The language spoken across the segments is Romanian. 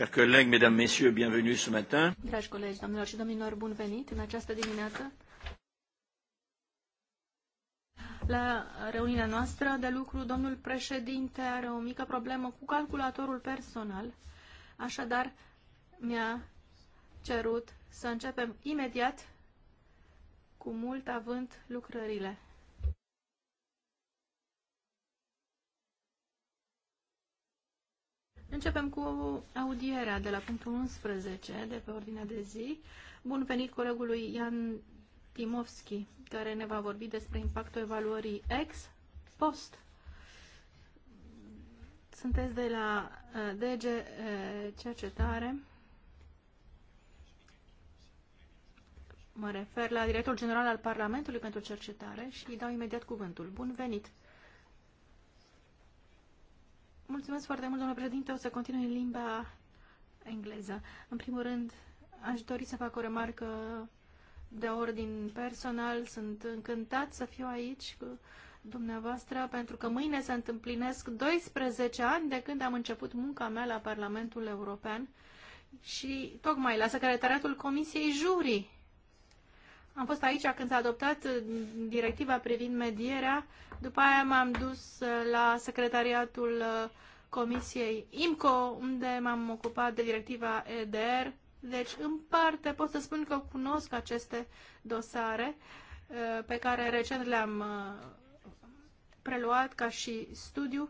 Chers collègues, mesdames, messieurs, bienvenue ce matin. Dragi colegi, și domnilor, bun venit în această dimineață la reuniunea noastră de lucru. Domnul președinte are o mică problemă cu calculatorul personal, așadar mi-a cerut să începem imediat cu mult având lucrările. Începem cu audierea de la punctul 11 de pe ordinea de zi. Bun venit colegului Ian Timovski, care ne va vorbi despre impactul evaluării ex post. Sunteți de la uh, DG uh, Cercetare. Mă refer la directorul general al Parlamentului pentru Cercetare și îi dau imediat cuvântul. Bun venit! Mulțumesc foarte mult, domnule președinte. O să continui în limba engleză. În primul rând, aș dori să fac o remarcă de ordin personal. Sunt încântat să fiu aici cu dumneavoastră pentru că mâine se întâmplinesc 12 ani de când am început munca mea la Parlamentul European și tocmai la secretariatul Comisiei Jurii am fost aici când s-a adoptat uh, directiva privind medierea, după aia m-am dus uh, la secretariatul uh, Comisiei IMCO, unde m-am ocupat de directiva EDR. Deci, în parte, pot să spun că cunosc aceste dosare pe care recent le-am preluat ca și studiu.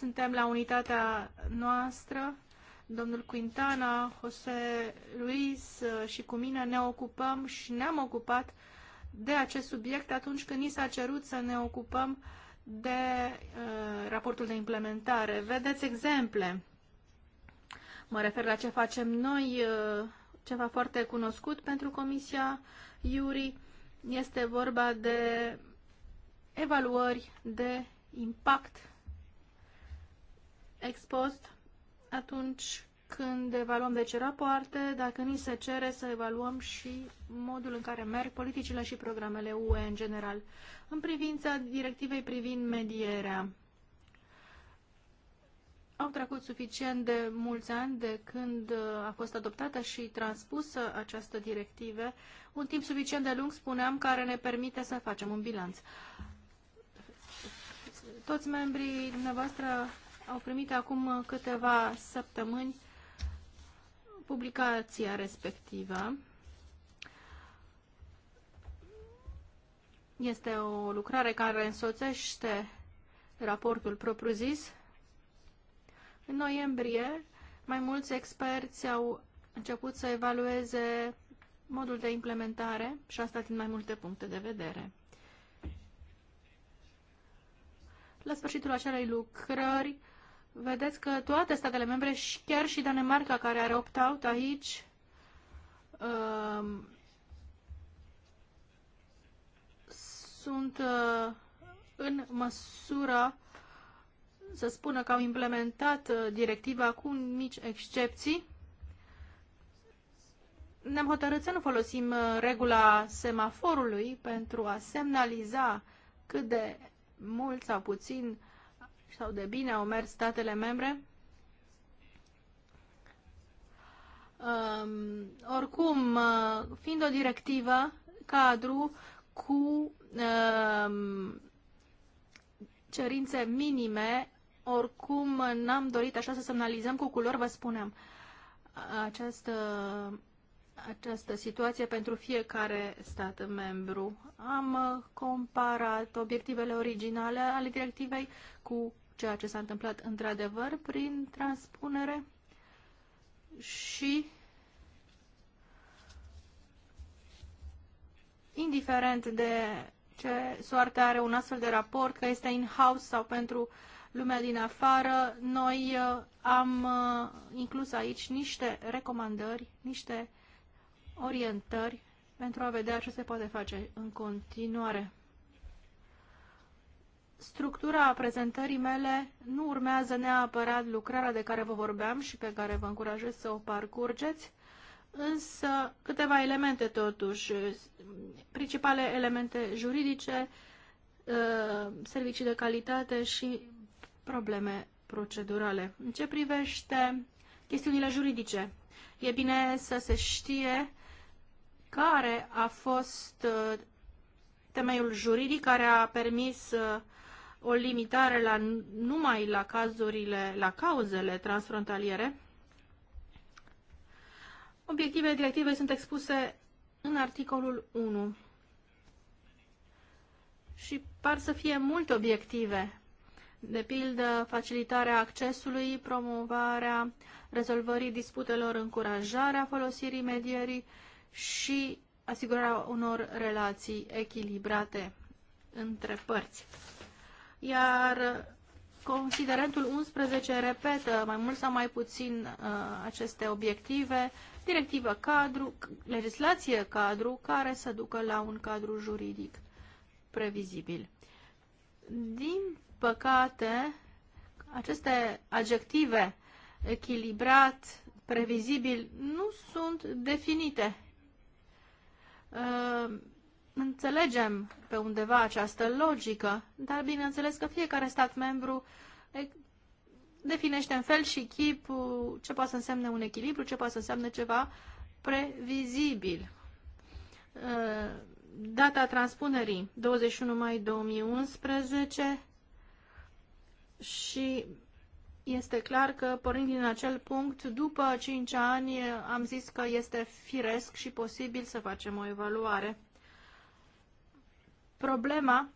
Suntem la unitatea noastră domnul Quintana, Jose Luis uh, și cu mine ne ocupăm și ne-am ocupat de acest subiect atunci când ni s-a cerut să ne ocupăm de uh, raportul de implementare. Vedeți exemple. Mă refer la ce facem noi, uh, ceva foarte cunoscut pentru Comisia Iuri. Este vorba de evaluări de impact expost atunci când evaluăm deci rapoarte, dacă ni se cere să evaluăm și modul în care merg politicile și programele UE în general. În privința directivei privind medierea, au trecut suficient de mulți ani de când uh, a fost adoptată și transpusă această directivă, un timp suficient de lung, spuneam, care ne permite să facem un bilanț. Toți membrii dumneavoastră au primit acum uh, câteva săptămâni publicația respectivă. Este o lucrare care însoțește raportul propriu-zis. În noiembrie, mai mulți experți au început să evalueze modul de implementare și asta din mai multe puncte de vedere. La sfârșitul acelei lucrări, vedeți că toate statele membre, chiar și Danemarca care are opt-out aici, um, sunt uh, în măsură să spună că au implementat uh, directiva cu mici excepții. Ne-am hotărât să nu folosim uh, regula semaforului pentru a semnaliza cât de mult sau puțin uh, sau de bine au mers statele membre. Um, oricum, uh, fiind o directivă, cadru cu um, cerințe minime, oricum n-am dorit așa să semnalizăm cu culori, vă spunem, această, această situație pentru fiecare stat membru. Am uh, comparat obiectivele originale ale directivei cu ceea ce s-a întâmplat într-adevăr prin transpunere și indiferent de ce soarte are un astfel de raport, că este in-house sau pentru lumea din afară, noi uh, am uh, inclus aici niște recomandări, niște orientări pentru a vedea ce se poate face în continuare structura prezentării mele nu urmează neapărat lucrarea de care vă vorbeam și pe care vă încurajez să o parcurgeți, însă câteva elemente totuși, principale elemente juridice, ă, servicii de calitate și probleme procedurale. În ce privește chestiunile juridice, e bine să se știe care a fost ă, temeiul juridic care a permis ă, o limitare la, numai la cazurile, la cauzele transfrontaliere. Obiectivele directivei sunt expuse în articolul 1 și par să fie multe obiective, de pildă facilitarea accesului, promovarea rezolvării disputelor, încurajarea folosirii medierii și asigurarea unor relații echilibrate între părți iar considerentul 11 repetă mai mult sau mai puțin uh, aceste obiective, directivă cadru, legislație cadru care să ducă la un cadru juridic previzibil. Din păcate, aceste adjective echilibrat, previzibil, nu sunt definite. Uh, înțelegem pe undeva această logică, dar bineînțeles că fiecare stat membru definește în fel și chip uh, ce poate să însemne un echilibru, ce poate să însemne ceva previzibil. Uh, data transpunerii 21 mai 2011 și este clar că, pornind din acel punct, după 5 ani am zis că este firesc și posibil să facem o evaluare. Problema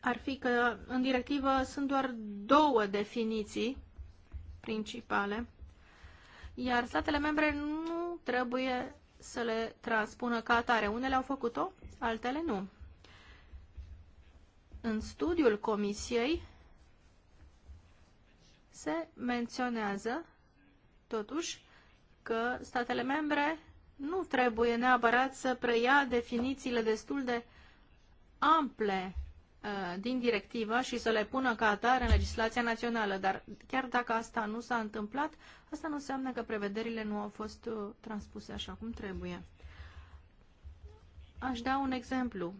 ar fi că în directivă sunt doar două definiții principale, iar statele membre nu trebuie să le transpună ca atare. Unele au făcut-o, altele nu. În studiul comisiei se menționează, totuși, că statele membre nu trebuie neapărat să preia definițiile destul de ample uh, din directivă și să le pună ca atare în legislația națională, dar chiar dacă asta nu s-a întâmplat, asta nu înseamnă că prevederile nu au fost uh, transpuse așa cum trebuie. Aș da un exemplu.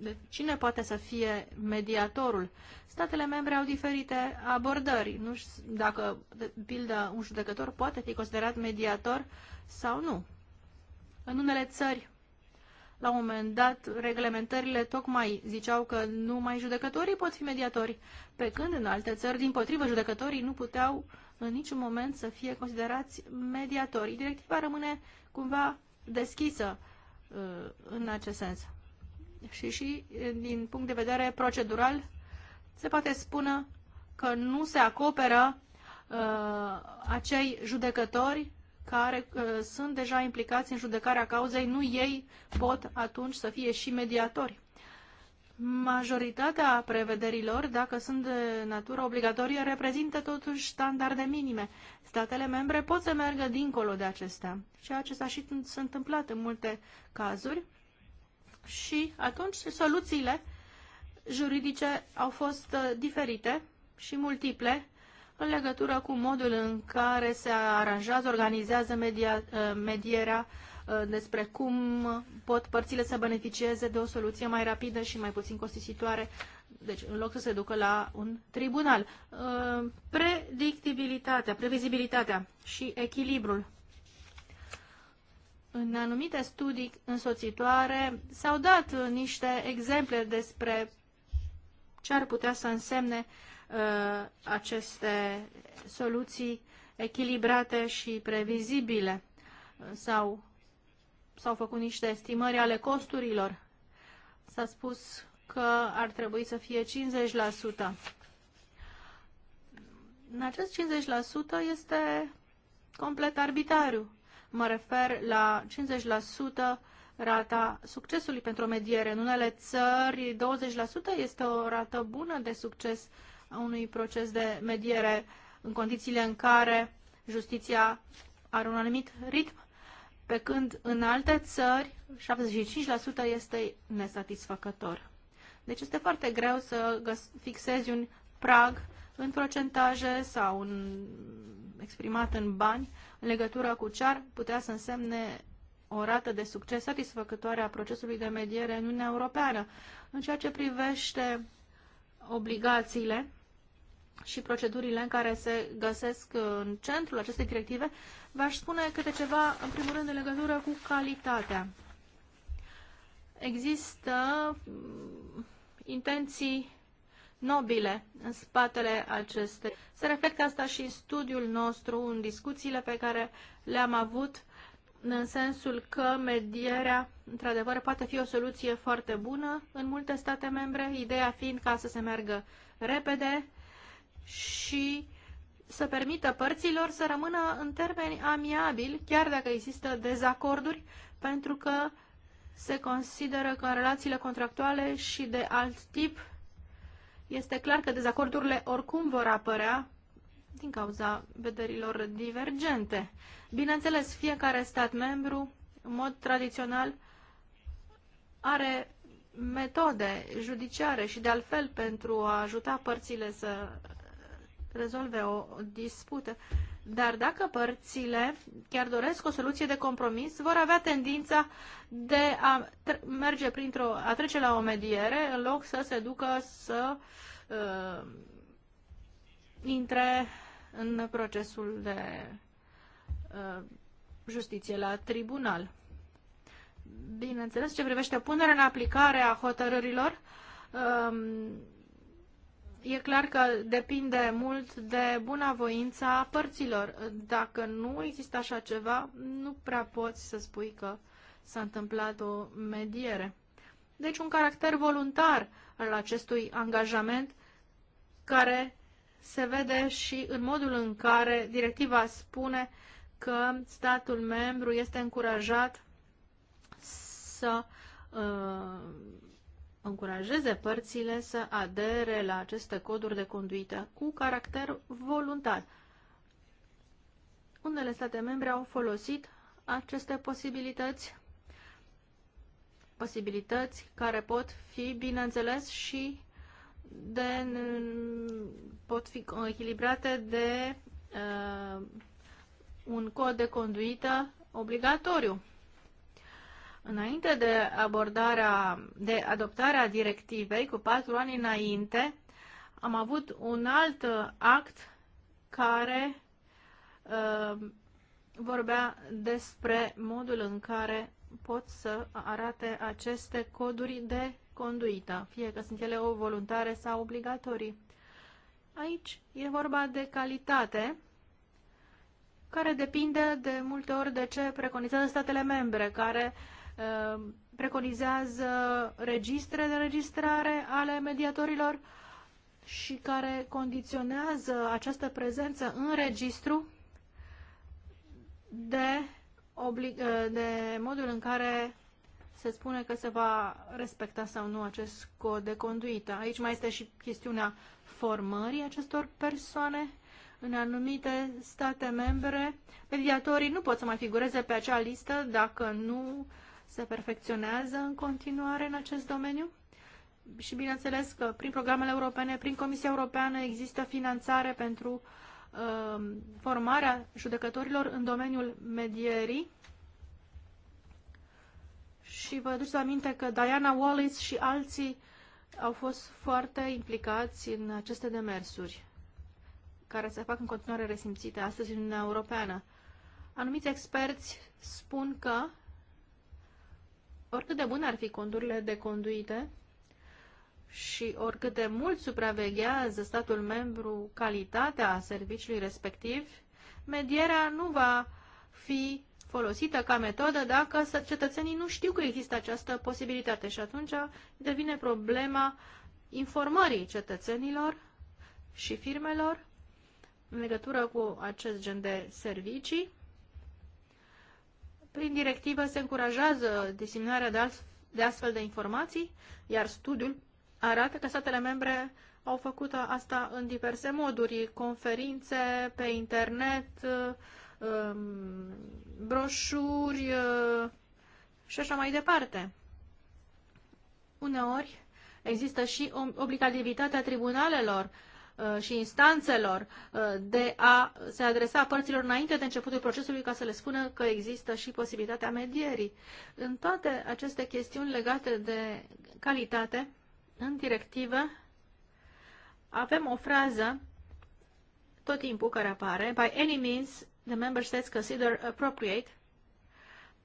De cine poate să fie mediatorul? Statele membre au diferite abordări. Nu știu dacă, de pildă, un judecător poate fi considerat mediator sau nu. În unele țări la un moment dat, reglementările tocmai ziceau că numai judecătorii pot fi mediatori, pe când în alte țări, din potrivă, judecătorii nu puteau în niciun moment să fie considerați mediatori. Directiva rămâne cumva deschisă uh, în acest sens. Și și din punct de vedere procedural se poate spune că nu se acoperă uh, acei judecători care uh, sunt deja implicați în judecarea cauzei, nu ei pot atunci să fie și mediatori. Majoritatea prevederilor, dacă sunt de natură obligatorie, reprezintă totuși standarde minime. Statele membre pot să meargă dincolo de acestea, ceea ce s-a și s-a întâmplat în multe cazuri. Și atunci soluțiile juridice au fost uh, diferite și multiple în legătură cu modul în care se aranjează, organizează media, uh, medierea uh, despre cum pot părțile să beneficieze de o soluție mai rapidă și mai puțin costisitoare, deci în loc să se ducă la un tribunal. Uh, predictibilitatea, previzibilitatea și echilibrul. În anumite studii însoțitoare s-au dat niște exemple despre ce ar putea să însemne uh, Uh, aceste soluții echilibrate și previzibile sau s-au făcut niște estimări ale costurilor. S-a spus că ar trebui să fie 50%. În acest 50% este complet arbitrariu. Mă refer la 50% rata succesului pentru o mediere. În unele țări, 20% este o rată bună de succes a unui proces de mediere în condițiile în care justiția are un anumit ritm, pe când în alte țări 75% este nesatisfăcător. Deci este foarte greu să fixezi un prag în procentaje sau un exprimat în bani în legătură cu ce ar putea să însemne o rată de succes satisfăcătoare a procesului de mediere în Uniunea Europeană. În ceea ce privește obligațiile și procedurile în care se găsesc uh, în centrul acestei directive, v-aș spune câte ceva, în primul rând, în legătură cu calitatea. Există mm, intenții nobile în spatele acestei. Se reflectă asta și în studiul nostru, în discuțiile pe care le-am avut în sensul că medierea, într-adevăr, poate fi o soluție foarte bună în multe state membre, ideea fiind ca să se meargă repede și să permită părților să rămână în termeni amiabili, chiar dacă există dezacorduri, pentru că se consideră că în relațiile contractuale și de alt tip este clar că dezacordurile oricum vor apărea din cauza vederilor divergente. Bineînțeles, fiecare stat membru, în mod tradițional, are metode judiciare și de altfel pentru a ajuta părțile să rezolve o dispută. Dar dacă părțile chiar doresc o soluție de compromis, vor avea tendința de a merge printr-o, a trece la o mediere în loc să se ducă să uh, intre în procesul de Uh, justiție la tribunal. Bineînțeles, ce privește punerea în aplicare a hotărârilor, um, e clar că depinde mult de bunavoința părților. Dacă nu există așa ceva, nu prea poți să spui că s-a întâmplat o mediere. Deci un caracter voluntar al acestui angajament care se vede și în modul în care directiva spune că statul membru este încurajat să uh, încurajeze părțile să adere la aceste coduri de conduită cu caracter voluntar. Unele state membre au folosit aceste posibilități, posibilități care pot fi, bineînțeles, și de, pot fi echilibrate de uh, un cod de conduită obligatoriu. Înainte de abordarea, de adoptarea directivei, cu patru ani înainte, am avut un alt act care uh, vorbea despre modul în care pot să arate aceste coduri de conduită, fie că sunt ele o voluntare sau obligatorii. Aici e vorba de calitate care depinde de multe ori de ce preconizează statele membre, care uh, preconizează registre de registrare ale mediatorilor și care condiționează această prezență în registru de, uh, de modul în care se spune că se va respecta sau nu acest cod de conduită. Aici mai este și chestiunea formării acestor persoane în anumite state membre, mediatorii nu pot să mai figureze pe acea listă dacă nu se perfecționează în continuare în acest domeniu. Și bineînțeles că prin programele europene, prin Comisia Europeană există finanțare pentru uh, formarea judecătorilor în domeniul medierii. Și vă aduceți aminte că Diana Wallace și alții au fost foarte implicați în aceste demersuri care se fac în continuare resimțite astăzi în Uniunea Europeană. Anumiți experți spun că, oricât de bune ar fi conturile de conduite și oricât de mult supraveghează statul membru calitatea serviciului respectiv, medierea nu va fi folosită ca metodă dacă cetățenii nu știu că există această posibilitate și atunci devine problema informării cetățenilor și firmelor în legătură cu acest gen de servicii. Prin directivă se încurajează diseminarea de, alt, de astfel de informații, iar studiul arată că statele membre au făcut asta în diverse moduri, conferințe, pe internet, um, broșuri uh, și așa mai departe. Uneori există și obligativitatea tribunalelor Uh, și instanțelor uh, de a se adresa părților înainte de începutul procesului ca să le spună că există și posibilitatea medierii. În toate aceste chestiuni legate de calitate, în directivă avem o frază tot timpul care apare, by any means the member states consider appropriate.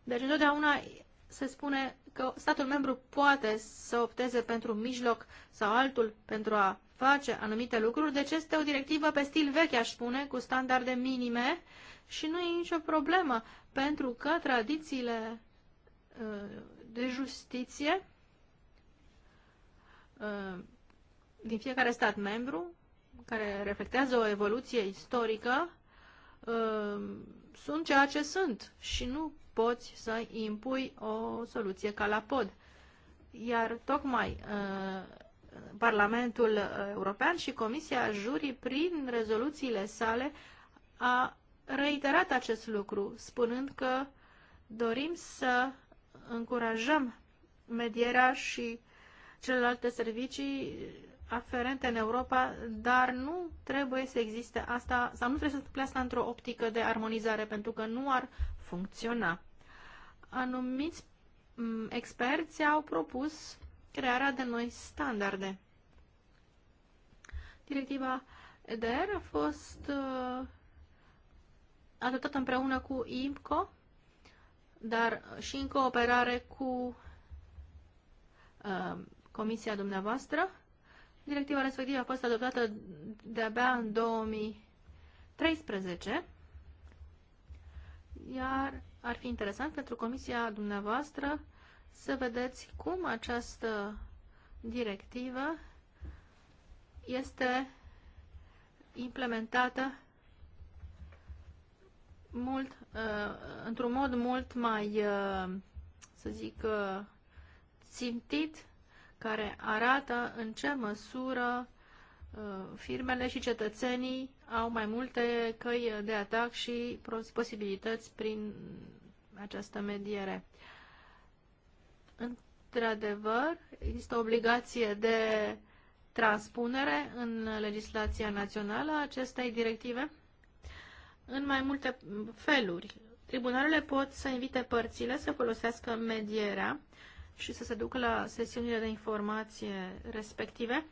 Deci întotdeauna se spune că statul membru poate să opteze pentru un mijloc sau altul pentru a face anumite lucruri, deci este o directivă pe stil vechi, aș spune, cu standarde minime și nu e nicio problemă, pentru că tradițiile uh, de justiție uh, din fiecare stat membru, care reflectează o evoluție istorică, uh, sunt ceea ce sunt și nu poți să impui o soluție ca la pod. Iar tocmai Parlamentul uh, European și Comisia Jurii, prin rezoluțiile sale, a reiterat acest lucru, spunând că dorim să încurajăm medierea și celelalte servicii aferente în Europa, dar nu trebuie să existe asta, sau nu trebuie să se asta într-o optică de armonizare, pentru că nu ar funcționa. Anumiți mm, experți au propus crearea de noi standarde. Directiva EDR a fost uh, adoptată împreună cu IMCO, dar și în cooperare cu uh, comisia dumneavoastră. Directiva respectivă a fost adoptată de-abia în 2013, iar ar fi interesant pentru comisia dumneavoastră să vedeți cum această directivă este implementată mult, uh, într-un mod mult mai, uh, să zic, uh, țintit, care arată în ce măsură firmele și cetățenii au mai multe căi de atac și posibilități prin această mediere. Într-adevăr, există obligație de transpunere în legislația națională a acestei directive în mai multe feluri. Tribunalele pot să invite părțile să folosească medierea și să se ducă la sesiunile de informație respective.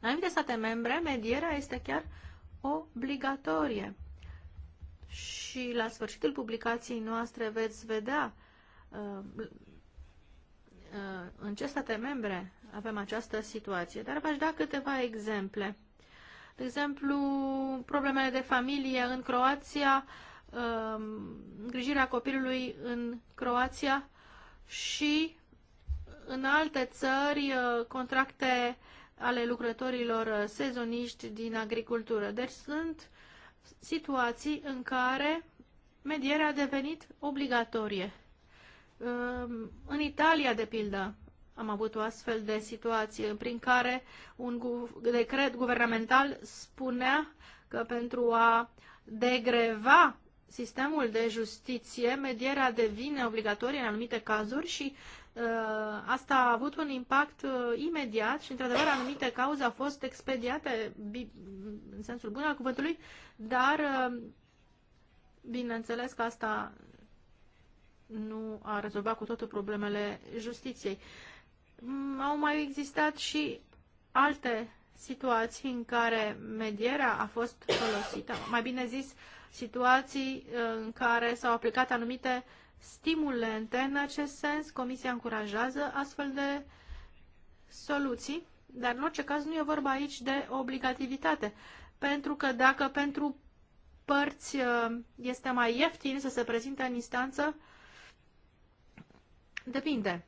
În anumite state membre, medierea este chiar obligatorie. Și la sfârșitul publicației noastre veți vedea în ce state membre avem această situație, dar v-aș da câteva exemple. De exemplu, problemele de familie în Croația, um, îngrijirea copilului în Croația și în alte țări uh, contracte ale lucrătorilor uh, sezoniști din agricultură. Deci sunt situații în care medierea a devenit obligatorie. Ehm, în Italia, de pildă, am avut o astfel de situație prin care un decret guvernamental spunea că pentru a degreva sistemul de justiție, medierea devine obligatorie în anumite cazuri și uh, asta a avut un impact uh, imediat și, într-adevăr, anumite cauze au fost expediate, în sensul bun al cuvântului, dar, uh, bineînțeles că asta nu a rezolvat cu totul problemele justiției. Mm, au mai existat și alte situații în care medierea a fost folosită, mai bine zis, situații uh, în care s-au aplicat anumite stimulente. În acest sens, Comisia încurajează astfel de soluții, dar în orice caz nu e vorba aici de obligativitate, pentru că dacă pentru părți uh, este mai ieftin să se prezinte în instanță, Depinde.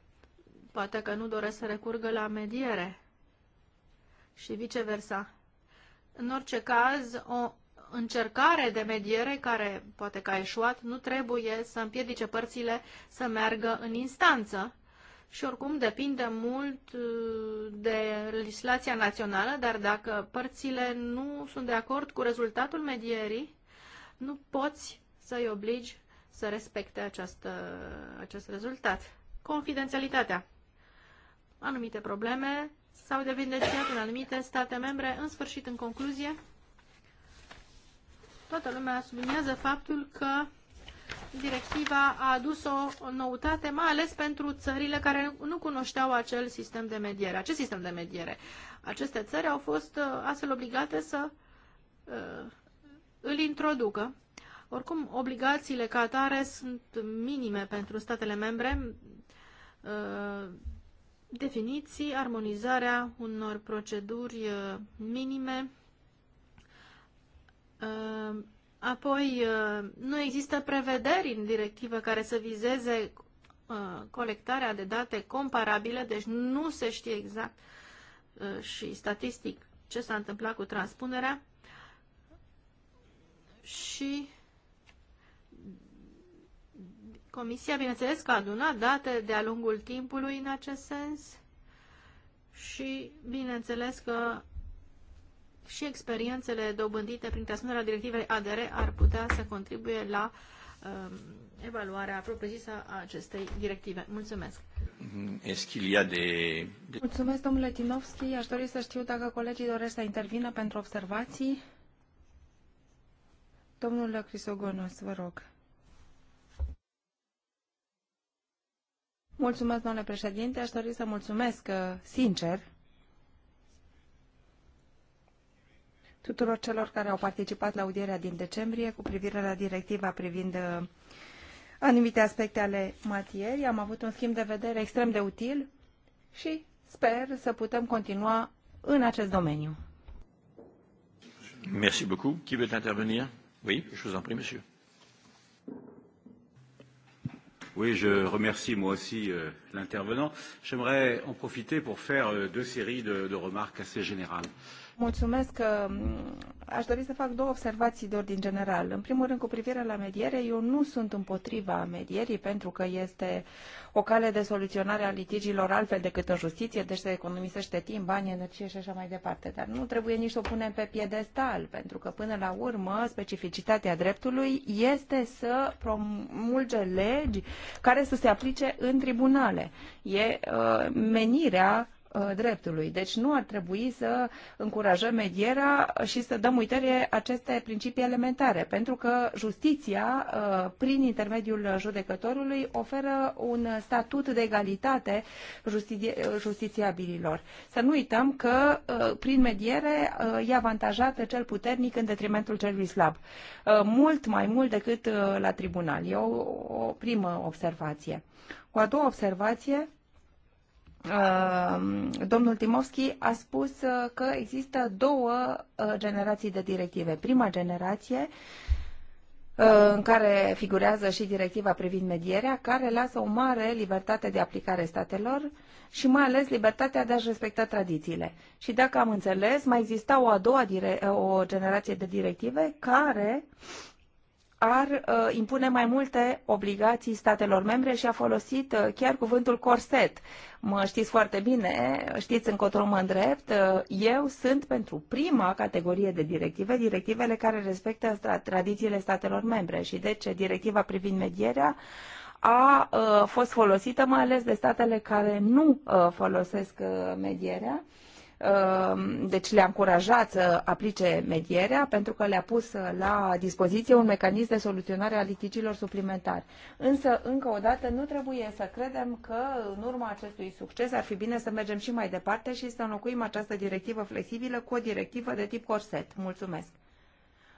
Poate că nu doresc să recurgă la mediere și viceversa. În orice caz, o încercare de mediere care poate că a eșuat nu trebuie să împiedice părțile să meargă în instanță și oricum depinde mult uh, de legislația națională, dar dacă părțile nu sunt de acord cu rezultatul medierii, nu poți să-i obligi să respecte această, acest rezultat confidențialitatea. Anumite probleme s-au devindeciat în anumite state membre. În sfârșit, în concluzie, toată lumea subliniază faptul că directiva a adus o noutate, mai ales pentru țările care nu cunoșteau acel sistem de mediere, acest sistem de mediere. Aceste țări au fost uh, astfel obligate să uh, îl introducă. Oricum, obligațiile ca atare sunt minime pentru statele membre, Uh, definiții, armonizarea unor proceduri uh, minime. Uh, apoi, nu există prevederi în directivă care să vizeze colectarea de date comparabile, deci nu se știe exact și statistic ce s-a întâmplat cu transpunerea și Comisia, bineînțeles, că a adunat date de-a lungul timpului în acest sens și, bineînțeles, că și experiențele dobândite prin transpunerea directivei ADR ar putea să contribuie la um, evaluarea propriu-zisă a acestei directive. Mulțumesc! Mm-hmm. Eschilia de... Mulțumesc, domnule Tinovski. Aș dori să știu dacă colegii doresc să intervină pentru observații. Domnul Crisogonos, vă rog. Mulțumesc, domnule președinte. Aș dori să mulțumesc uh, sincer tuturor celor care au participat la audierea din decembrie cu privire la directiva privind uh, anumite aspecte ale matierii. Am avut un schimb de vedere extrem de util și sper să putem continua în acest domeniu. Merci beaucoup. Qui veut intervenir? Oui, je vous en prie, monsieur. Oui, je remercie moi aussi euh, l'intervenant. J'aimerais en profiter pour faire euh, deux séries de, de remarques assez générales. Euh, Mulțumesc. Ehm, aș dori să fac două observații de ordin general. În primul rând, cu privire la mediere, eu nu sunt împotriva medierii pentru că este o cale de soluționare a litigiilor altfel decât în justiție, deci se economisește timp, bani, energie și așa mai departe. Dar nu trebuie nici să o punem pe piedestal, pentru că până la urmă specificitatea dreptului este să promulge legi care să se aplice în tribunale. E uh, menirea Uh, dreptului. Deci nu ar trebui să încurajăm medierea și să dăm uitare aceste principii elementare, pentru că justiția, uh, prin intermediul judecătorului, oferă un statut de egalitate justi justițiabililor. Să nu uităm că uh, prin mediere e avantajat pe cel puternic în detrimentul celui slab. Mult mai mult decât la tribunal. E o, o primă observație. O a doua observație Uh, domnul Timovski a spus uh, că există două uh, generații de directive. Prima generație în care figurează și directiva privind medierea, care lasă o mare libertate de aplicare statelor și mai ales libertatea de a-și respecta tradițiile. Și dacă am înțeles, mai exista o a doua dire- o generație de directive care uh, ar uh, impune mai multe obligații statelor membre și a folosit uh, chiar cuvântul corset. Mă știți foarte bine, știți încotro mă îndrept, uh, eu sunt pentru prima categorie de directive, directivele care respectă tradițiile statelor membre și deci directiva privind medierea a uh, fost folosită mai ales de statele care nu uh, folosesc uh, medierea. Uh, Ehm, deci le-a încurajat să aplice medierea pentru că le-a pus la dispoziție un mecanism de soluționare a litigiilor suplimentari. Însă, încă o dată, nu trebuie să credem că în urma acestui succes ar fi bine să mergem și mai departe și să înlocuim această directivă flexibilă cu o directivă de tip corset. Mulțumesc!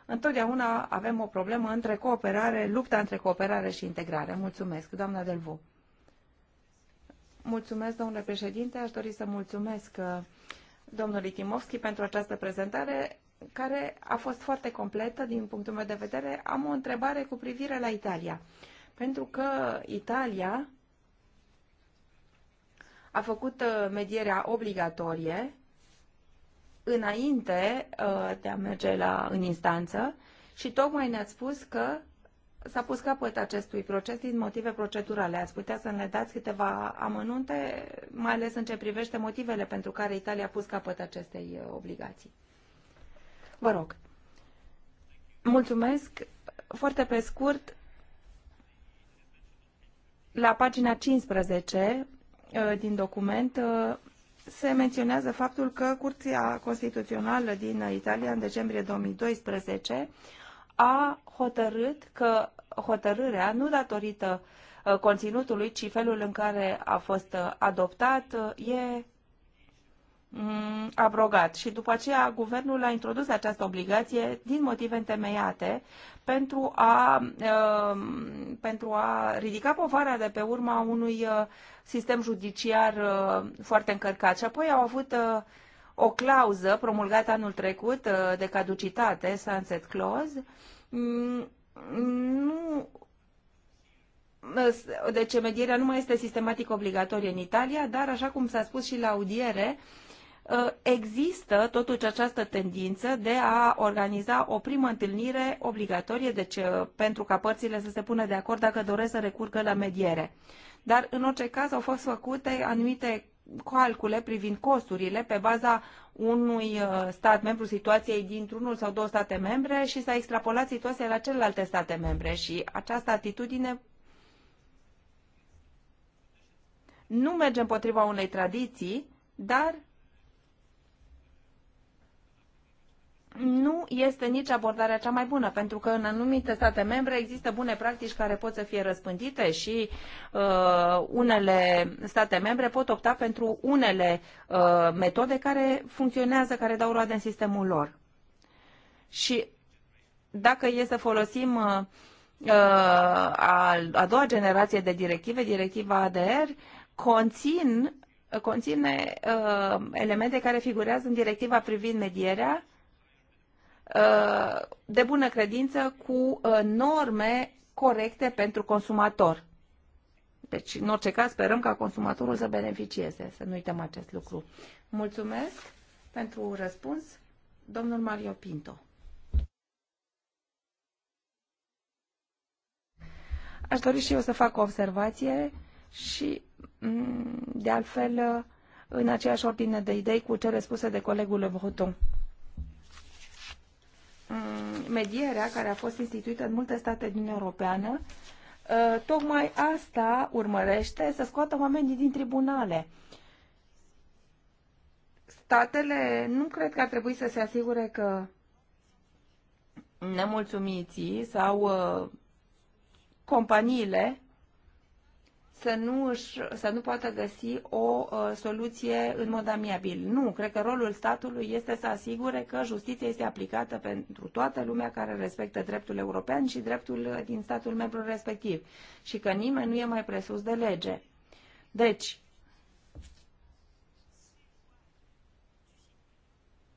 Întotdeauna avem o problemă între cooperare, lupta între cooperare și integrare. Mulțumesc, doamna Delvu. Mulțumesc, domnule președinte. Aș dori să mulțumesc domnului Timovski pentru această prezentare care a fost foarte completă din punctul meu de vedere. Am o întrebare cu privire la Italia. Pentru că Italia a făcut uh, medierea obligatorie înainte uh, de a merge la, în instanță și tocmai ne-ați spus că s-a pus capăt acestui proces din motive procedurale. Ați putea să ne dați câteva amănunte, mai ales în ce privește motivele pentru care Italia a pus capăt acestei uh, obligații. Vă rog. Mulțumesc. Foarte pe scurt, la pagina 15 uh, din document uh, se menționează faptul că Curtea Constituțională din Italia, în decembrie 2012, a hotărât că hotărârea, nu datorită uh, conținutului, ci felul în care a fost uh, adoptat, uh, e mm, abrogat și după aceea guvernul a introdus această obligație din motive întemeiate pentru a, pentru a ridica povara de pe urma unui sistem judiciar foarte încărcat. Și apoi au avut o clauză promulgată anul trecut de caducitate, sunset clause, Mm, mm, nu deci medierea nu mai este sistematic obligatorie în Italia, dar așa cum s-a spus și la audiere, uh, există totuși această tendință de a organiza o primă întâlnire obligatorie, deci uh, pentru ca părțile să se pună de acord dacă doresc să recurgă la mediere. Dar în orice caz au fost făcute anumite calcule privind costurile pe baza unui uh, stat membru situației dintr-unul sau două state membre și s-a extrapolat situația la celelalte state membre și această atitudine nu merge împotriva unei tradiții, dar nu este nici abordarea cea mai bună, pentru că în anumite state membre există bune practici care pot să fie răspândite și uh, unele state membre pot opta pentru unele uh, metode care funcționează, care dau roade în sistemul lor. Și dacă e să folosim uh, uh a, a doua generație de directive, directiva ADR, conțin conține uh, elemente care figurează în directiva privind medierea de bună credință cu uh, norme corecte pentru consumator. Deci, în orice caz, sperăm ca consumatorul să beneficieze, să nu uităm acest lucru. Mulțumesc pentru răspuns, domnul Mario Pinto. Aș dori și eu să fac o observație și, mm, de altfel, în aceeași ordine de idei cu cele spuse de colegul Le Breton. Mm, medierea care a fost instituită în multe state din Europeană, uh, tocmai asta urmărește să scoată oamenii din tribunale. Statele nu cred că ar trebui să se asigure că nemulțumiții sau uh, companiile să nu, își, să nu poată găsi o uh, soluție în mod amiabil. Nu, cred că rolul statului este să asigure că justiția este aplicată pentru toată lumea care respectă dreptul european și dreptul uh, din statul membru respectiv și că nimeni nu e mai presus de lege. Deci,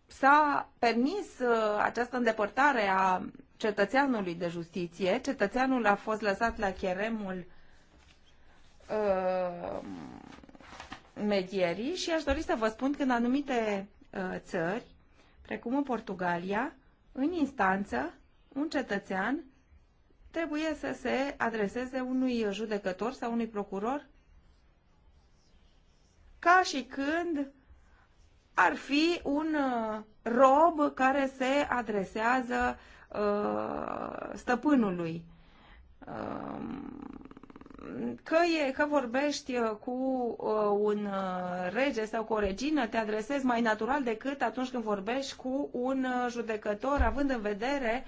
s-a permis uh, această îndepărtare a cetățeanului de justiție. Cetățeanul a fost lăsat la cheremul Uh, medierii și aș dori să vă spun că în anumite uh, țări, precum în Portugalia, în instanță, un cetățean trebuie să se adreseze unui judecător sau unui procuror ca și când ar fi un uh, rob care se adresează uh, stăpânului. Uh, că, e, că vorbești uh, cu uh, un uh, rege sau cu o regină, te adresezi mai natural decât atunci când vorbești cu un judecător, având în vedere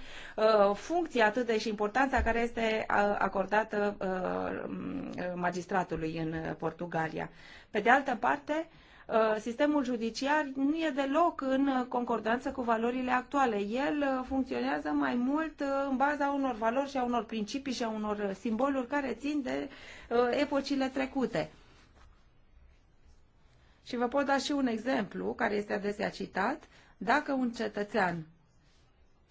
funcția atât de și importanța care este acordată magistratului în Portugalia. Pe de altă parte, Uh, sistemul judiciar nu e deloc în concordanță cu valorile actuale. El uh, funcționează mai mult uh, în baza unor valori și a unor principii și a unor simboluri care țin de epocile trecute. Și vă pot da și un exemplu care este adesea citat. Dacă un cetățean,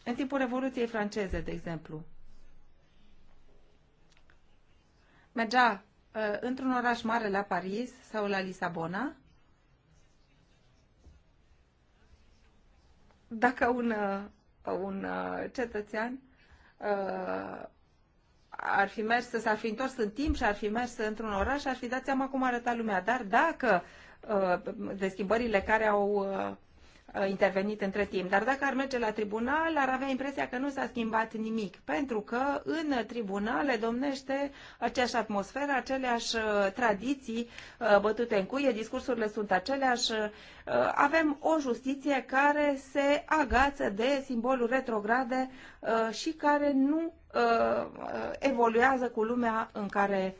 în timpul Revoluției franceze, de exemplu, mergea uh, într-un oraș mare la Paris sau la Lisabona, dacă un, uh, un uh, cetățean uh, ar fi mers, s-ar fi întors în timp și ar fi mers într-un oraș, ar fi dat seama cum arăta lumea. Dar dacă de schimbările care au Uh, intervenit între timp. Dar dacă ar merge la tribunal, ar avea impresia că nu s-a schimbat nimic, pentru că în tribunale domnește aceeași atmosferă, aceleași uh, tradiții uh, bătute în cuie, discursurile sunt aceleași. Avem o justiție care se agață de simboluri retrograde și care nu evoluează cu lumea în care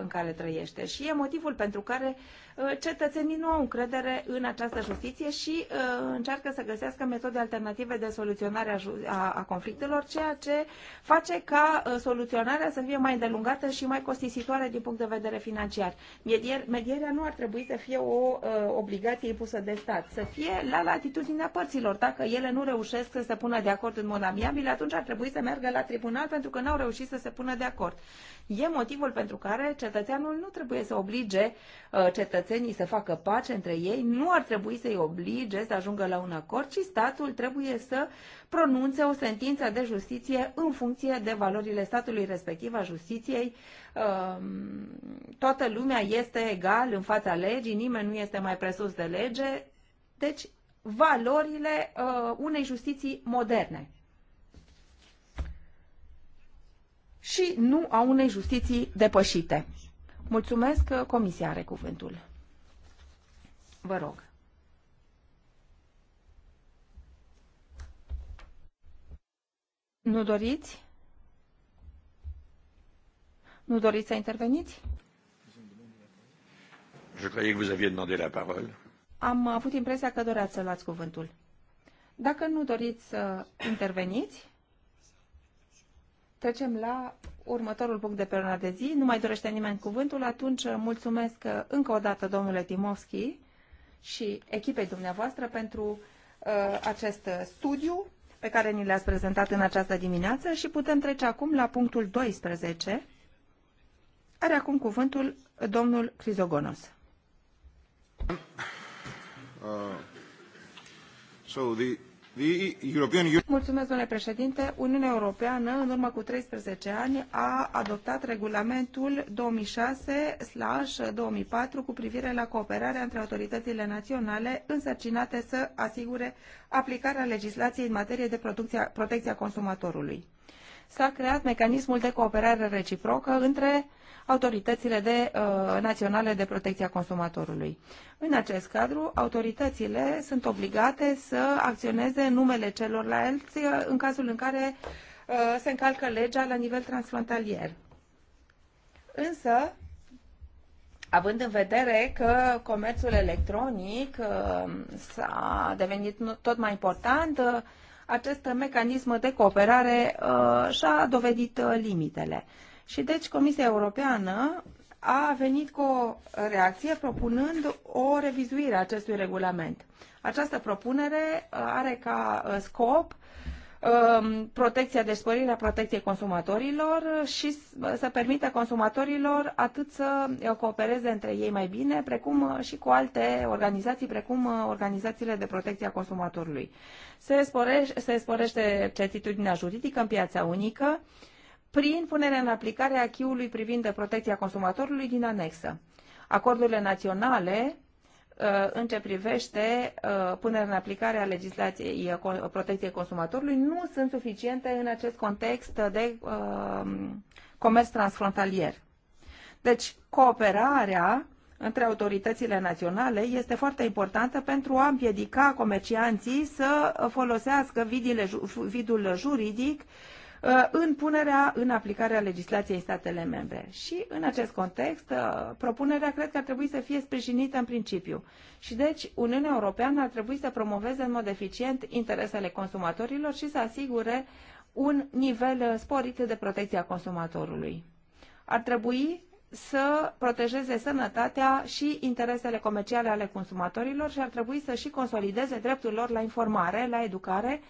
în care trăiește. Și e motivul pentru care Uh, cetățenii nu au încredere în această justiție și uh, încearcă să găsească metode alternative de soluționare a conflictelor, ceea ce face ca uh, soluționarea să fie mai îndelungată și mai costisitoare din punct de vedere financiar. Medierea nu ar trebui să fie o obligație impusă de stat, să fie la latitudinea părților. Dacă ele nu reușesc să se pună de acord în mod amiabil, atunci ar trebui să meargă la tribunal pentru că n-au reușit să se pună de acord. E motivul pentru care cetățeanul nu trebuie să oblige cetățenii cetățenii să facă pace între ei, nu ar trebui să-i oblige să ajungă la un acord, ci statul trebuie să pronunțe o sentință de justiție în funcție de valorile statului respectiv a justiției. Um, toată lumea este egal în fața legii, nimeni nu este mai presus de lege, deci valorile uh, unei justiții moderne. și nu a unei justiții depășite. Mulțumesc, uh, Comisia are cuvântul. Vă rog. Nu doriți? Nu doriți să interveniți? Je croyais que vous aviez demandé la parole. Am avut impresia că doreați să luați cuvântul. Dacă nu doriți să interveniți, trecem la următorul punct de pe de zi. Nu mai dorește nimeni cuvântul, atunci mulțumesc încă o dată domnule Timovski și echipei dumneavoastră pentru uh, acest studiu pe care ni le-ați prezentat în această dimineață și putem trece acum la punctul 12. Are acum cuvântul domnul Crizogonos. Uh, so the Mulțumesc, domnule președinte. Uniunea Europeană, în urmă cu 13 ani, a adoptat regulamentul 2006-2004 cu privire la cooperarea între autoritățile naționale însărcinate să asigure aplicarea legislației în materie de protecția consumatorului. S-a creat mecanismul de cooperare reciprocă între autoritățile de, uh, naționale de protecție a consumatorului. În acest cadru, autoritățile sunt obligate să acționeze numele celorlalți uh, în cazul în care uh, se încalcă legea la nivel transfrontalier. Însă, având în vedere că comerțul electronic uh, s-a devenit tot mai important, uh, acest mecanism de cooperare uh, și-a dovedit uh, limitele. Și deci Comisia Europeană a venit cu o reacție propunând o revizuire a acestui regulament. Această propunere uh, are ca uh, scop um, protecția, deci sporirea protecției consumatorilor și uh, să permită consumatorilor atât să coopereze între ei mai bine, precum și cu alte organizații, precum organizațiile de protecție a consumatorului. Se sporește, se sporește certitudinea juridică în piața unică, prin punerea în aplicare a chiului privind de protecția consumatorului din anexă. Acordurile naționale uh, în ce privește uh, punerea în aplicare a legislației uh, protecției consumatorului nu sunt suficiente în acest context de comerț transfrontalier. Deci, cooperarea între autoritățile naționale este foarte importantă pentru a împiedica comercianții să folosească vidile, vidul juridic Uh, în punerea în aplicare a legislației în statele membre. Și în acest context, uh, propunerea cred că ar trebui să fie sprijinită în principiu. Și deci Uniunea Europeană ar trebui să promoveze în mod eficient interesele consumatorilor și să asigure un nivel uh, sporit de protecție a consumatorului. Ar trebui să protejeze sănătatea și interesele comerciale ale consumatorilor și ar trebui să și consolideze dreptul lor la informare, la educare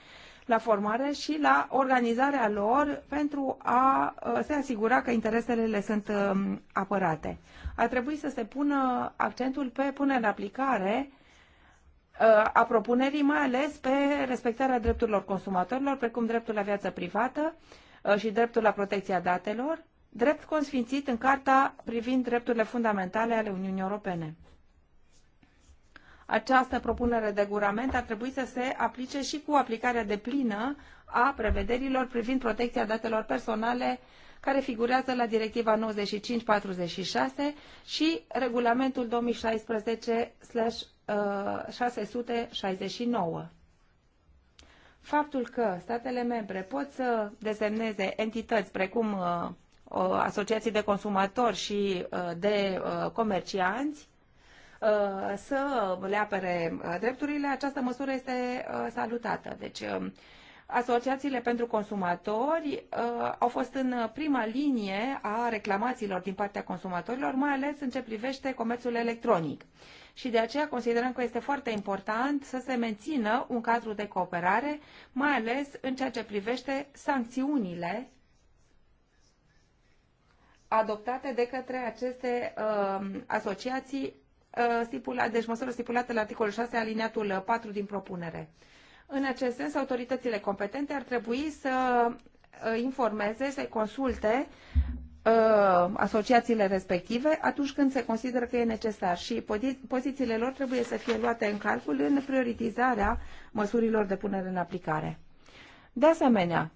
la formare și la organizarea lor pentru a uh, se asigura că interesele le sunt um, apărate. A trebuit să se pună accentul pe pune în aplicare uh, a propunerii, mai ales pe respectarea drepturilor consumatorilor, precum dreptul la viață privată uh, și dreptul la protecția datelor, drept consfințit în Carta privind drepturile fundamentale ale Uniunii Europene. Această propunere de regulament ar trebui să se aplice și cu aplicarea de plină a prevederilor privind protecția datelor personale care figurează la Directiva 95/46 și Regulamentul 2016/669 uh, faptul că statele membre pot să desemneze entități precum uh, asociații de consumatori și uh, de comercianți Uh, să le apere uh, drepturile, această măsură este uh, salutată. Deci, um, asociațiile pentru consumatori uh, au fost în prima linie a reclamațiilor din partea consumatorilor, mai ales în ce privește comerțul electronic. Și de aceea considerăm că este foarte important să se mențină un cadru de cooperare, mai ales în ceea ce privește sancțiunile adoptate de către aceste uh, asociații Uh, stipulat, deci măsură stipulată la articolul 6, aliniatul 4 uh, din propunere. În acest sens, autoritățile competente ar trebui să uh, informeze, să consulte asociațiile respective atunci când se consideră că e necesar și pozițiile lor trebuie să fie luate în calcul în prioritizarea măsurilor de punere în aplicare. De asemenea,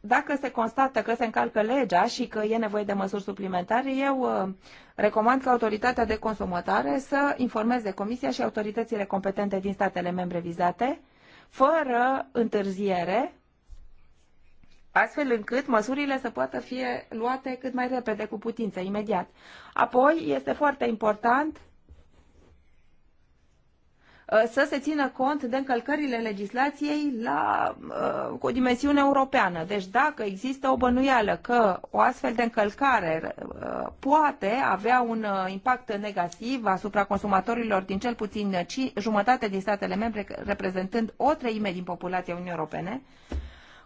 dacă se constată că se încalcă legea și că e nevoie de măsuri suplimentare, eu uh, recomand ca autoritatea de consumatare să informeze Comisia și autoritățile competente din statele membre vizate, fără întârziere, astfel încât măsurile să poată fi luate cât mai repede, cu putință, imediat. Apoi, este foarte important Uh, să se țină cont de încălcările legislației la, uh, cu o dimensiune europeană. Deci dacă există o bănuială că o astfel de încălcare uh, poate avea un impact negativ asupra consumatorilor din cel puțin jumătate din statele membre, reprezentând o treime din populația Uniunii Europene,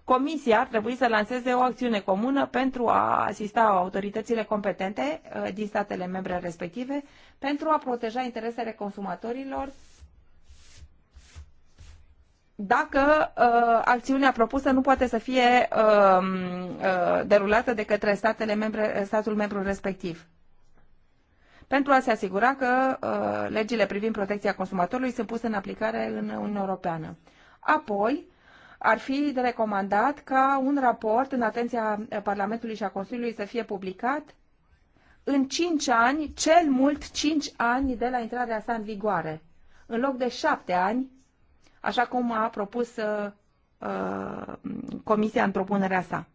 Comisia ar trebui să lanseze o acțiune comună pentru a asista autoritățile competente din statele membre respective pentru a proteja interesele consumatorilor dacă uh, acțiunea propusă nu poate să fie uh, uh, derulată de către statele membre, statul membru respectiv. Pentru a se asigura că uh, legile privind protecția consumatorului sunt puse în aplicare în Uniunea Europeană. Apoi, ar fi de recomandat ca un raport în atenția Parlamentului și a Consiliului să fie publicat în 5 ani, cel mult 5 ani de la intrarea sa în vigoare, în loc de 7 ani așa cum a propus uh, uh, Comisia în propunerea sa.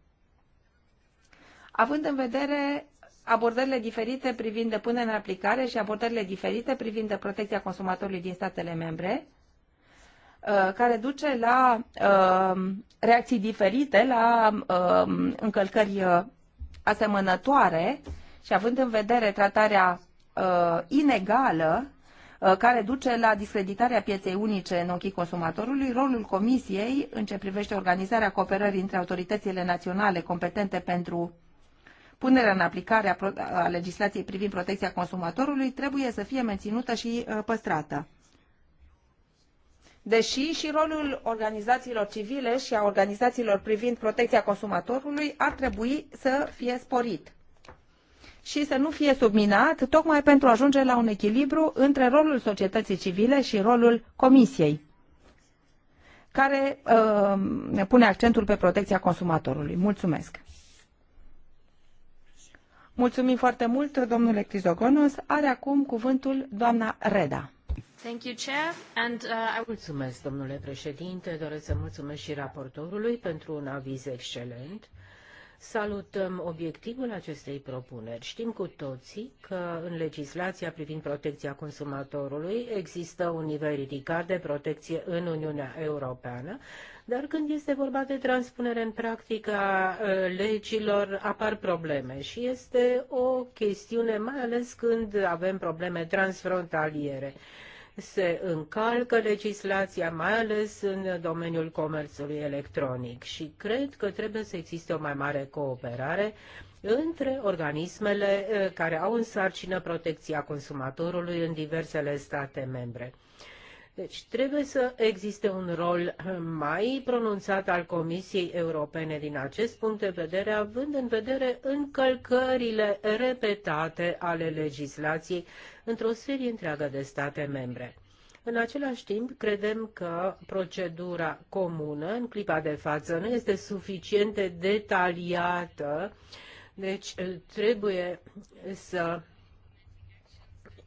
Având în vedere abordările diferite privind de până în aplicare și abordările diferite privind de protecția consumatorului din statele membre, uh, care duce la uh, reacții diferite, la uh, încălcări uh, asemănătoare și având în vedere tratarea uh, inegală Uh, care duce la discreditarea pieței unice în ochii consumatorului, rolul Comisiei în ce privește organizarea cooperării între autoritățile naționale competente pentru punerea în aplicare a legislației privind protecția consumatorului trebuie să fie menținută și uh, păstrată. Deși și rolul organizațiilor civile și a organizațiilor privind protecția consumatorului ar trebui să fie sporit și să nu fie subminat, tocmai pentru a ajunge la un echilibru între rolul societății civile și rolul Comisiei, care uh, pune accentul pe protecția consumatorului. Mulțumesc! Mulțumim foarte mult, domnule Crizogonos. Are acum cuvântul doamna Reda. Thank you, Chair. And, uh, Mulțumesc, domnule președinte. Doresc să mulțumesc și raportorului pentru un aviz excelent. Salutăm obiectivul acestei propuneri. Știm cu toții că în legislația privind protecția consumatorului există un nivel ridicat de protecție în Uniunea Europeană, dar când este vorba de transpunere în practică a ă, legilor apar probleme și este o chestiune mai ales când avem probleme transfrontaliere se încalcă legislația, mai ales în domeniul comerțului electronic și cred că trebuie să existe o mai mare cooperare între organismele eh, care au în sarcină protecția consumatorului în diversele state membre. Deci trebuie să existe un rol eh, mai pronunțat al Comisiei Europene din acest punct de vedere, având în vedere încălcările repetate ale legislației într-o serie întreagă de state membre. În același timp, credem că procedura comună, în clipa de față, nu este suficient de detaliată, deci trebuie să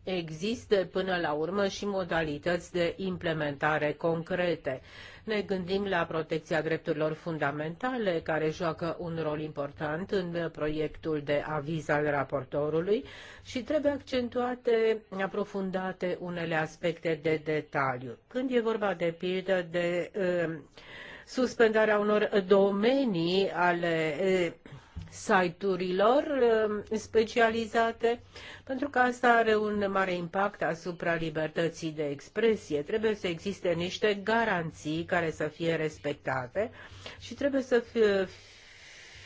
existe până la urmă și modalități de implementare concrete. Ne gândim la protecția drepturilor fundamentale, care joacă un rol important în proiectul de aviz al raportorului și trebuie accentuate, aprofundate unele aspecte de detaliu. Când e vorba de pildă de uh, suspendarea unor domenii ale uh, site-urilor uh, specializate, pentru că asta are un mare impact asupra libertății de expresie. Trebuie să existe niște garanții care să fie respectate și trebuie să fie,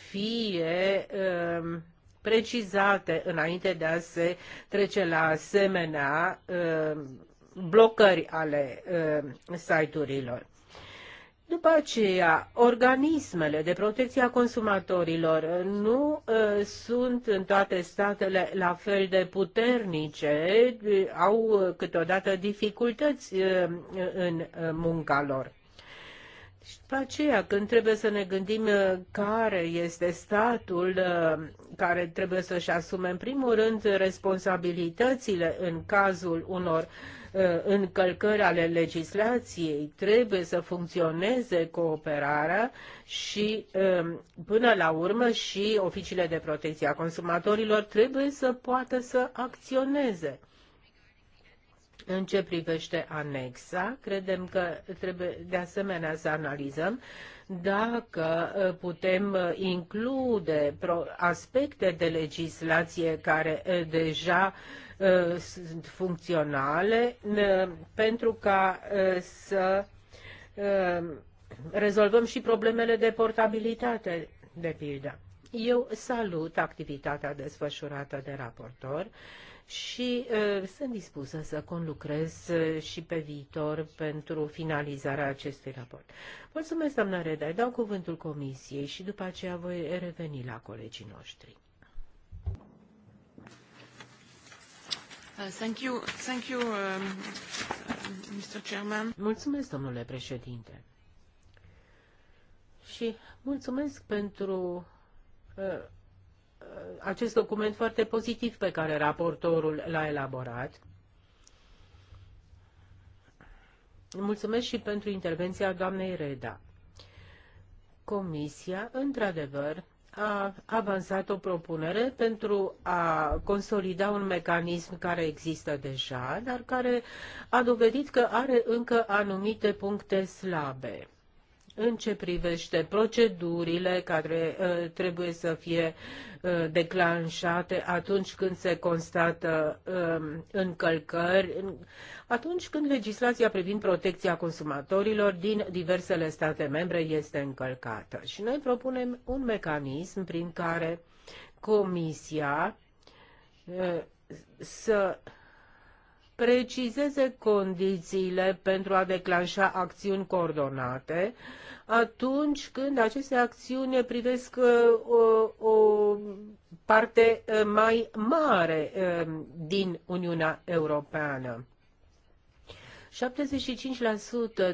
fie uh, precizate înainte de a se trece la asemenea uh, blocări ale site-urilor. După aceea, organismele de protecție a consumatorilor nu uh, sunt în toate statele la fel de puternice, au câteodată dificultăți uh, în ă, munca lor. Și după aceea, când trebuie să ne gândim uh, care este statul uh, care trebuie să-și asume, în primul rând, responsabilitățile în cazul unor uh, încălcări ale legislației, trebuie să funcționeze cooperarea și, um, până la urmă, și oficiile de protecție a consumatorilor trebuie să poată să acționeze. În ce privește anexa, credem că trebuie de asemenea să analizăm dacă uh, putem uh, include aspecte de legislație care uh, deja sunt funcționale pentru ca să rezolvăm și problemele de portabilitate, de pildă. Eu salut activitatea desfășurată de raportor și uh, sunt dispusă să conlucrez uh, și pe viitor pentru finalizarea acestui raport. Mulțumesc, doamna Reda, dau cuvântul comisiei și după aceea voi reveni la colegii noștri. Uh, thank you, thank you, Mr. Um, uh, Chairman. Mulțumesc, domnule președinte. Și mulțumesc pentru uh, Uh, acest document foarte pozitiv pe care raportorul l-a elaborat. Mulțumesc și pentru intervenția doamnei Reda. Comisia, într-adevăr, a avansat o propunere pentru a consolida un mecanism care există deja, dar care a dovedit că are încă anumite puncte slabe în ce privește procedurile care uh, trebuie să fie uh, declanșate atunci când se constată um, încălcări, atunci când legislația privind protecția consumatorilor din diversele state membre este încălcată. Și noi propunem un mecanism prin care Comisia uh, să precizeze condițiile pentru a declanșa acțiuni coordonate atunci când aceste acțiuni privesc uh, o, o parte uh, mai mare uh, din Uniunea Europeană. 75%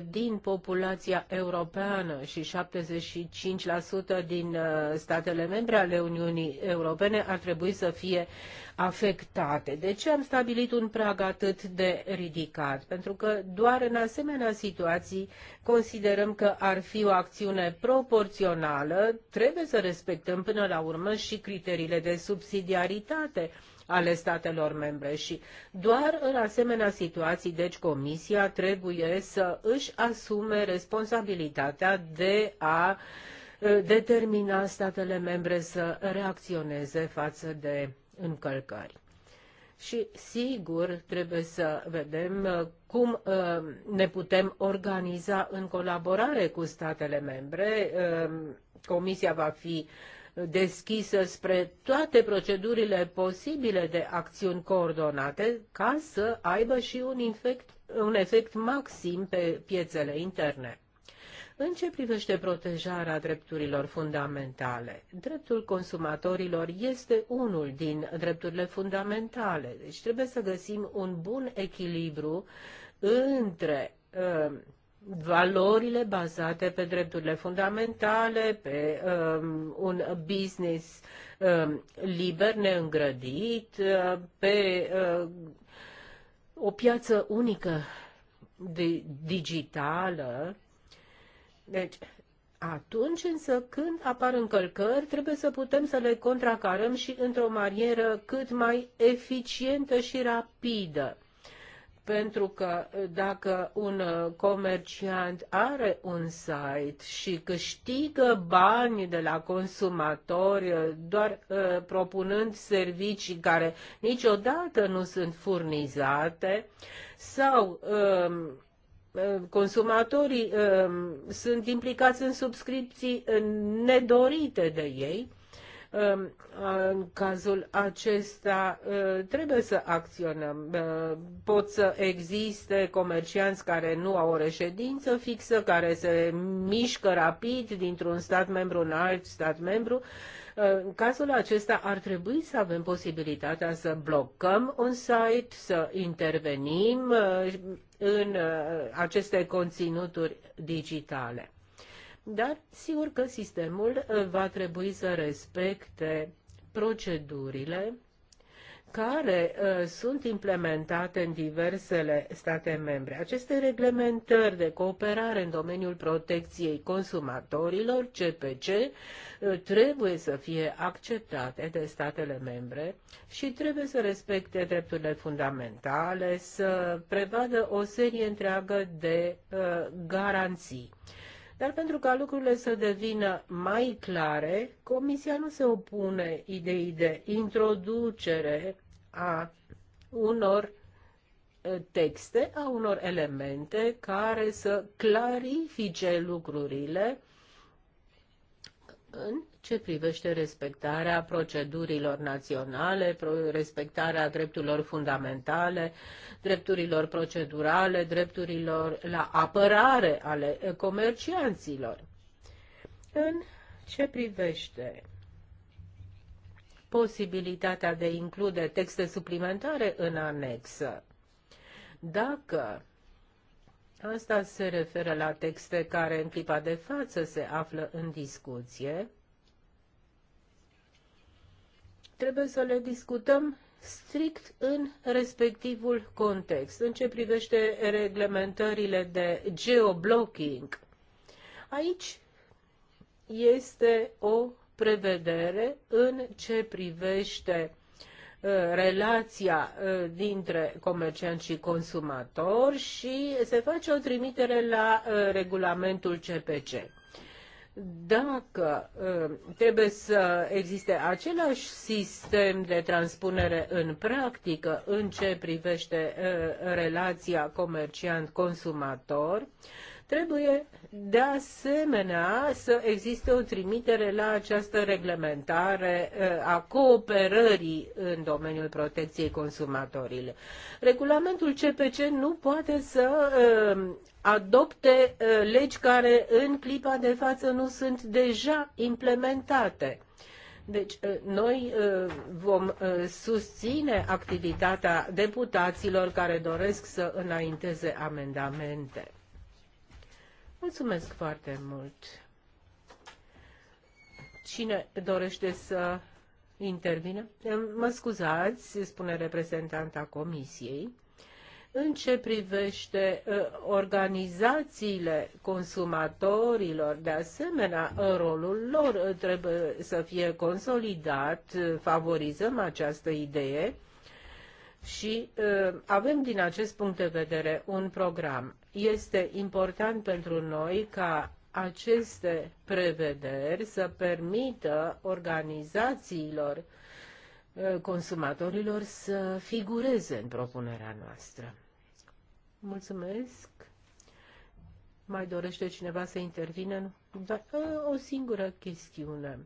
din populația europeană și 75% din uh, statele membre ale Uniunii Europene ar trebui să fie afectate. De ce am stabilit un prag atât de ridicat? Pentru că doar în asemenea situații considerăm că ar fi o acțiune proporțională, trebuie să respectăm până la urmă și criteriile de subsidiaritate ale statelor membre și doar în asemenea situații, deci Comisia trebuie să își asume responsabilitatea de a determina statele membre să reacționeze față de încălcări. Și sigur trebuie să vedem cum ne putem organiza în colaborare cu statele membre. Comisia va fi deschisă spre toate procedurile posibile de acțiuni coordonate ca să aibă și un, infect, un efect maxim pe piețele interne. În ce privește protejarea drepturilor fundamentale, dreptul consumatorilor este unul din drepturile fundamentale, deci trebuie să găsim un bun echilibru între uh, valorile bazate pe drepturile fundamentale, pe um, un business um, liber, neîngrădit, uh, pe uh, o piață unică de, digitală. Deci, atunci însă când apar încălcări, trebuie să putem să le contracarăm și într-o manieră cât mai eficientă și rapidă. Pentru că uh, dacă un uh, comerciant are un site și câștigă bani de la consumatori uh, doar uh, propunând servicii care niciodată nu sunt furnizate sau um, uh, consumatorii uh, sunt implicați în subscripții nedorite de ei, în cazul acesta ă, trebuie să acționăm. Ă, pot să existe comercianți care nu au o reședință fixă, care se mișcă rapid dintr-un stat membru în alt stat membru. Ă, în cazul acesta ar trebui să avem posibilitatea să blocăm un site, să intervenim în aceste conținuturi digitale. Dar sigur că sistemul uh, va trebui să respecte procedurile care uh, sunt implementate în diversele state membre. Aceste reglementări de cooperare în domeniul protecției consumatorilor, CPC, uh, trebuie să fie acceptate de statele membre și trebuie să respecte drepturile fundamentale, să prevadă o serie întreagă de uh, garanții. Dar pentru ca lucrurile să devină mai clare, Comisia nu se opune ideii de introducere a unor eh, texte, a unor elemente care să clarifice lucrurile în ce privește respectarea procedurilor naționale, respectarea drepturilor fundamentale, drepturilor procedurale, drepturilor la apărare ale comercianților. În ce privește posibilitatea de a include texte suplimentare în anexă, dacă Asta se referă la texte care în clipa de față se află în discuție trebuie să le discutăm strict în respectivul context. În ce privește reglementările de geoblocking, aici este o prevedere în ce privește uh, relația uh, dintre comerciant și consumator și se face o trimitere la uh, regulamentul CPC dacă uh, trebuie să existe același sistem de transpunere în practică în ce privește uh, relația comerciant-consumator, Trebuie de asemenea să existe o trimitere la această reglementare eh, a cooperării în domeniul protecției consumatorilor. Regulamentul CPC nu poate să eh, adopte eh, legi care în clipa de față nu sunt deja implementate. Deci, noi vom susține activitatea deputaților care doresc să înainteze amendamente. Mulțumesc foarte mult. Cine dorește să intervine? Mă scuzați, spune reprezentanta Comisiei. În ce privește ă, organizațiile consumatorilor, de asemenea, rolul lor ă, trebuie să fie consolidat, favorizăm această idee și uh, avem din acest punct de vedere un program. Este important pentru noi ca aceste prevederi să permită organizațiilor ă, consumatorilor să figureze în propunerea noastră. Mulțumesc. Mai dorește cineva să intervină? Doar ă, o singură chestiune.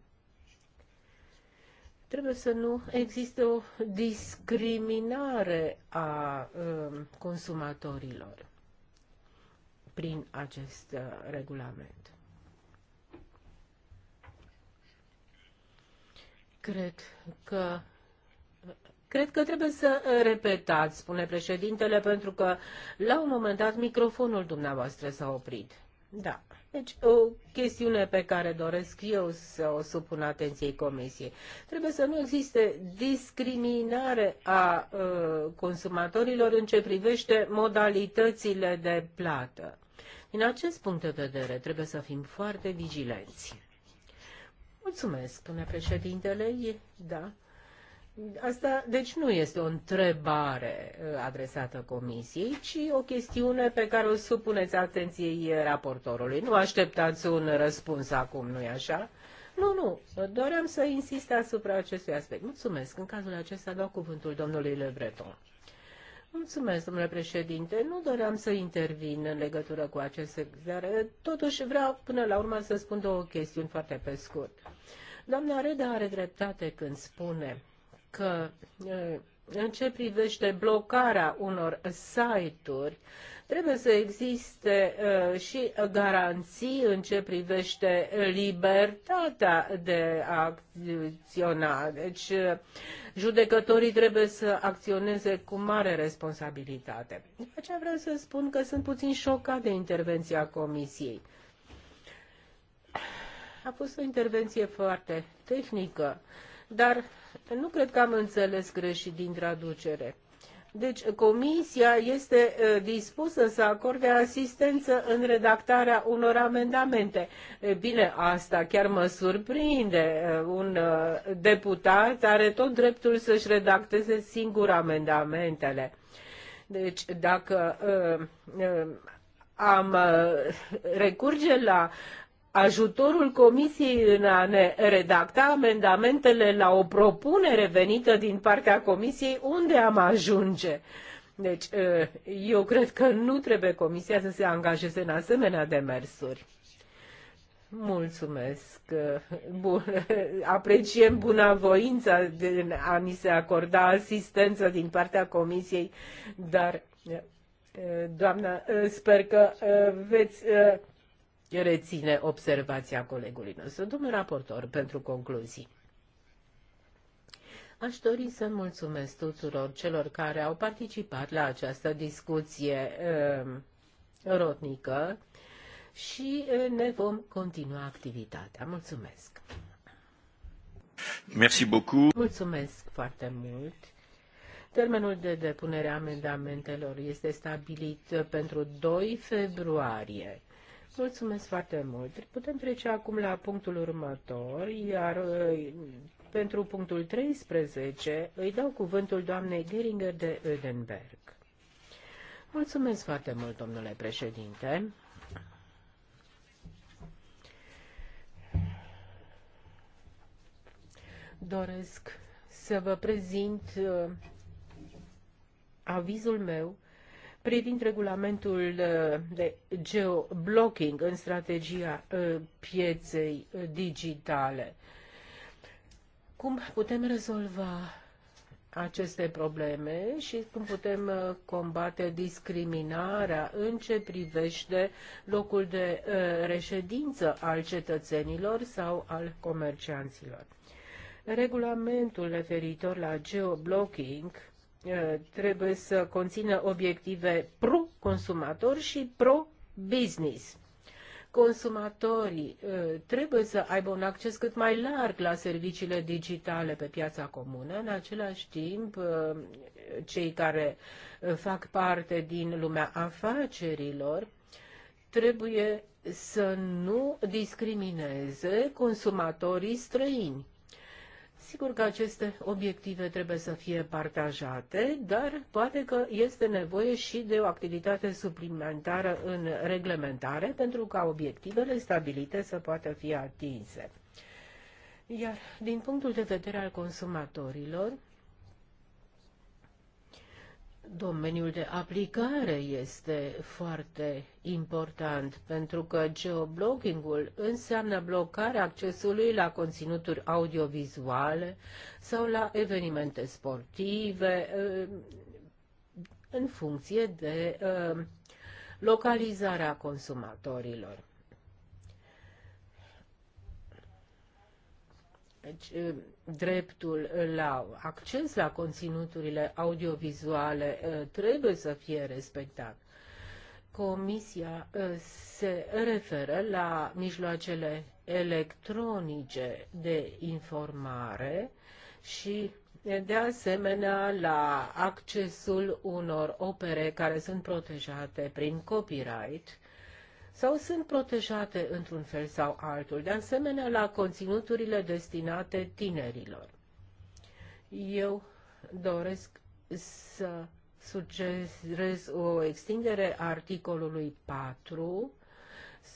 Trebuie să nu existe o discriminare a um, consumatorilor prin acest uh, regulament. Cred că Cred că trebuie să uh, repetați, spune președintele, pentru că la un moment dat microfonul dumneavoastră s-a oprit. Da. Deci, o chestiune pe care doresc eu să o supun atenției Comisiei. Trebuie să nu existe discriminare a uh, consumatorilor în ce privește modalitățile de plată. Din acest punct de vedere, trebuie să fim foarte vigilenți. Mulțumesc, spune președintele. Da. Asta, deci, nu este o întrebare uh, adresată Comisiei, ci o chestiune pe care o supuneți atenției raportorului. Nu așteptați un răspuns acum, nu-i așa? Nu, nu, doream să insist asupra acestui aspect. Mulțumesc. În cazul acesta dau cuvântul domnului Le Breton. Mulțumesc, domnule președinte. Nu doream să intervin în legătură cu acest dar uh, totuși vreau până la urmă să spun două chestiuni foarte pe scurt. Doamna Reda are dreptate când spune că uh, în ce privește blocarea unor site-uri, trebuie să existe uh, și garanții în ce privește libertatea de a acționa. Deci, uh, judecătorii trebuie să acționeze cu mare responsabilitate. De aceea vreau să spun că sunt puțin șocat de intervenția Comisiei. A fost o intervenție foarte tehnică, dar nu cred că am înțeles greșit din traducere. Deci, Comisia este dispusă să acorde asistență în redactarea unor amendamente. E bine, asta chiar mă surprinde. Un deputat are tot dreptul să-și redacteze singur amendamentele. Deci, dacă am recurge la ajutorul Comisiei în a ne redacta amendamentele la o propunere venită din partea Comisiei, unde am ajunge? Deci, ă, eu cred că nu trebuie Comisia să se angajeze în asemenea demersuri. Mulțumesc. Ă, bun. Apreciem bunavoința de a ni se acorda asistență din partea Comisiei, dar, ă, doamna, sper că veți reține observația colegului nostru. Domnul raportor, pentru concluzii. Aș dori să mulțumesc tuturor celor care au participat la această discuție uh, rotnică și uh, ne vom continua activitatea. Mulțumesc! Merci beaucoup. Mulțumesc foarte mult! Termenul de depunere a amendamentelor este stabilit pentru 2 februarie. Mulțumesc foarte mult. Putem trece acum la punctul următor, iar uh, pentru punctul 13 îi dau cuvântul doamnei Geringer de Ödenberg. Mulțumesc foarte mult, domnule președinte. Doresc să vă prezint uh, avizul meu privind regulamentul uh, de geoblocking în strategia uh, pieței uh, digitale. Cum putem rezolva aceste probleme și cum putem combate discriminarea în ce privește locul de reședință al cetățenilor sau al comercianților. Regulamentul referitor la geoblocking Eh, trebuie să conțină obiective pro-consumator și pro-business. Consumatorii eh, trebuie să aibă un acces cât mai larg la serviciile digitale pe piața comună, în același timp eh, cei care fac parte din lumea afacerilor trebuie să nu discrimineze consumatorii străini Sigur că aceste obiective trebuie să fie partajate, dar poate că este nevoie și de o activitate suplimentară în reglementare pentru ca obiectivele stabilite să poată fi atinse. Iar din punctul de vedere al consumatorilor, Domeniul de aplicare este foarte important pentru că geoblockingul înseamnă blocarea accesului la conținuturi audiovizuale sau la evenimente sportive în funcție de uh, localizarea consumatorilor. Deci, uh, dreptul la acces la conținuturile audiovizuale uh, trebuie să fie respectat. Comisia uh, se referă la mijloacele electronice de informare și uh, de asemenea la accesul unor opere care sunt protejate prin copyright sau sunt protejate într-un fel sau altul, de asemenea la conținuturile destinate tinerilor. Eu doresc să sugerez o extindere a articolului 4,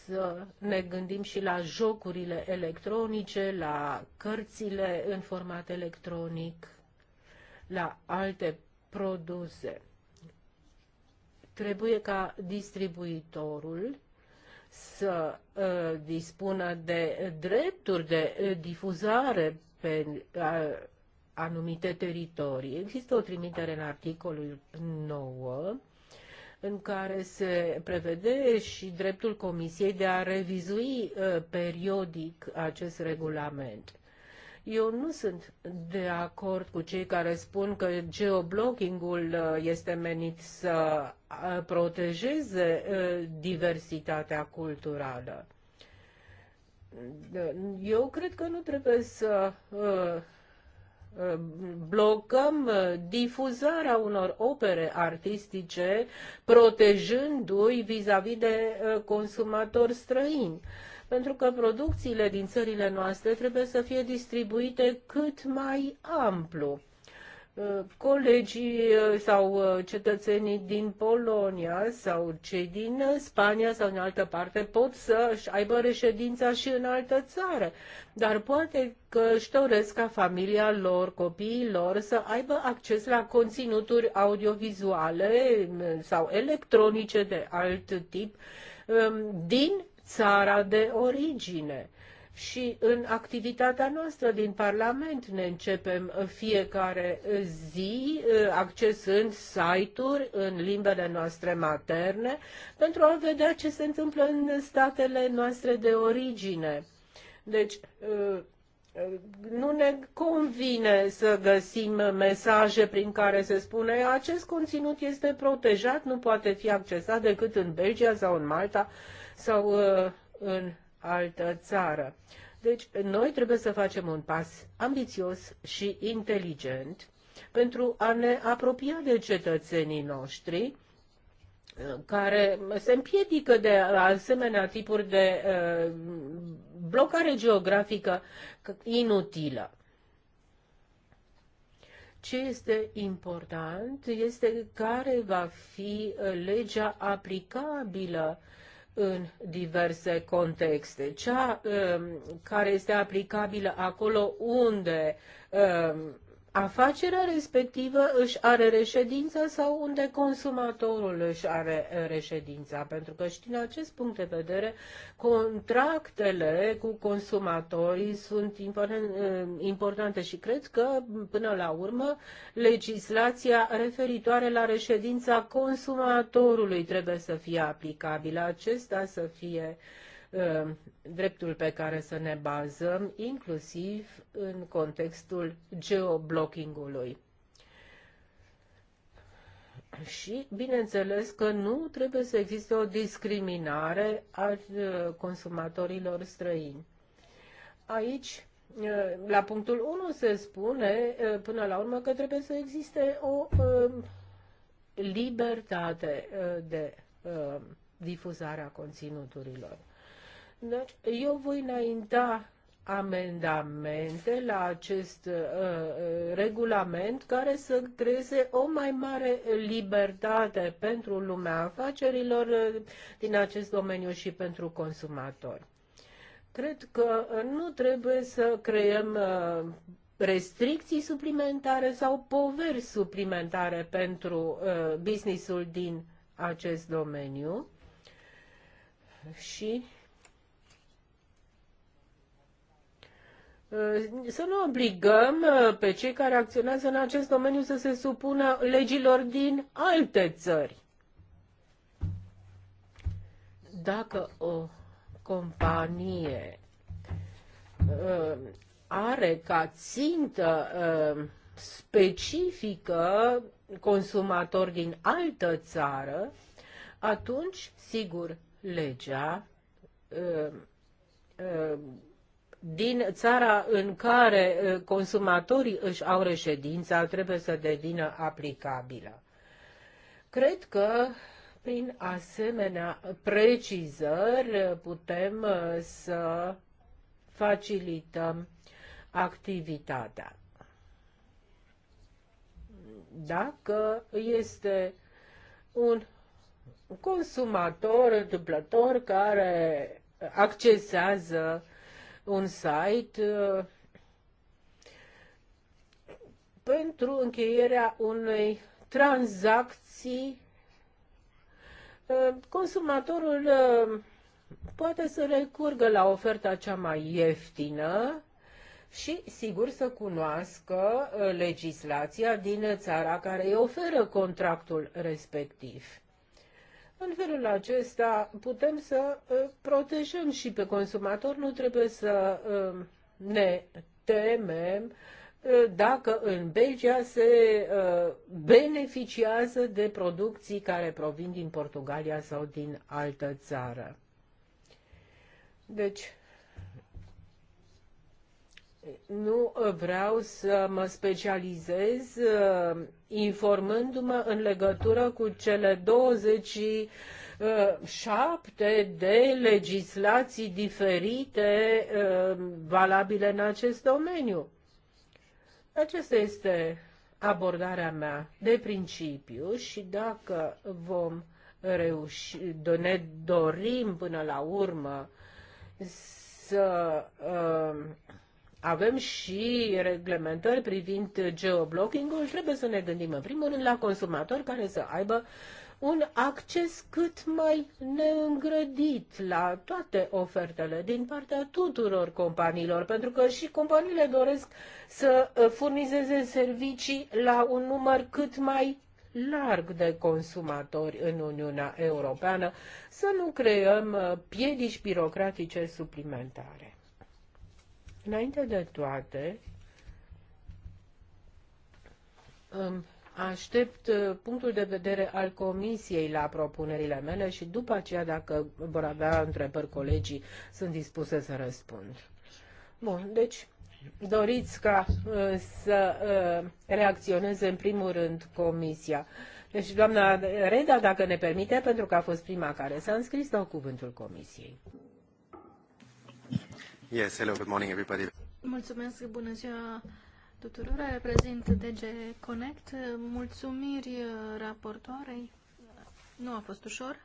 să ne gândim și la jocurile electronice, la cărțile în format electronic, la alte produse. Trebuie ca distribuitorul să uh, dispună de drepturi de uh, difuzare pe uh, anumite teritorii. Există o trimitere în articolul 9 în care se prevede și dreptul Comisiei de a revizui uh, periodic acest regulament. Eu nu sunt de acord cu cei care spun că geoblockingul uh, este menit să uh, protejeze uh, diversitatea culturală. Eu cred că nu trebuie să blocăm difuzarea unor opere artistice protejându-i vis-a-vis de consumatori străini pentru că producțiile din țările noastre trebuie să fie distribuite cât mai amplu. Uh, colegii uh, sau uh, cetățenii din Polonia sau cei din Spania sau în altă parte pot să-și aibă reședința și în altă țară, dar poate că își doresc ca familia lor, copiii lor să aibă acces la conținuturi audiovizuale mm, sau electronice de alt tip um, din țara de origine. Și în activitatea noastră din Parlament ne începem fiecare zi ă, accesând site-uri în limbele noastre materne pentru a vedea ce se întâmplă în statele noastre de origine. Deci, ă, nu ne convine să găsim mesaje prin care se spune acest conținut este protejat, nu poate fi accesat decât în Belgia sau în Malta sau uh, în altă țară. Deci, noi trebuie să facem un pas ambițios și inteligent pentru a ne apropia de cetățenii noștri uh, care se împiedică de asemenea tipuri de uh, blocare geografică inutilă. Ce este important este care va fi legea aplicabilă în diverse contexte, cea um, care este aplicabilă acolo unde um, afacerea respectivă își are reședința sau unde consumatorul își are eh, reședința, pentru că și din acest punct de vedere contractele cu consumatorii sunt eh, importante și cred că până la urmă legislația referitoare la reședința consumatorului trebuie să fie aplicabilă, acesta să fie uh, Uh, dreptul pe care să ne bazăm, inclusiv în contextul geoblockingului. Și, bineînțeles, că nu trebuie să existe o discriminare a uh, consumatorilor străini. Aici, uh, la punctul 1 se spune, până la urmă, că trebuie să existe o libertate de difuzare a conținuturilor eu voi înainta amendamente la acest uh, uh, regulament care să creeze o mai mare libertate pentru lumea afacerilor uh, din acest domeniu și pentru consumatori. Cred că uh, nu trebuie să creăm uh, restricții suplimentare sau poveri suplimentare pentru uh, businessul din acest domeniu și Uh, să nu obligăm uh, pe cei care acționează în acest domeniu să se supună legilor din alte țări. Dacă o companie uh, are ca țintă specifică consumator din altă țară, atunci, sigur, legea din țara în care consumatorii își au reședința trebuie să devină aplicabilă. Cred că prin asemenea precizări putem să facilităm activitatea. Dacă este un consumator întâmplător care accesează un site uh, pentru încheierea unei tranzacții. Uh, consumatorul uh, poate să recurgă la oferta cea mai ieftină și, sigur, să cunoască legislația din țara care îi oferă contractul respectiv. În felul acesta putem să ă, protejăm și pe consumator, nu trebuie să ă, ne temem ă, dacă în Belgia se beneficiază de producții care provin din Portugalia sau din altă țară. Deci, nu uh, vreau să mă specializez uh, informându-mă în legătură cu cele 27 de legislații diferite uh, valabile în acest domeniu. Aceasta este abordarea mea de principiu și dacă vom reuși, ne dorim până la urmă să uh, avem și reglementări privind geoblocking-ul, trebuie să ne gândim în primul rând la consumatori care să aibă un acces cât mai neîngrădit la toate ofertele din partea tuturor companiilor, pentru că și companiile doresc să furnizeze servicii la un număr cât mai larg de consumatori în Uniunea Europeană, să nu creăm uh, piedici birocratice suplimentare. Înainte de toate, aștept uh, punctul de vedere al Comisiei la propunerile mele și după aceea, dacă vor avea întrebări colegii, sunt dispuse să răspund. Bun, deci doriți ca uh, să uh, reacționeze în primul rând Comisia. Deci, doamna Reda, dacă ne permite, pentru că a fost prima care s-a înscris, dau cuvântul Comisiei. Yes, hello, good morning everybody. Mulțumesc, bună ziua tuturor. Reprezint DG Connect. Mulțumiri raportoarei. Nu a fost ușor.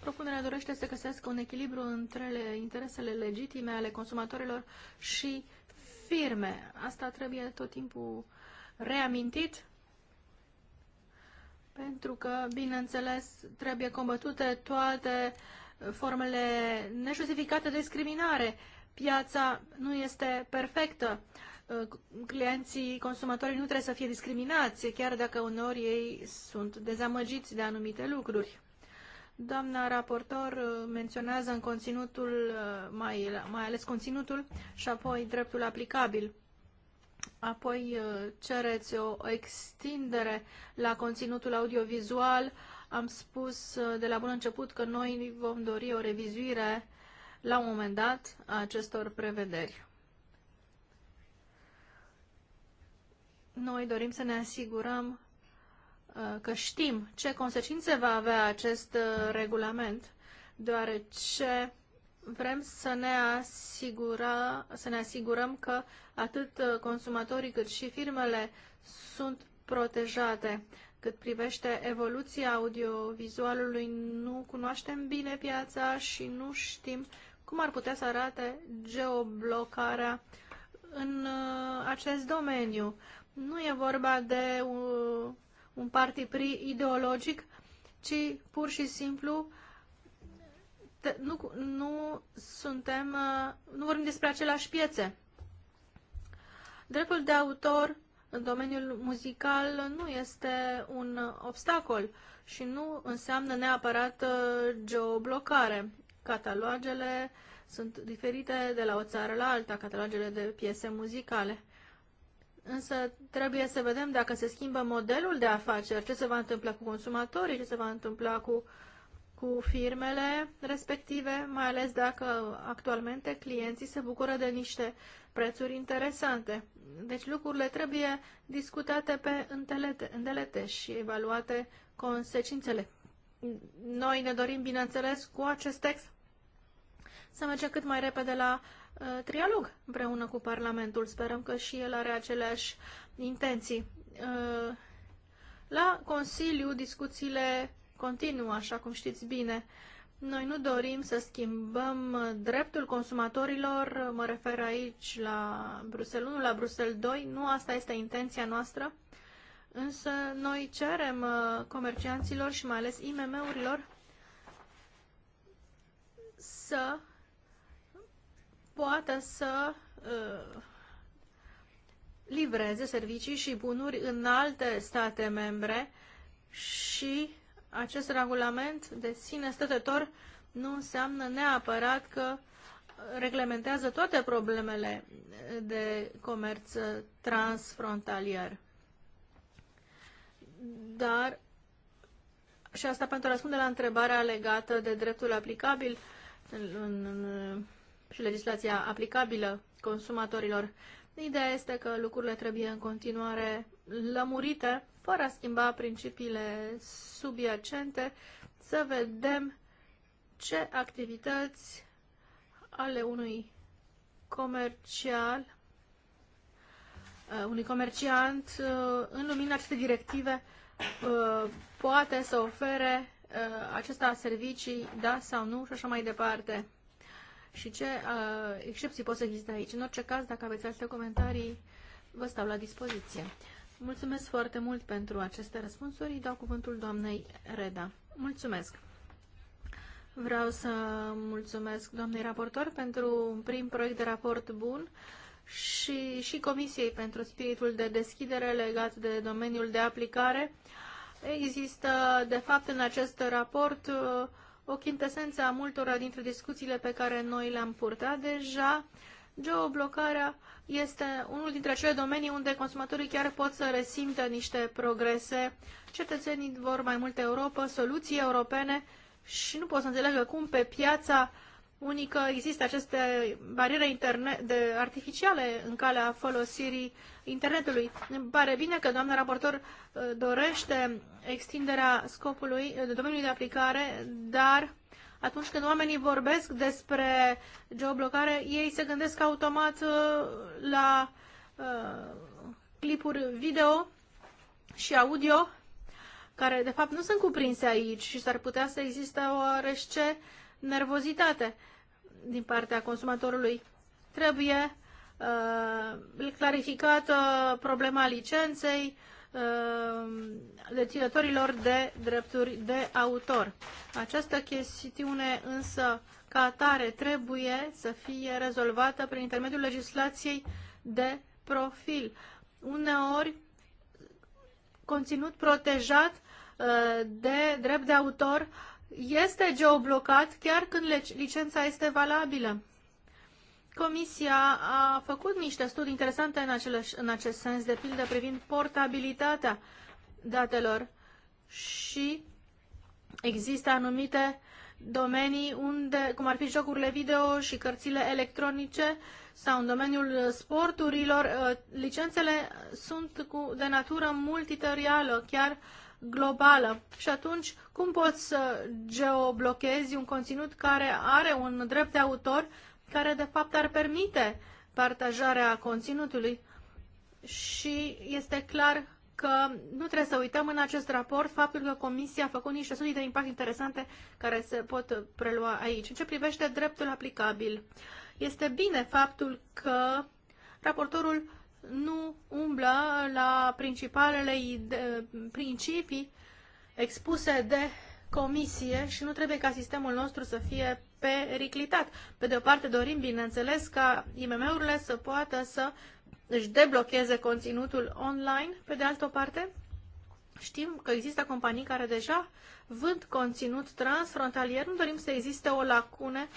Propunerea dorește să găsească un echilibru între interesele legitime ale consumatorilor și firme. Asta trebuie tot timpul reamintit, pentru că, bineînțeles, trebuie combătute toate uh, formele nejustificate de discriminare. Piața nu este perfectă. Uh, clienții, consumatorii nu trebuie să fie discriminați, chiar dacă uneori ei sunt dezamăgiți de anumite lucruri. Doamna raportor uh, menționează în conținutul, uh, mai, mai ales conținutul, și apoi dreptul aplicabil. Apoi cereți o extindere la conținutul audiovizual am spus uh, de la bun început că noi vom dori o revizuire la un moment dat a acestor prevederi. Noi dorim să ne asigurăm uh, că știm ce consecințe va avea acest uh, regulament, deoarece vrem să ne, asigura, să ne asigurăm că atât consumatorii cât și firmele sunt protejate. Cât privește evoluția audiovizualului, nu cunoaștem bine piața și nu știm cum ar putea să arate geoblocarea în uh, acest domeniu. Nu e vorba de uh, un partipri ideologic, ci pur și simplu nu, nu suntem, uh, nu vorbim despre aceleași piețe. Dreptul de autor în domeniul muzical nu este un obstacol și nu înseamnă neapărat uh, geoblocare. Catalogele sunt diferite de la o țară la alta, catalogele de piese muzicale. Însă trebuie să vedem dacă se schimbă modelul de afaceri, ce se va întâmpla cu consumatorii, ce se va întâmpla cu uh, cu firmele respective, mai ales dacă actualmente clienții se bucură de niște prețuri interesante. Deci lucrurile trebuie discutate pe îndelete, îndelete și evaluate consecințele. Noi ne dorim, bineînțeles, cu acest text să mergem cât mai repede la uh, trialog împreună cu Parlamentul. Sperăm că și el are aceleași intenții. Uh, la Consiliu, discuțiile continuă, așa cum știți bine. Noi nu dorim să schimbăm dreptul consumatorilor, mă refer aici la Bruxelles 1, la Bruxelles 2, nu asta este intenția noastră, însă noi cerem uh, comercianților și mai ales IMM-urilor să poată să uh, livreze servicii și bunuri în alte state membre și acest regulament de sine stătător nu înseamnă neapărat că reglementează toate problemele de comerț transfrontalier. Dar, și asta pentru a răspunde la întrebarea legată de dreptul aplicabil în, în, și legislația aplicabilă consumatorilor, ideea este că lucrurile trebuie în continuare lămurite fără a schimba principiile subiacente, să vedem ce activități ale unui comercial, uh, unui comerciant uh, în lumina acestei directive uh, poate să ofere acesta servicii, da sau nu și așa mai departe. Și ce excepții pot să existe aici. În orice caz, dacă aveți alte comentarii, vă stau la dispoziție. Mulțumesc foarte mult pentru aceste răspunsuri. Îi dau cuvântul doamnei Reda. Mulțumesc. Vreau să mulțumesc doamnei raportor pentru un prim proiect de raport bun și, și Comisiei pentru spiritul de deschidere legat de domeniul de aplicare. Există, de fapt, în acest raport uh, o chintesență a multora dintre discuțiile pe care noi le-am purtat deja Geoblocarea este unul dintre acele domenii unde consumatorii chiar pot să resimtă niște progrese. Cetățenii vor mai multă Europa, soluții europene și nu pot să înțeleagă cum pe piața unică există aceste bariere internet de artificiale în calea folosirii internetului. Îmi pare bine că doamna raportor uh, dorește extinderea scopului, uh, domeniului de aplicare, dar atunci când oamenii vorbesc despre geoblocare, ei se gândesc automat uh, la uh, clipuri video și audio, care de fapt nu sunt cuprinse aici și s-ar putea să existe o oarește nervozitate din partea consumatorului. Trebuie uh, clarificată uh, problema licenței, Uh, deținătorilor de drepturi de autor. Această chestiune însă ca atare trebuie să fie rezolvată prin intermediul legislației de profil. Uneori conținut protejat uh, de drept de autor este geoblocat chiar când licența este valabilă. Comisia a făcut niște studii interesante în, același, în acest sens, de pildă privind portabilitatea datelor și există anumite domenii unde, cum ar fi jocurile video și cărțile electronice sau în domeniul sporturilor, ă, licențele sunt cu, de natură multiterială, chiar globală. Și atunci, cum poți să geoblochezi un conținut care are un drept de autor care de fapt ar permite partajarea conținutului și este clar că nu trebuie să uităm în acest raport faptul că Comisia a făcut niște studii de impact interesante care se pot prelua aici. În ce privește dreptul aplicabil, este bine faptul că raportorul nu umblă la principalele principii expuse de comisie și nu trebuie ca sistemul nostru să fie periclitat. Pe de o parte dorim, bineînțeles, ca IMM-urile să poată să își deblocheze conținutul online, pe de altă parte știm că există companii care deja vând conținut transfrontalier, nu dorim să existe o lacune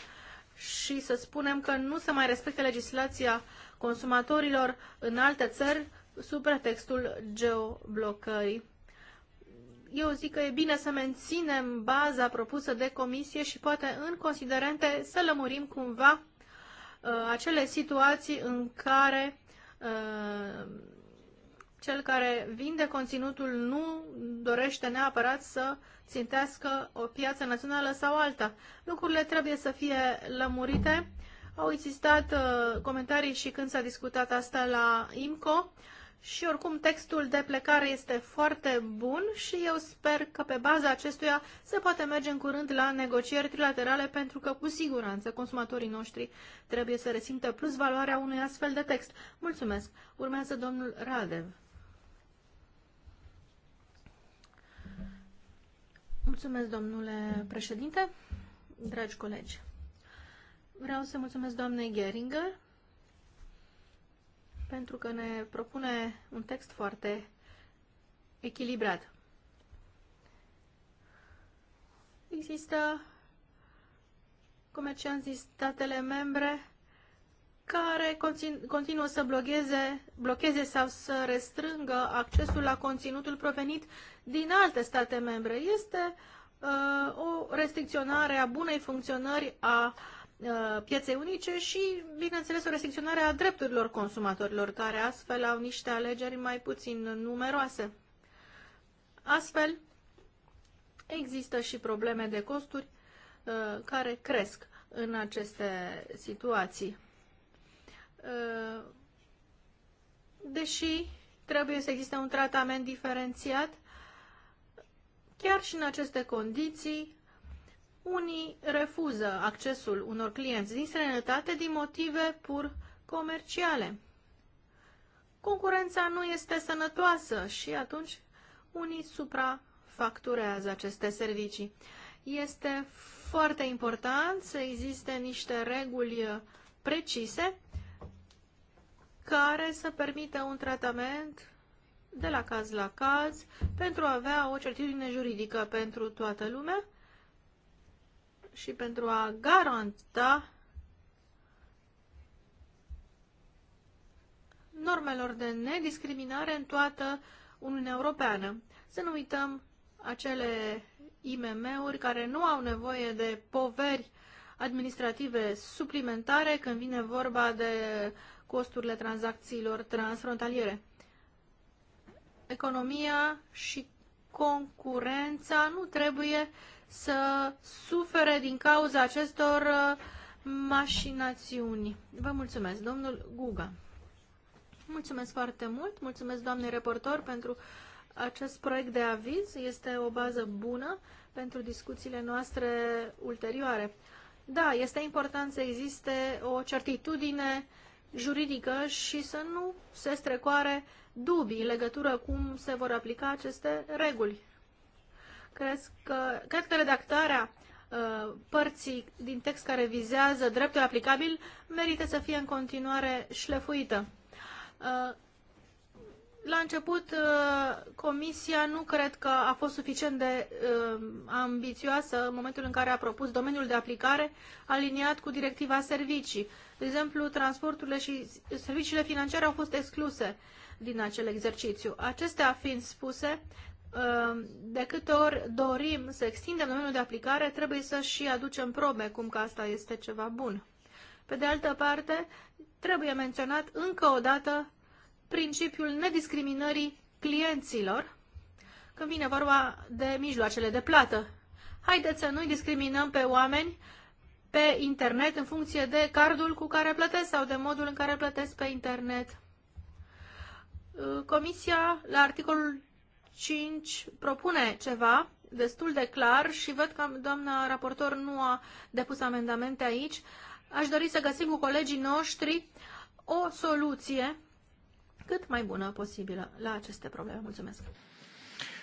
și să spunem că nu se mai respectă legislația consumatorilor în alte țări sub pretextul geoblocării eu zic că e bine să menținem baza propusă de comisie și poate în considerente să lămurim cumva uh, acele situații în care uh, cel care vinde conținutul nu dorește neapărat să țintească o piață națională sau alta. Lucrurile trebuie să fie lămurite. Au existat uh, comentarii și când s-a discutat asta la IMCO și oricum textul de plecare este foarte bun și eu sper că pe baza acestuia se poate merge în curând la negocieri trilaterale pentru că cu siguranță consumatorii noștri trebuie să resimtă plus valoarea unui astfel de text. Mulțumesc. Urmează domnul Radev. Mulțumesc, domnule președinte, dragi colegi. Vreau să mulțumesc doamnei Geringer pentru că ne propune un text foarte echilibrat. Există cum ți-am zis, statele membre care continuă să blocheze, blocheze sau să restrângă accesul la conținutul provenit din alte state membre. Este uh, o restricționare a bunei funcționări a uh, Uh, pieței unice și, bineînțeles, o restricționare a drepturilor consumatorilor, care astfel au niște alegeri mai puțin numeroase. Astfel, există și probleme de costuri uh, care cresc în aceste situații. Uh, deși trebuie să existe un tratament diferențiat, chiar și în aceste condiții, unii refuză accesul unor clienți din străinătate din motive pur comerciale. Concurența nu este sănătoasă și atunci unii suprafacturează aceste servicii. Este foarte important să existe niște reguli precise care să permită un tratament de la caz la caz pentru a avea o certitudine juridică pentru toată lumea și pentru a garanta normelor de nediscriminare în toată Uniunea Europeană. Să nu uităm acele IMM-uri care nu au nevoie de poveri administrative suplimentare când vine vorba de costurile tranzacțiilor transfrontaliere. Economia și concurența nu trebuie să sufere din cauza acestor uh, mașinațiuni. Vă mulțumesc, domnul Guga. Mulțumesc foarte mult, mulțumesc doamnei reportor pentru acest proiect de aviz. Este o bază bună pentru discuțiile noastre ulterioare. Da, este important să existe o certitudine juridică și să nu se strecoare dubii în legătură cum se vor aplica aceste reguli. Crezi că, cred că redactarea uh, părții din text care vizează dreptul aplicabil merită să fie în continuare șlefuită. Uh, la început, uh, Comisia nu cred că a fost suficient de uh, ambițioasă în momentul în care a propus domeniul de aplicare aliniat cu directiva servicii. De exemplu, transporturile și serviciile financiare au fost excluse din acel exercițiu. Acestea fiind spuse, Ehm, de câte ori dorim să extindem domeniul de aplicare, trebuie să și aducem probe, cum că asta este ceva bun. Pe de altă parte, trebuie menționat încă o dată principiul nediscriminării clienților când vine vorba de mijloacele de plată. Haideți să nu discriminăm pe oameni pe internet în funcție de cardul cu care plătesc sau de modul în care plătesc pe internet. Ehm, comisia, la articolul 5 propune ceva destul de clar și văd că doamna raportor nu a depus amendamente aici. Aș dori să găsim cu colegii noștri o soluție cât mai bună posibilă la aceste probleme. Mulțumesc!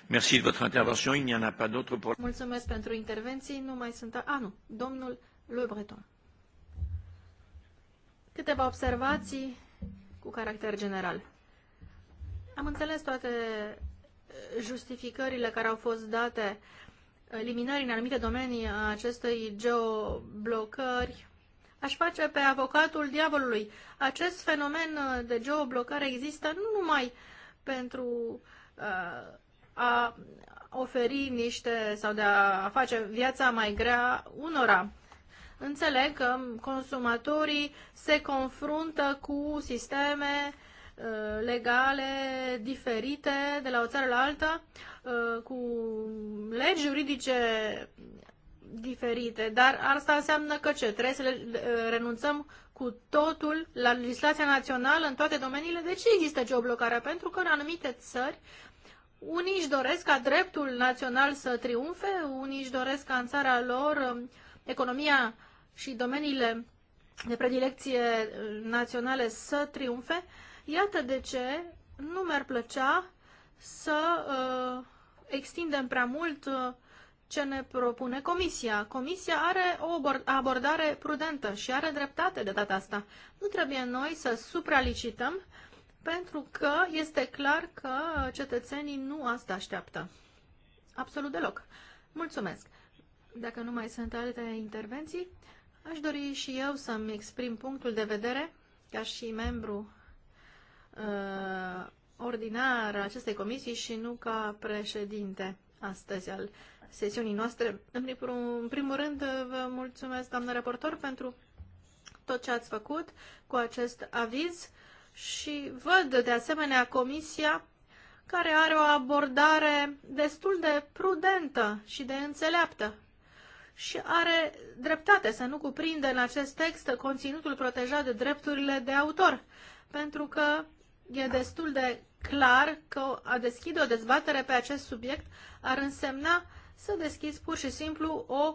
Merci de votre intervention. Il n'y en a pas d'autres pour... Mulțumesc pentru intervenții. Nu mai sunt... A, ah, nu. Domnul Le Breton. Câteva observații cu caracter general. Am înțeles toate justificările care au fost date eliminării în anumite domenii a acestei geoblocări, aș face pe avocatul diavolului. Acest fenomen de geoblocare există nu numai pentru uh, a oferi niște sau de a face viața mai grea unora. Înțeleg că consumatorii se confruntă cu sisteme uh, Uh, legale diferite de la o țară la alta, uh, cu legi juridice diferite, dar asta înseamnă că ce? Trebuie să le, uh, renunțăm cu totul la legislația națională în toate domeniile? De ce există geoblocarea? Pentru că în anumite țări unii își doresc ca dreptul național să triumfe, unii își doresc ca în țara lor um, economia și domeniile de predilecție naționale să triumfe, Iată de ce nu mi-ar plăcea să uh, extindem prea mult uh, ce ne propune Comisia. Comisia are o abordare prudentă și are dreptate de data asta. Nu trebuie noi să supralicităm pentru că este clar că cetățenii nu asta așteaptă. Absolut deloc. Mulțumesc. Dacă nu mai sunt alte intervenții, aș dori și eu să-mi exprim punctul de vedere ca și membru uh, ordinar a acestei comisii și nu ca președinte astăzi al sesiunii noastre. În primul, în primul rând, uh, vă mulțumesc, doamnă raportor, pentru tot ce ați făcut cu acest aviz și văd, de asemenea, comisia care are o abordare destul de prudentă și de înțeleaptă și are dreptate să nu cuprinde în acest text conținutul protejat de drepturile de autor, pentru că e destul de clar că a deschide o dezbatere pe acest subiect ar însemna să deschizi pur și simplu o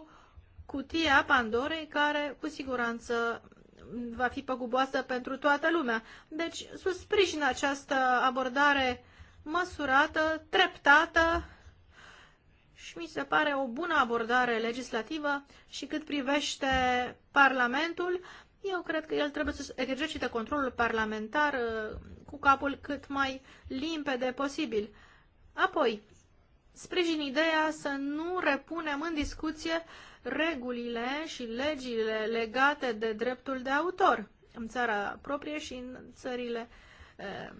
cutie a Pandorei care cu siguranță va fi păguboasă pentru toată lumea. Deci, susprijin această abordare măsurată, treptată și mi se pare o bună abordare legislativă și cât privește Parlamentul, eu cred că el trebuie să exercite controlul parlamentar uh, cu capul cât mai limpede posibil. Apoi, sprijin ideea să nu repunem în discuție regulile și legile legate de dreptul de autor în țara proprie și în țările uh,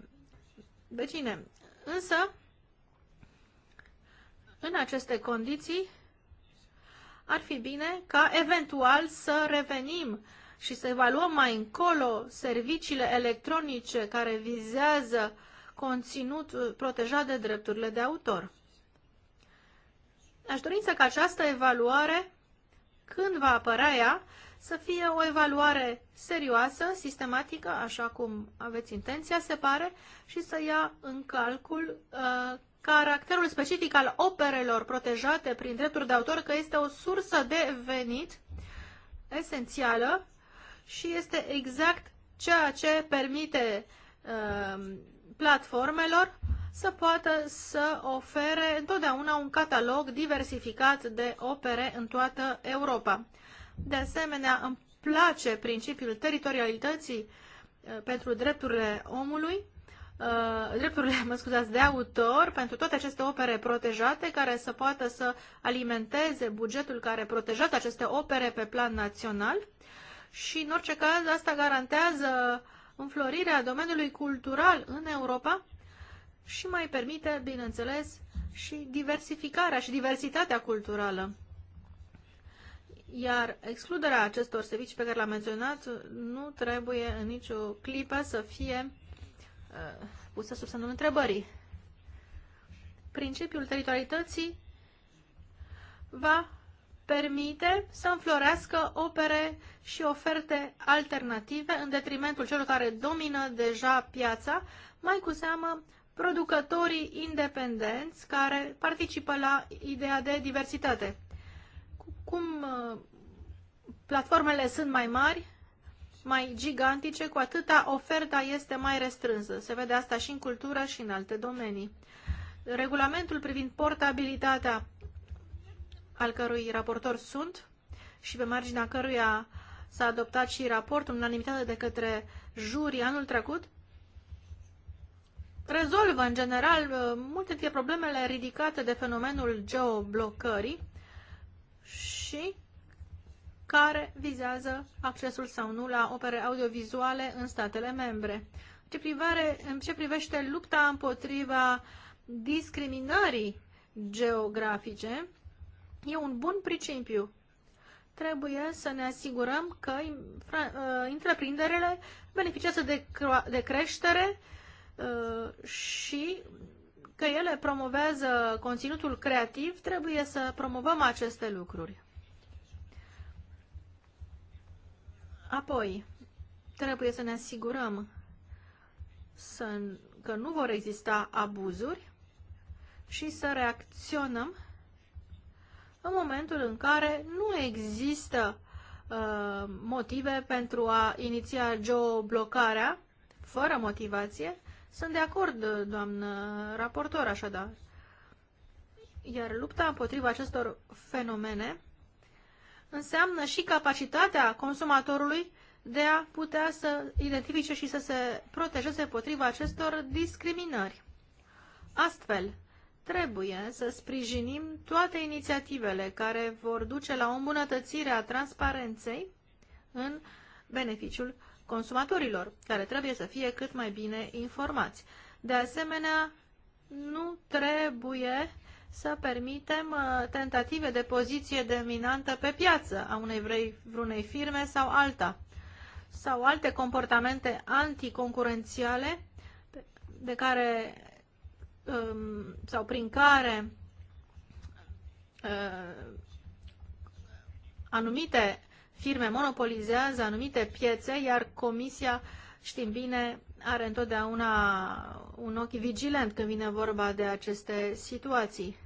vecine. Însă, în aceste condiții, ar fi bine ca eventual să revenim și să evaluăm mai încolo serviciile electronice care vizează conținut uh, protejat de drepturile de autor. Aș dori să ca această evaluare, când va apărea ea, să fie o evaluare serioasă, sistematică, așa cum aveți intenția, se pare, și să ia în calcul uh, caracterul specific al operelor protejate prin drepturi de autor, că este o sursă de venit esențială și este exact ceea ce permite uh, platformelor să poată să ofere întotdeauna un catalog diversificat de opere în toată Europa. De asemenea, îmi place principiul teritorialității uh, pentru drepturile omului, uh, drepturile, mă scuzați, de autor pentru toate aceste opere protejate care să poată să alimenteze bugetul care protejează aceste opere pe plan național și, în orice caz, asta garantează înflorirea domeniului cultural în Europa și mai permite, bineînțeles, și diversificarea și diversitatea culturală. Iar excluderea acestor servicii pe care l-am menționat nu trebuie în nicio clipă să fie uh, pusă sub semnul întrebării. Principiul teritorialității va permite să înflorească opere și oferte alternative în detrimentul celor care domină deja piața, mai cu seamă producătorii independenți care participă la ideea de diversitate. Cum uh, platformele sunt mai mari, mai gigantice, cu atâta oferta este mai restrânsă. Se vede asta și în cultură și în alte domenii. Regulamentul privind portabilitatea al cărui raportor sunt și pe marginea căruia s-a adoptat și raportul în unanimitate de către juri anul trecut, rezolvă în general multe dintre problemele ridicate de fenomenul geoblocării și care vizează accesul sau nu la opere audiovizuale în statele membre. Ce privare, în ce privește lupta împotriva discriminării geografice, E un bun principiu. Trebuie să ne asigurăm că uh, întreprinderile beneficiază de, de creștere uh, și că ele promovează conținutul creativ, trebuie să promovăm aceste lucruri. Apoi, trebuie să ne asigurăm să, că nu vor exista abuzuri și să reacționăm în momentul în care nu există uh, motive pentru a iniția geoblocarea, fără motivație. Sunt de acord, doamnă raportor, așadar. Iar lupta împotriva acestor fenomene înseamnă și capacitatea consumatorului de a putea să identifice și să se protejeze împotriva acestor discriminări. Astfel, trebuie să sprijinim toate inițiativele care vor duce la o îmbunătățire a transparenței în beneficiul consumatorilor, care trebuie să fie cât mai bine informați. De asemenea, nu trebuie să permitem uh, tentative de poziție dominantă pe piață a unei vrei, vreunei firme sau alta, sau alte comportamente anticoncurențiale de care Um, sau prin care uh, anumite firme monopolizează anumite piețe, iar Comisia, știm bine, are întotdeauna un ochi vigilent când vine vorba de aceste situații.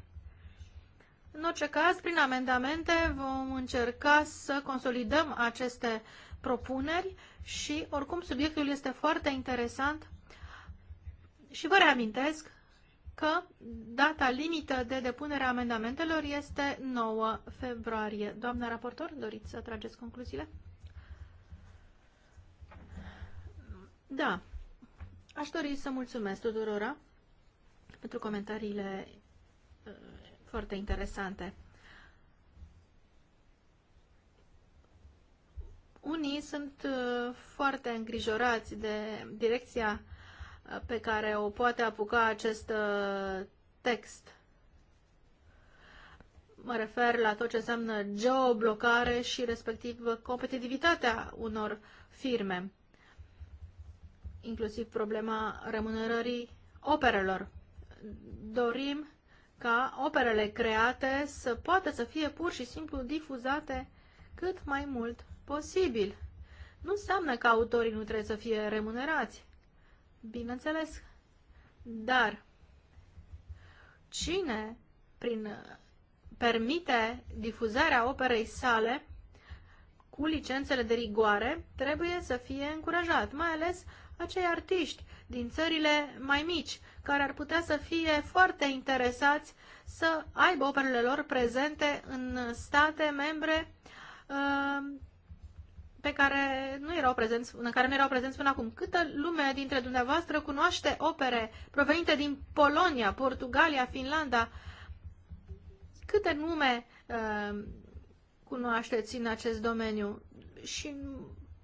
În orice caz, prin amendamente vom încerca să consolidăm aceste propuneri și, oricum, subiectul este foarte interesant și vă reamintesc că data limită de depunere a amendamentelor este 9 februarie. Doamna raportor, doriți să trageți concluziile? Da. Aș dori să mulțumesc tuturora pentru comentariile uh, foarte interesante. Unii sunt uh, foarte îngrijorați de direcția pe care o poate apuca acest uh, text. Mă refer la tot ce înseamnă geoblocare și respectiv competitivitatea unor firme, inclusiv problema remunerării operelor. Dorim ca operele create să poată să fie pur și simplu difuzate cât mai mult posibil. Nu înseamnă că autorii nu trebuie să fie remunerați bineînțeles, dar cine prin permite difuzarea operei sale cu licențele de rigoare trebuie să fie încurajat, mai ales acei artiști din țările mai mici, care ar putea să fie foarte interesați să aibă operele lor prezente în state membre uh, pe care nu erau prezenți, în care nu erau prezenți până acum. Câtă lume dintre dumneavoastră cunoaște opere provenite din Polonia, Portugalia, Finlanda? Câte nume uh, cunoașteți în acest domeniu? Și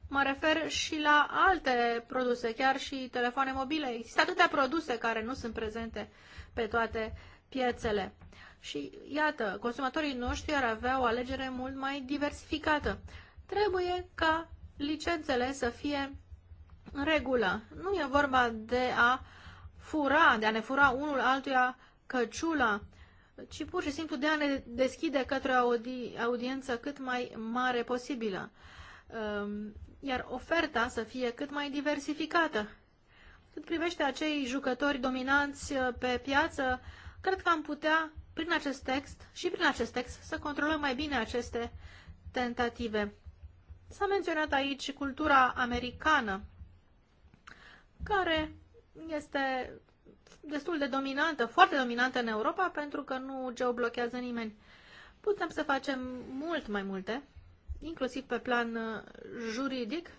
mă refer și la alte produse, chiar și telefoane mobile. Există atâtea produse care nu sunt prezente pe toate piețele. Și iată, consumatorii noștri ar avea o alegere mult mai diversificată trebuie ca licențele să fie în regulă. Nu e vorba de a fura, de a ne fura unul altuia căciula, ci pur și simplu de a ne deschide către o audi audiență cât mai mare posibilă. Um, iar oferta să fie cât mai diversificată. Cât privește acei jucători dominanți uh, pe piață, cred că am putea, prin acest text și prin acest text, să controlăm mai bine aceste tentative. S-a menționat aici cultura americană, care este destul de dominantă, foarte dominantă în Europa, pentru că nu geoblochează nimeni. Putem să facem mult mai multe, inclusiv pe plan uh, juridic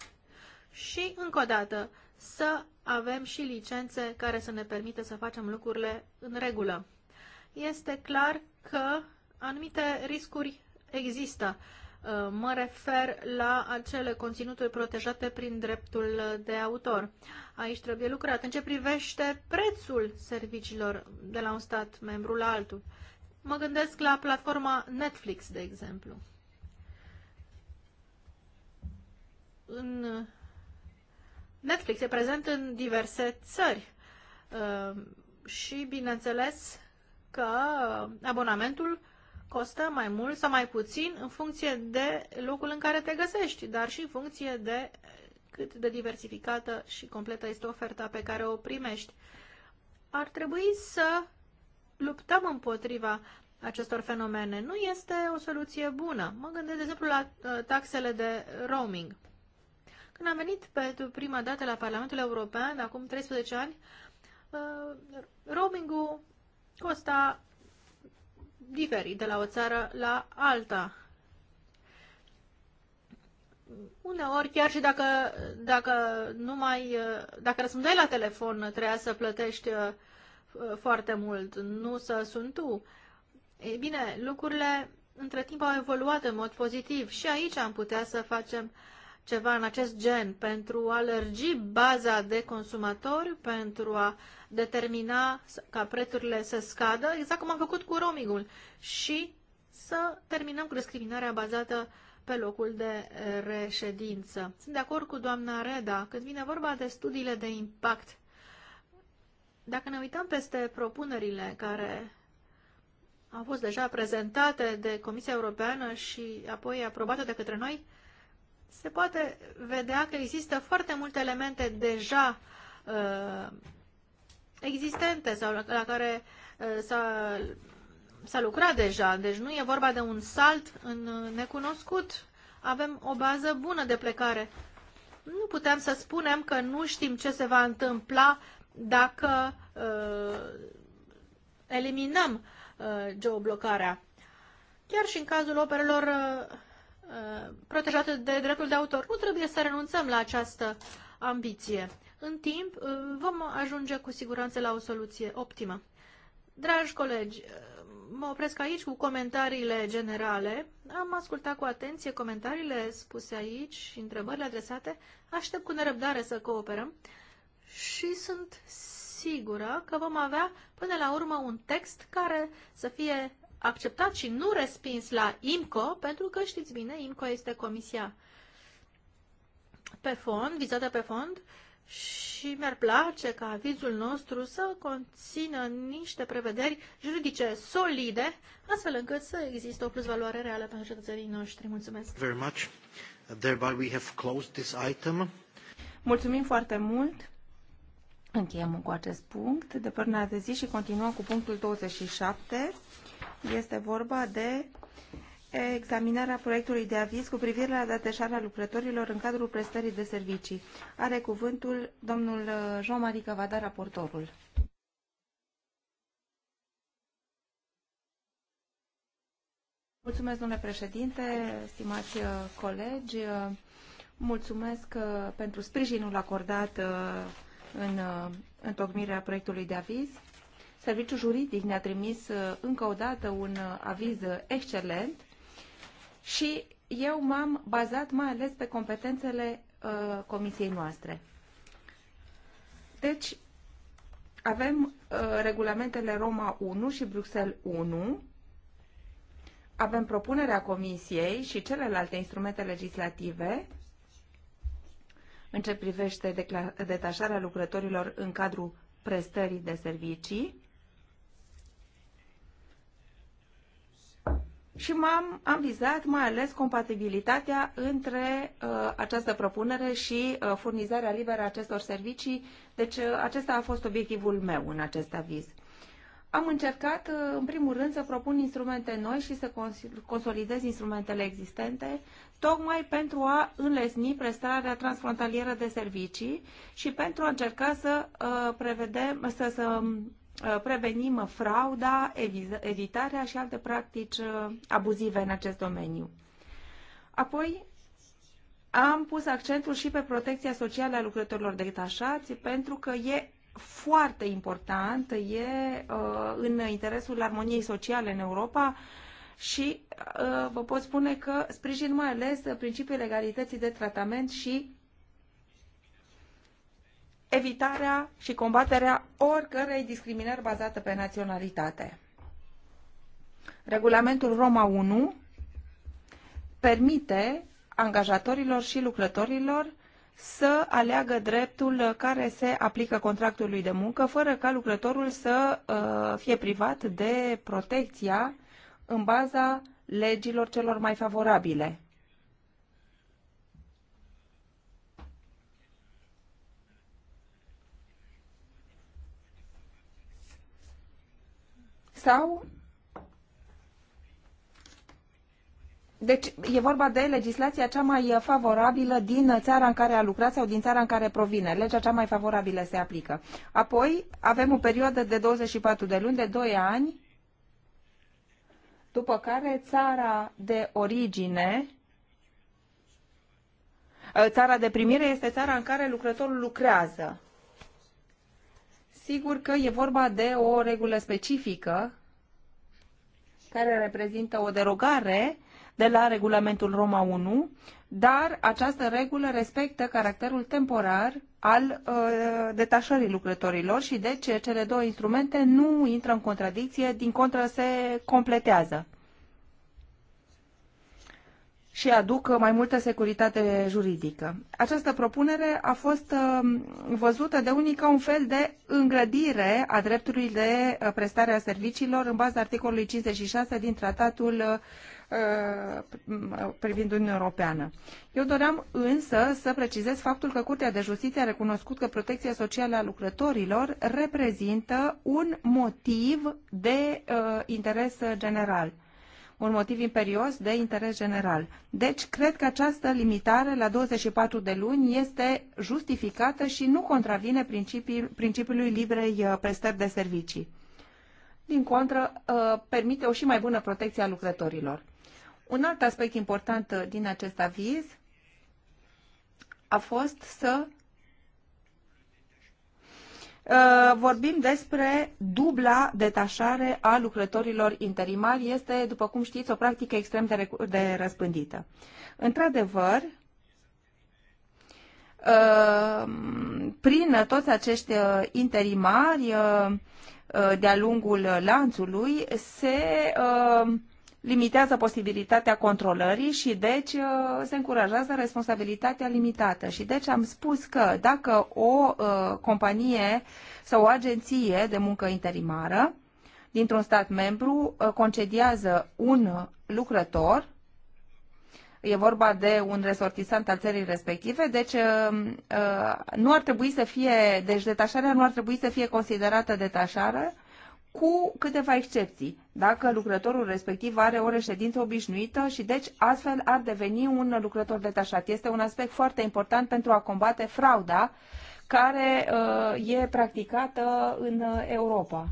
și, încă o dată, să avem și licențe care să ne permită să facem lucrurile în regulă. Este clar că anumite riscuri există Uh, mă refer la acele conținuturi protejate prin dreptul de autor. Aici trebuie lucrat. În ce privește prețul serviciilor de la un stat membru la altul? Mă gândesc la platforma Netflix, de exemplu. În Netflix e prezent în diverse țări uh, și, bineînțeles, că abonamentul uh, costă mai mult sau mai puțin în funcție de locul în care te găsești, dar și în funcție de cât de diversificată și completă este oferta pe care o primești. Ar trebui să luptăm împotriva acestor fenomene. Nu este o soluție bună. Mă gândesc, de exemplu, la uh, taxele de roaming. Când am venit pentru prima dată la Parlamentul European, acum 13 ani, uh, roamingul costa diferi de la o țară la alta. Uneori, chiar și dacă, dacă, nu mai dacă răspundeai la telefon, trebuia să plătești uh, foarte mult, nu să sunt tu. Ei bine, lucrurile între timp au evoluat în mod pozitiv și aici am putea să facem uh, ceva în acest gen pentru a lărgi baza de consumatori, pentru a determina ca prețurile să scadă, exact cum am făcut cu roamingul, și să terminăm cu discriminarea bazată pe locul de reședință. Sunt de acord cu doamna Reda când vine vorba de studiile de impact. Dacă ne uităm peste propunerile care au fost deja prezentate de Comisia Europeană și apoi aprobate de către noi, se poate vedea că există foarte multe elemente deja uh, existente sau la, la care uh, s-a, lucrat deja. Deci nu e vorba de un salt în uh, necunoscut. Avem o bază bună de plecare. Nu putem să spunem că nu știm ce se va întâmpla dacă uh, eliminăm uh, geoblocarea. Chiar și în cazul operelor uh, Uh, protejate de dreptul de autor. Nu trebuie să renunțăm la această ambiție. În timp uh, vom ajunge cu siguranță la o soluție optimă. Dragi colegi, uh, mă opresc aici cu comentariile generale. Am ascultat cu atenție comentariile spuse aici și întrebările adresate. Aștept cu nerăbdare să cooperăm și sunt sigură că vom avea până la urmă un text care să fie acceptat și nu respins la IMCO, pentru că știți bine, IMCO este comisia pe fond, vizată pe fond, și mi-ar place ca avizul nostru să conțină niște prevederi juridice solide, astfel încât să existe o plusvaloare reală pentru cetățenii noștri. Mulțumesc! Very much. Thereby we have closed this item. Mulțumim foarte mult! Încheiem cu acest punct de până de zi și continuăm cu punctul 27 este vorba de examinarea proiectului de aviz cu privire la detașarea lucrătorilor în cadrul prestării de servicii. Are cuvântul domnul uh, Jean-Marie Cavada, raportorul. Mulțumesc, domnule președinte, stimați uh, colegi. Uh, mulțumesc pentru sprijinul acordat în întocmirea proiectului de aviz. Serviciul juridic ne-a trimis uh, încă o dată un uh, aviz excelent și eu m-am bazat mai ales pe competențele uh, comisiei noastre. Deci, avem regulamentele Roma 1 și Bruxelles 1, avem propunerea comisiei și celelalte instrumente legislative în ce privește detașarea lucrătorilor în cadrul prestării de servicii, și m-am am vizat mai ales compatibilitatea între uh, această propunere și uh, furnizarea liberă a acestor servicii, deci uh, acesta a fost obiectivul meu în acest aviz. Am încercat, uh, în primul rând, să propun instrumente noi și să cons consolidez instrumentele existente, tocmai pentru a înlesni prestarea transfrontalieră de servicii și pentru a încerca să uh, prevedem, să, să Uh, prevenim frauda, evitarea și alte practici uh, abuzive în acest domeniu. Apoi, am pus accentul și pe protecția socială a lucrătorilor detașați, pentru că e foarte important, e uh, în interesul armoniei sociale în Europa și uh, vă pot spune că sprijin mai ales principiul egalității de tratament și evitarea și combaterea oricărei discriminări bazate pe naționalitate. Regulamentul Roma 1 permite angajatorilor și lucrătorilor să aleagă dreptul care se aplică contractului de muncă, fără ca lucrătorul să uh, fie privat de protecția în baza legilor celor mai favorabile. sau deci e vorba de legislația cea mai favorabilă din țara în care a lucrat sau din țara în care provine. Legea cea mai favorabilă se aplică. Apoi avem o perioadă de 24 de luni, de 2 ani, după care țara de origine, țara de primire este țara în care lucrătorul lucrează. Sigur că e vorba de o regulă specifică care reprezintă o derogare de la regulamentul Roma 1, dar această regulă respectă caracterul temporar al uh, detașării lucrătorilor și deci cele două instrumente nu intră în contradicție, din contră se completează și aduc mai multă securitate juridică. Această propunere a fost um, văzută de unii ca un fel de îngrădire a dreptului de uh, prestare a serviciilor în baza articolului 56 din tratatul uh, uh, privind Uniunea Europeană. Eu doream însă să precizez faptul că Curtea de Justiție a recunoscut că protecția socială a lucrătorilor reprezintă un motiv de uh, interes general un motiv imperios de interes general. Deci, cred că această limitare la 24 de luni este justificată și nu contravine principiul, principiului liberei uh, prestări de servicii. Din contră, uh, permite o și mai bună protecție a lucrătorilor. Un alt aspect important uh, din acest aviz a fost să Uh, vorbim despre dubla detașare a lucrătorilor interimari. Este, după cum știți, o practică extrem de, de răspândită. Într-adevăr, uh, prin toți acești uh, interimari de-a lungul lanțului se limitează posibilitatea controlării și deci uh, se încurajează responsabilitatea limitată. Și deci am spus că dacă o uh, companie sau o agenție de muncă interimară dintr-un stat membru uh, concediază un lucrător, e vorba de un resortisant al țării respective, deci nu ar trebui să fie, deci detașarea nu ar trebui să fie considerată detașare, cu câteva excepții, dacă lucrătorul respectiv are o reședință obișnuită și deci astfel ar deveni un lucrător detașat. Este un aspect foarte important pentru a combate frauda care uh, e practicată în Europa.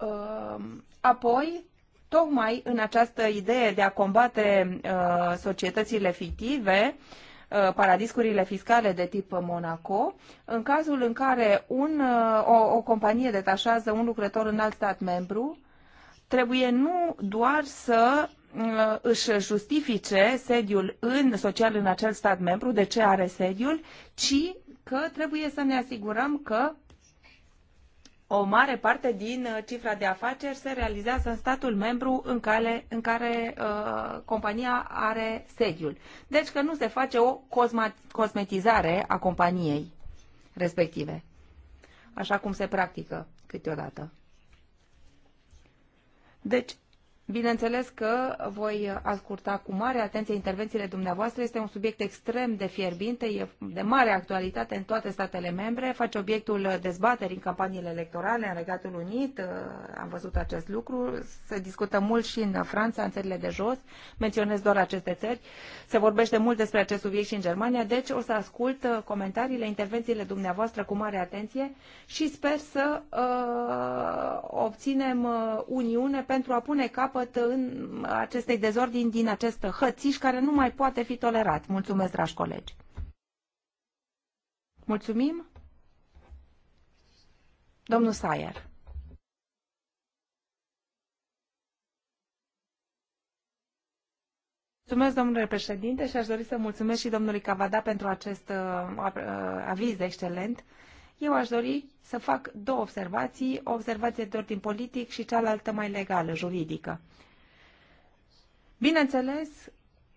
Uh, apoi, tocmai în această idee de a combate uh, societățile fictive, uh, Uh, paradiscurile fiscale de tip Monaco, în cazul în care un, uh, o, o companie detașează un lucrător în alt stat membru, trebuie nu doar să uh, își justifice sediul în social în acel stat membru, de ce are sediul, ci că trebuie să ne asigurăm că o mare parte din uh, cifra de afaceri se realizează în statul membru în care, în care uh, compania are sediul. Deci că nu se face o cosmetizare a companiei respective, așa cum se practică câteodată. Deci, Bineînțeles că voi asculta cu mare atenție intervențiile dumneavoastră. Este un subiect extrem de fierbinte, e de mare actualitate în toate statele membre, face obiectul dezbaterii în campaniile electorale în Regatul Unit, uh, am văzut acest lucru, se discută mult și în Franța, în țările de jos, menționez doar aceste țări, se vorbește mult despre acest subiect și în Germania, deci o să ascult uh, comentariile, intervențiile dumneavoastră cu mare atenție și sper să uh, obținem uh, uniune pentru a pune capăt capăt în acestei dezordini din acest hățiș care nu mai poate fi tolerat. Mulțumesc, dragi colegi! Mulțumim! Domnul Sayer. Mulțumesc, domnule președinte, și aș dori să mulțumesc și domnului Cavada pentru acest uh, uh aviz excelent. Uh, eu aș dori să fac două observații, o observație de ordin politic și cealaltă mai legală, juridică. Bineînțeles,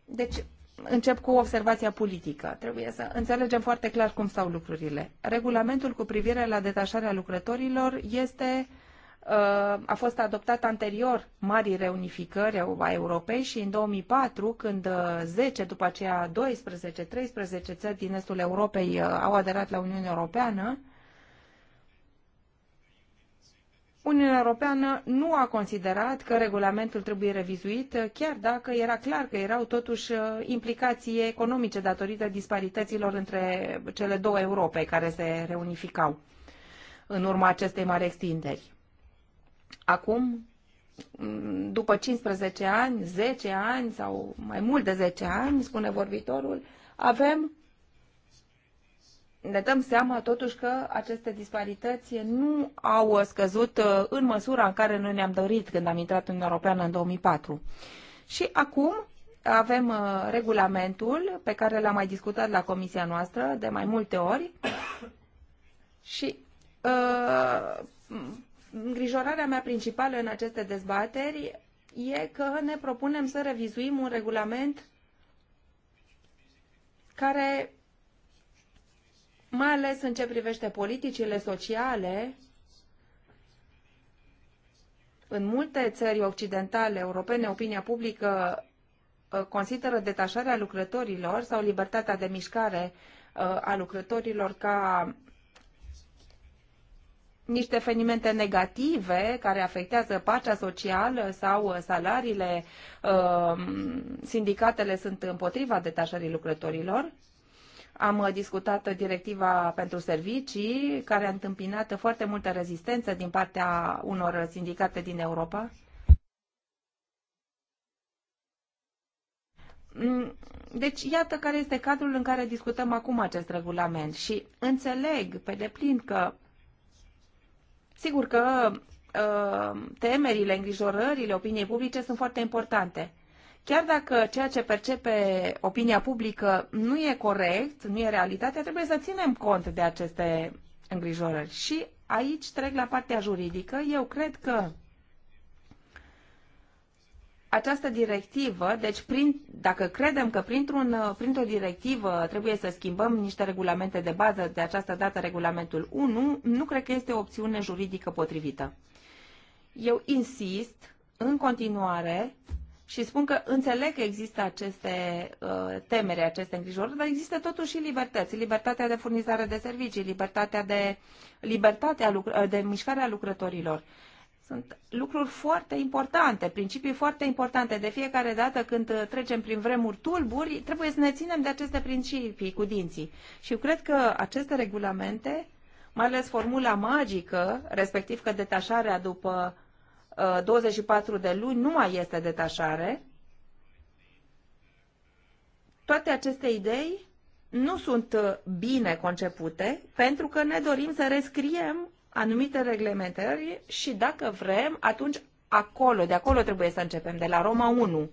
deci încep cu observația politică. Trebuie să înțelegem foarte clar cum stau lucrurile. Regulamentul cu privire la detașarea lucrătorilor este uh, a fost adoptat anterior marii reunificări a Europei și în 2004, când 10, uh, după aceea 12, 13 țări din estul Europei uh, au aderat la Uniunea Europeană, Uniunea Europeană nu a considerat că regulamentul trebuie revizuit, chiar dacă era clar că erau totuși uh, implicații economice datorită disparităților între cele două Europe care se reunificau în urma acestei mari extinderi. Acum, mm, după 15 ani, 10 ani sau mai mult de 10 ani, spune vorbitorul, avem ne dăm seama totuși că aceste disparități nu au scăzut uh, în măsura în care noi ne-am dorit când am intrat în Europeană în 2004. Și acum avem uh, regulamentul pe care l-am mai discutat la comisia noastră de mai multe ori și uh, îngrijorarea mea principală în aceste dezbateri e că ne propunem să revizuim un regulament care mai ales în ce privește politicile sociale, în multe țări occidentale europene, opinia publică uh, consideră detașarea lucrătorilor sau libertatea de mișcare uh, a lucrătorilor ca niște evenimente negative care afectează pacea socială sau uh, salariile, sindicatele sunt împotriva detașării lucrătorilor am uh, discutat directiva pentru servicii, care a întâmpinat foarte multă rezistență din partea unor sindicate din Europa. Mm, deci, iată care este cadrul în care discutăm acum acest regulament și înțeleg pe deplin că, sigur că uh, temerile, îngrijorările opiniei publice sunt foarte importante. Chiar dacă ceea ce percepe opinia publică nu e corect, nu e realitatea, trebuie să ținem cont de aceste îngrijorări. Și aici trec la partea juridică. Eu cred că această directivă, deci prin, dacă credem că printr-un, printr-o directivă trebuie să schimbăm niște regulamente de bază, de această dată regulamentul 1, nu cred că este o opțiune juridică potrivită. Eu insist în continuare și spun că înțeleg că există aceste uh, temere, aceste îngrijorări, dar există totuși și libertăți. Libertatea de furnizare de servicii, libertatea de, libertatea uh, de mișcare a lucrătorilor. Sunt lucruri foarte importante, principii foarte importante. De fiecare dată când uh, trecem prin vremuri tulburi, trebuie să ne ținem de aceste principii cu dinții. Și eu cred că aceste regulamente, mai ales formula magică, respectiv că detașarea după 24 uh, de luni nu mai este detașare. Toate aceste idei nu sunt uh, bine concepute pentru că ne dorim să rescriem anumite reglementări și dacă vrem, atunci acolo, de acolo trebuie să începem, de la Roma 1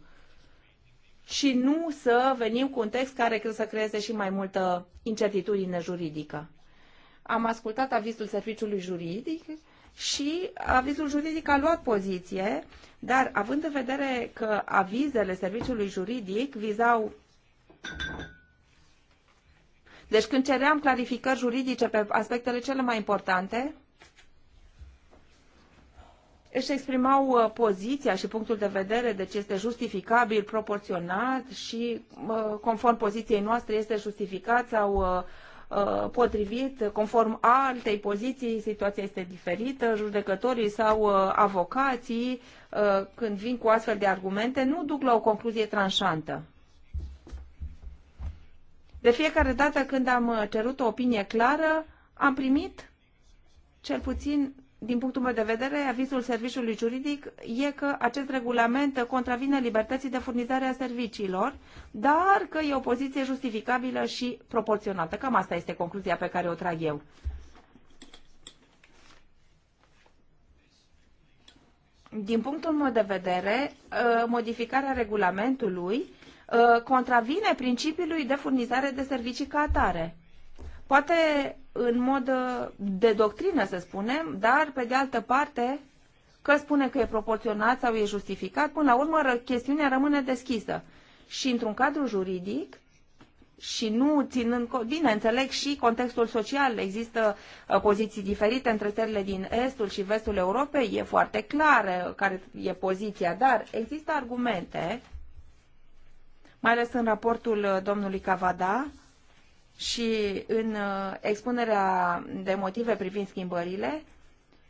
și nu să venim cu un text care să creeze și mai multă incertitudine juridică. Am ascultat avizul serviciului juridic și avizul juridic a luat poziție, dar având în vedere că avizele serviciului juridic vizau deci când ceream clarificări juridice pe aspectele cele mai importante, își exprimau uh, poziția și punctul de vedere, deci este justificabil, proporționat și uh, conform poziției noastre este justificat sau uh, Uh, potrivit, conform altei poziții, situația este diferită, judecătorii sau uh, avocații, uh, când vin cu astfel de argumente, nu duc la o concluzie tranșantă. De fiecare dată când am cerut o opinie clară, am primit cel puțin din punctul meu de vedere, avizul serviciului juridic e că acest regulament contravine libertății de furnizare a serviciilor, dar că e o poziție justificabilă și proporționată. Cam asta este concluzia pe care o trag eu. Din punctul meu de vedere, ă, modificarea regulamentului ă, contravine principiului de furnizare de servicii ca atare. Poate în mod uh, de doctrină, să spunem, dar, pe de altă parte, că spune că e proporționat sau e justificat, până la urmă chestiunea rămâne deschisă. Și într-un cadru juridic, și nu ținând cont, bine, înțeleg și contextul social, există uh, poziții diferite între țările din estul și vestul Europei, e foarte clar uh, care e poziția, dar există argumente, mai ales în raportul domnului Cavada, și în uh, expunerea de motive privind schimbările,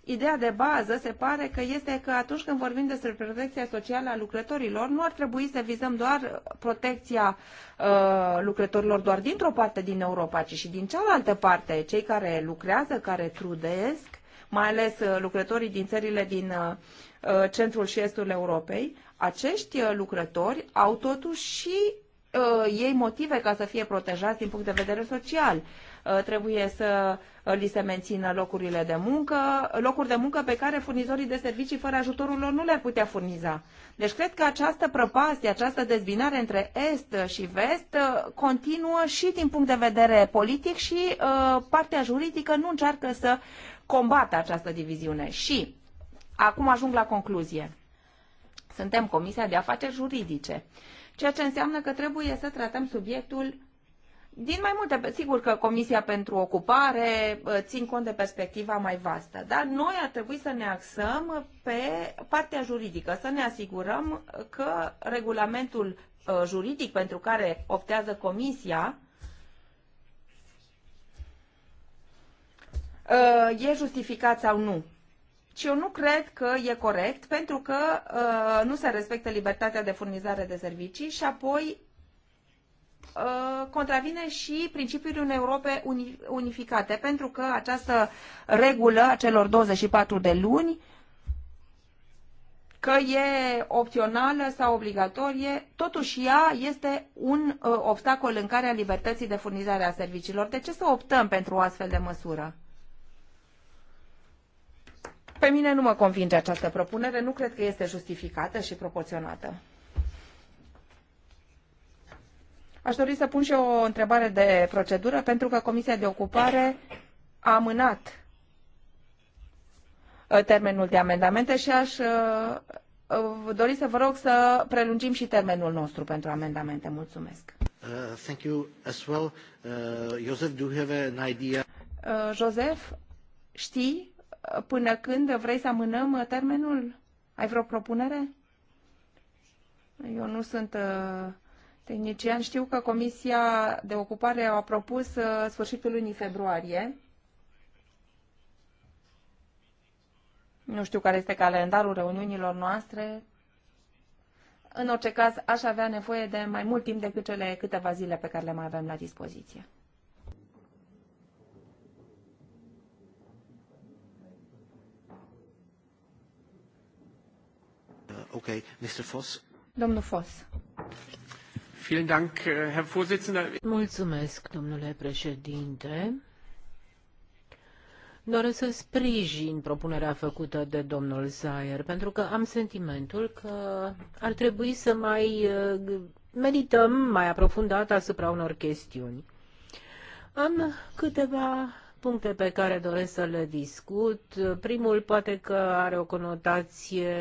ideea de bază se pare că este că atunci când vorbim despre protecția socială a lucrătorilor, nu ar trebui să vizăm doar protecția uh, lucrătorilor doar dintr-o parte din Europa, ci și din cealaltă parte, cei care lucrează, care trudesc, mai ales uh, lucrătorii din țările din centrul și estul Europei, acești lucrători au totuși și uh, ei motive ca să fie protejați din punct de vedere social. Uh, trebuie să uh, li se mențină locurile de muncă, locuri de muncă pe care furnizorii de servicii fără ajutorul lor nu le putea furniza. Deci cred că această prăpastie, această dezbinare între Est și Vest uh, continuă și din punct de vedere politic și uh, partea juridică nu încearcă să combată această diviziune. Și acum ajung la concluzie. Suntem Comisia de Afaceri Juridice. Uh, ceea ce înseamnă că trebuie să tratăm subiectul din mai multe, sigur că Comisia pentru Ocupare uh, țin cont de perspectiva mai vastă, dar noi ar trebui să ne axăm pe partea juridică, să ne asigurăm că regulamentul uh, juridic pentru care optează Comisia uh, e justificat sau nu. Și eu nu cred că e corect, pentru că uh, nu se respectă libertatea de furnizare de servicii și apoi uh, contravine și principiul unei Europe unificate, pentru că această regulă a celor 24 de luni, că e opțională sau obligatorie, totuși ea este un uh, obstacol în care a libertății de furnizare a serviciilor. De ce să optăm pentru o astfel de măsură? Pe mine nu mă convinge această propunere, nu cred că este justificată și proporționată. Aș dori să pun și o întrebare de procedură, pentru că Comisia de Ocupare a amânat uh, termenul de amendamente și aș uh, uh, dori să vă rog să prelungim și termenul nostru pentru amendamente. Mulțumesc. Uh, thank you as well. Uh, Joseph, do you have an idea? Uh, Joseph, știi până când vrei să amânăm termenul? Ai vreo propunere? Eu nu sunt uh, tehnician. Știu că Comisia de Ocupare a propus uh, sfârșitul lunii februarie. Nu știu care este calendarul reuniunilor noastre. În orice caz, aș avea nevoie de mai mult timp decât cele câteva zile pe care le mai avem la dispoziție. Ok, Mr. Foss. Domnul äh, Mulțumesc, domnule președinte. Doresc să sprijin propunerea făcută de domnul Zayer, pentru că am sentimentul că ar trebui să mai uh, medităm mai aprofundat asupra unor chestiuni. Am câteva puncte pe care doresc să le discut. Primul poate că are o conotație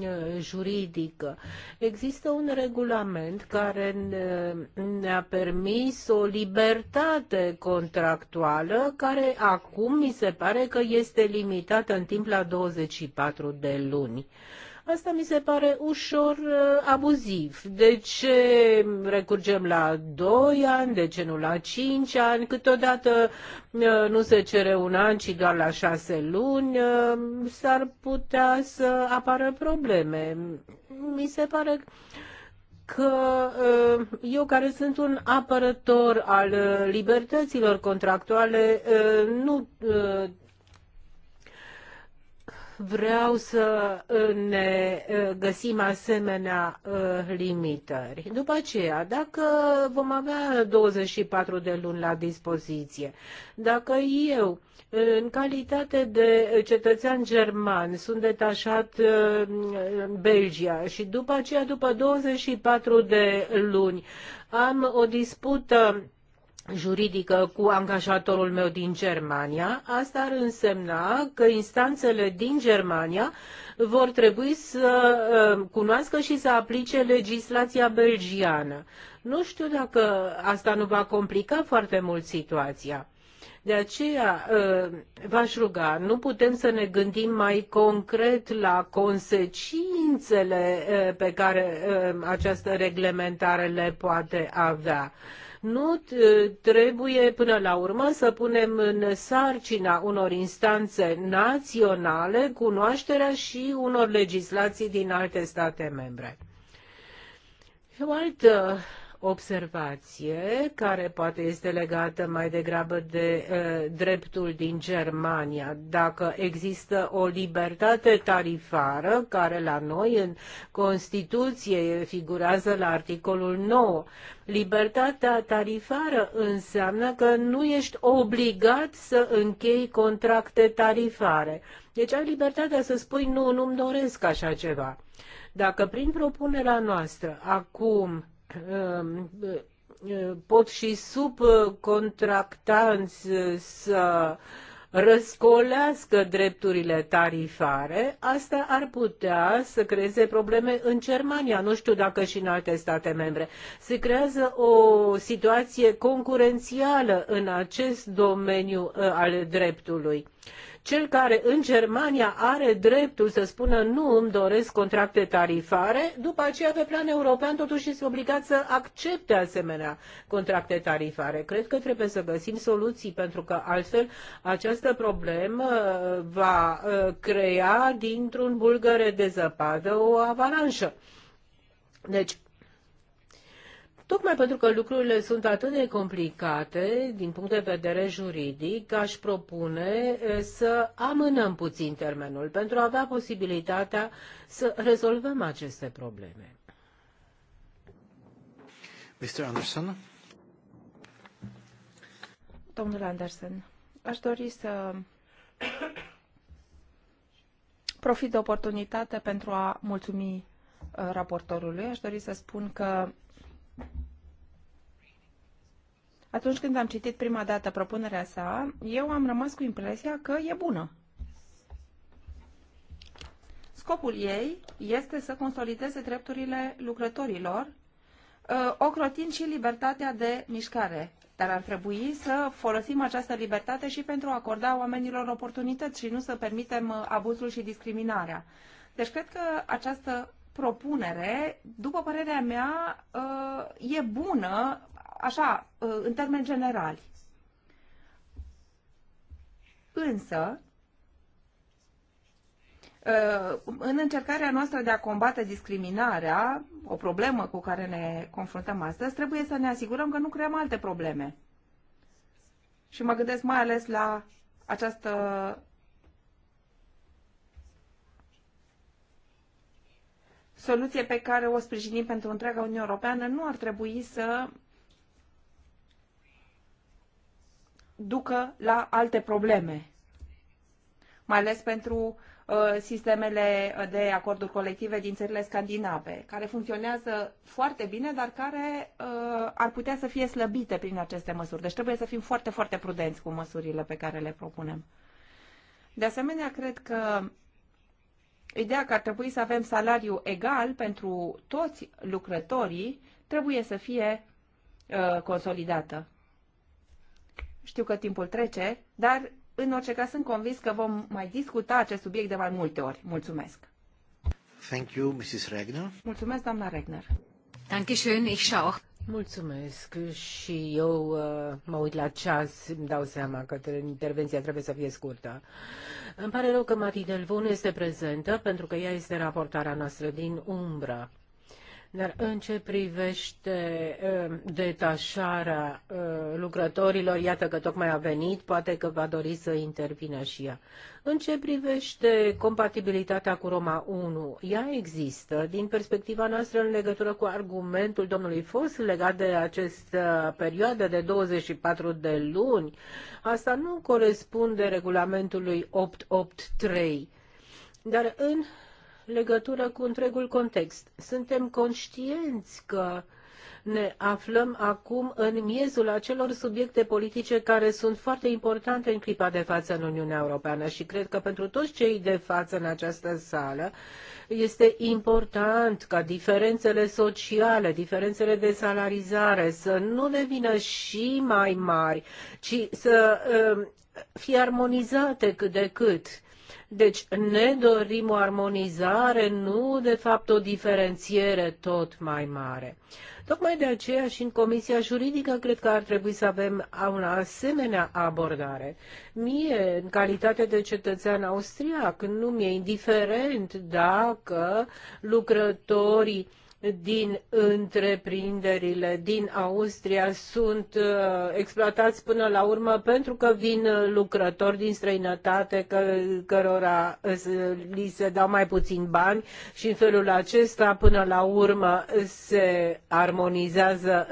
uh, juridică. Există un regulament care uh, ne-a permis o libertate contractuală care acum mi se pare că este limitată în timp la 24 de luni. Asta mi se pare ușor uh, abuziv. De ce recurgem la 2 ani, de ce nu la 5 ani? Câteodată uh, nu se cere un an, ci doar la 6 luni. Uh, s-ar putea să apară probleme. Mi se pare că eu care sunt un apărător al libertăților contractuale nu vreau să uh, ne uh, găsim asemenea uh, limitări. După aceea, dacă vom avea 24 de luni la dispoziție, dacă eu, în calitate de cetățean german, sunt detașat în Belgia și după aceea, după 24 de luni, am o dispută juridică cu angajatorul meu din Germania, asta ar însemna că instanțele din Germania vor trebui să uh, cunoască și să aplice legislația belgiană. Nu știu dacă asta nu va complica foarte mult situația. De aceea uh, v-aș ruga, nu putem să ne gândim mai concret la consecințele uh, pe care această reglementare le poate avea. Nu trebuie până la urmă să punem în sarcina unor instanțe naționale cunoașterea și unor legislații din alte state membre. O altă observație care poate este legată mai degrabă de uh, dreptul din Germania. Dacă există o libertate tarifară care la noi în Constituție figurează la articolul 9, libertatea tarifară înseamnă că nu ești obligat să închei contracte tarifare. Deci ai libertatea să spui nu, nu-mi doresc așa ceva. Dacă prin propunerea noastră acum Uh, pot și subcontractanți uh, să răscolească drepturile tarifare, asta ar putea să creeze probleme în Germania, nu știu dacă și în alte state membre. Se creează o situație concurențială în acest domeniu uh, al dreptului cel care în Germania are dreptul să spună nu îmi doresc contracte tarifare, după aceea pe plan european totuși este obligat să accepte asemenea contracte tarifare. Cred că trebuie să găsim soluții pentru că altfel această problemă uh, va uh, crea dintr-un bulgăre de zăpadă o avalanșă. Deci, Tocmai pentru că lucrurile sunt atât de complicate din punct de vedere juridic, aș propune eh, să amânăm puțin termenul pentru a avea posibilitatea să rezolvăm aceste probleme. Mr. Anderson? Domnul Anderson, aș dori să profit de oportunitate pentru a mulțumi eh, raportorului. Aș dori să spun că atunci când am citit prima dată propunerea sa, eu am rămas cu impresia că e bună. Scopul ei este să consolideze drepturile lucrătorilor, uh, ocrotind și libertatea de mișcare. Dar ar trebui să folosim această libertate și pentru a acorda oamenilor oportunități și nu să permitem uh, abuzul și discriminarea. Deci cred că această propunere, după părerea mea, uh, e bună, așa, uh, în termeni generali. Însă, uh, în încercarea noastră de a combate discriminarea, o problemă cu care ne confruntăm astăzi, trebuie să ne asigurăm că nu creăm alte probleme. Și mă gândesc mai ales la această soluție pe care o sprijinim pentru întreaga Uniune Europeană nu ar trebui să ducă la alte probleme, mai ales pentru uh, sistemele de acorduri colective din țările scandinave, care funcționează foarte bine, dar care uh, ar putea să fie slăbite prin aceste măsuri. Deci trebuie să fim foarte, foarte prudenți cu măsurile pe care le propunem. De asemenea, cred că Ideea că ar trebui să avem salariu egal pentru toți lucrătorii trebuie să fie uh, consolidată. Știu că timpul trece, dar în orice caz sunt convins că vom mai discuta acest subiect de mai multe ori. Mulțumesc! Thank you, Mrs. Regner. Mulțumesc, doamna Regner. Dankeschön, ich schaue. Mulțumesc și eu uh, mă uit la ceas, îmi dau seama că intervenția trebuie să fie scurtă. Îmi pare rău că Mati Delvon este prezentă pentru că ea este raportarea noastră din umbră. Dar în ce privește um, detașarea uh, lucrătorilor, iată că tocmai a venit, poate că va dori să intervină și ea. În ce privește compatibilitatea cu Roma 1, ea există din perspectiva noastră în legătură cu argumentul domnului Fos legat de această uh, perioadă de 24 de luni. Asta nu corespunde regulamentului 883. Dar în legătură cu întregul context. Suntem conștienți că ne aflăm acum în miezul acelor subiecte politice care sunt foarte importante în clipa de față în Uniunea Europeană și cred că pentru toți cei de față în această sală este important ca diferențele sociale, diferențele de salarizare să nu devină și mai mari, ci să uh, fie armonizate cât de cât deci ne dorim o armonizare, nu de fapt o diferențiere tot mai mare. Tocmai de aceea și în Comisia Juridică cred că ar trebui să avem o asemenea abordare. Mie, în calitate de cetățean austriac, nu mi-e indiferent dacă lucrătorii din întreprinderile din Austria sunt uh, exploatați până la urmă pentru că vin uh, lucrători din străinătate că, cărora uh, li se dau mai puțin bani și în felul acesta până la urmă se armonizează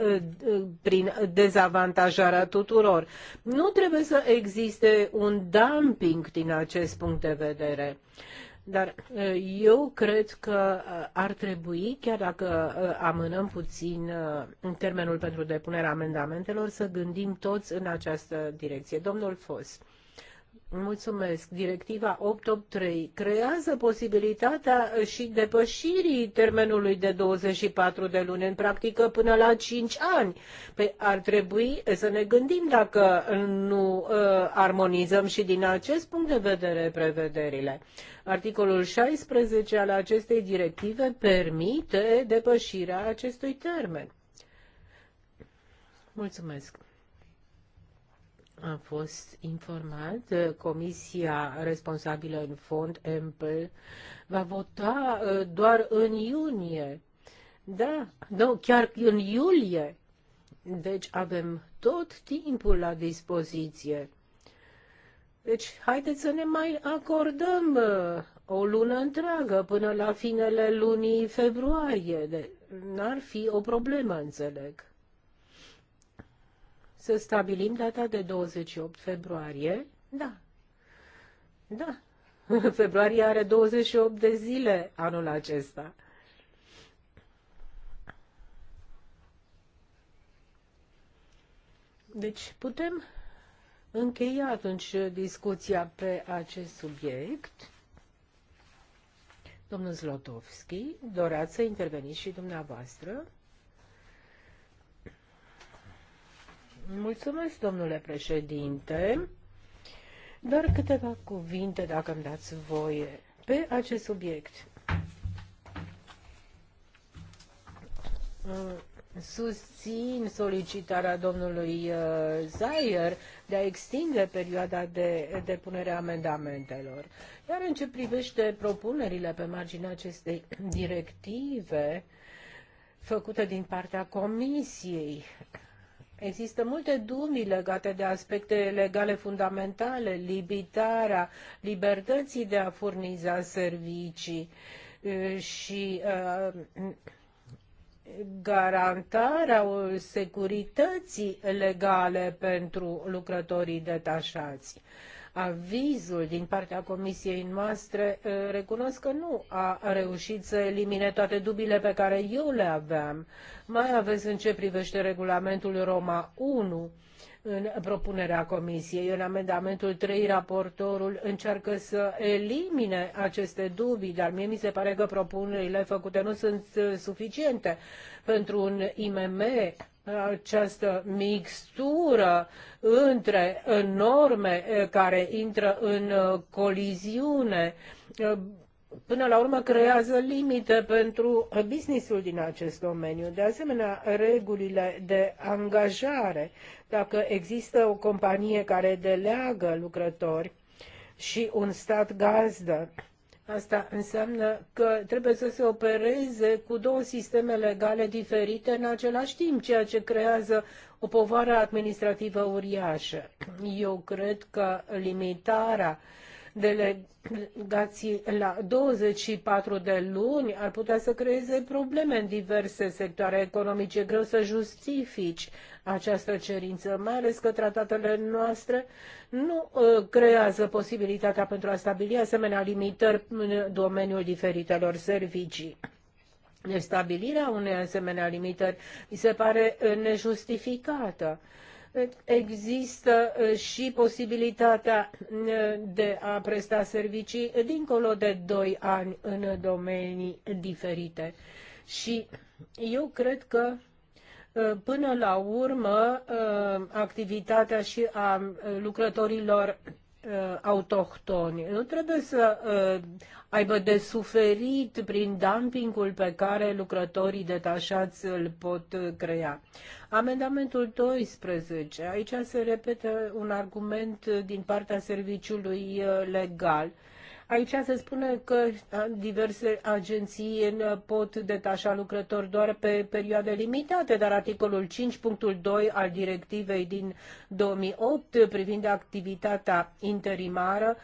prin dezavantajarea tuturor. Nu trebuie să existe un dumping din acest punct de vedere. Dar eu cred că ar trebui, chiar dacă amânăm puțin termenul pentru depunerea amendamentelor, să gândim toți în această direcție. Domnul Fos. Mulțumesc. Directiva 883 creează posibilitatea și depășirii termenului de 24 de luni, în practică până la 5 ani. Păi ar trebui să ne gândim dacă nu uh, armonizăm și din acest punct de vedere prevederile. Articolul 16 al acestei directive permite depășirea acestui termen. Mulțumesc a fost informat, uh, comisia responsabilă în fond, Empel, va vota uh, doar în iunie. Da, nu, chiar în iulie. Deci avem tot timpul la dispoziție. Deci, haideți să ne mai acordăm uh, o lună întreagă până la finele lunii februarie. n-ar fi o problemă, înțeleg. Să stabilim data de 28 februarie? Da. Da. Februarie are 28 de zile anul acesta. Deci putem încheia atunci discuția pe acest subiect. Domnul Zlotovski, doreați să interveniți și dumneavoastră? Mulțumesc, domnule președinte. Doar câteva cuvinte, dacă îmi dați voie, pe acest subiect. Susțin solicitarea domnului uh, Zayer de a extinde perioada de depunere a amendamentelor. Iar în ce privește propunerile pe marginea acestei directive făcute din partea Comisiei, Există multe dumii legate de aspecte legale fundamentale, libitarea, libertății de a furniza servicii și garantarea securității legale pentru lucrătorii detașați avizul din partea comisiei noastre, eh, recunosc că nu a reușit să elimine toate dubile pe care eu le aveam, mai ales în ce privește regulamentul Roma 1 în propunerea comisiei. În amendamentul 3, raportorul încearcă să elimine aceste dubii, dar mie mi se pare că propunerile făcute nu sunt eh, suficiente pentru un IMM această mixtură între norme eh, care intră în eh, coliziune eh, până la urmă creează limite pentru businessul din acest domeniu. De asemenea, regulile de angajare. Dacă există o companie care deleagă lucrători și un stat gazdă Asta înseamnă că trebuie să se opereze cu două sisteme legale diferite în același timp, ceea ce creează o povară administrativă uriașă. Eu cred că limitarea uh, delegații la 24 de luni ar putea să creeze probleme în diverse sectoare economice. Greu să justifici această cerință, mai ales că tratatele noastre nu uh, creează posibilitatea pentru a stabili asemenea limitări în domeniul diferitelor servicii. Deci stabilirea unei asemenea limitări mi se pare nejustificată. Există și posibilitatea de a presta servicii dincolo de 2 ani în domenii diferite. Și eu cred că până la urmă activitatea și a lucrătorilor autohtoni. Nu trebuie să aibă de suferit prin dumpingul pe care lucrătorii detașați îl pot crea. Amendamentul 12. Aici se repetă un argument din partea serviciului uh, legal. Aici se spune că uh, diverse agenții uh, pot detașa lucrători doar pe perioade limitate, dar articolul 5.2 al directivei din 2008 privind activitatea interimară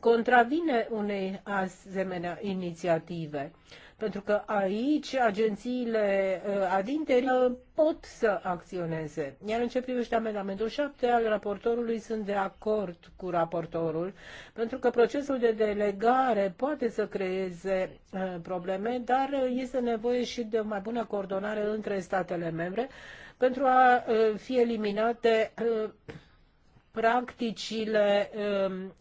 contravine unei asemenea inițiative. Pentru că aici agențiile uh, ad interim pot să acționeze. Iar în ce privește amendamentul 7 al raportorului, sunt de acord cu raportorul, pentru că procesul de delegare poate să creeze uh, probleme, dar este nevoie și de o mai bună coordonare între statele membre pentru a uh, fi eliminate practicile um,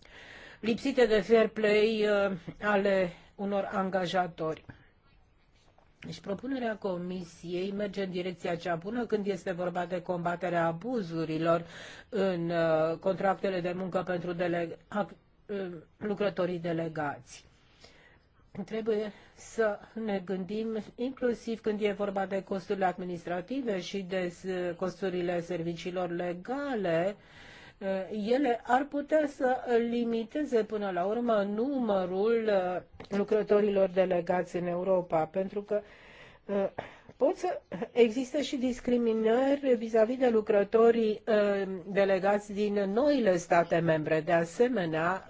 lipsite de fair play uh, ale unor angajatori. Deci propunerea Comisiei merge în direcția cea bună când este vorba de combaterea abuzurilor în uh, contractele de muncă pentru dele- uh, lucrătorii delegați. Trebuie să ne gândim inclusiv când e vorba de costurile administrative și de costurile serviciilor legale, uh, Eh, ele ar putea să limiteze până la urmă numărul eh, lucrătorilor delegați în Europa, pentru că eh, pot să există și discriminări vis-a-vis -vis de lucrătorii delegați din noile state membre. De asemenea,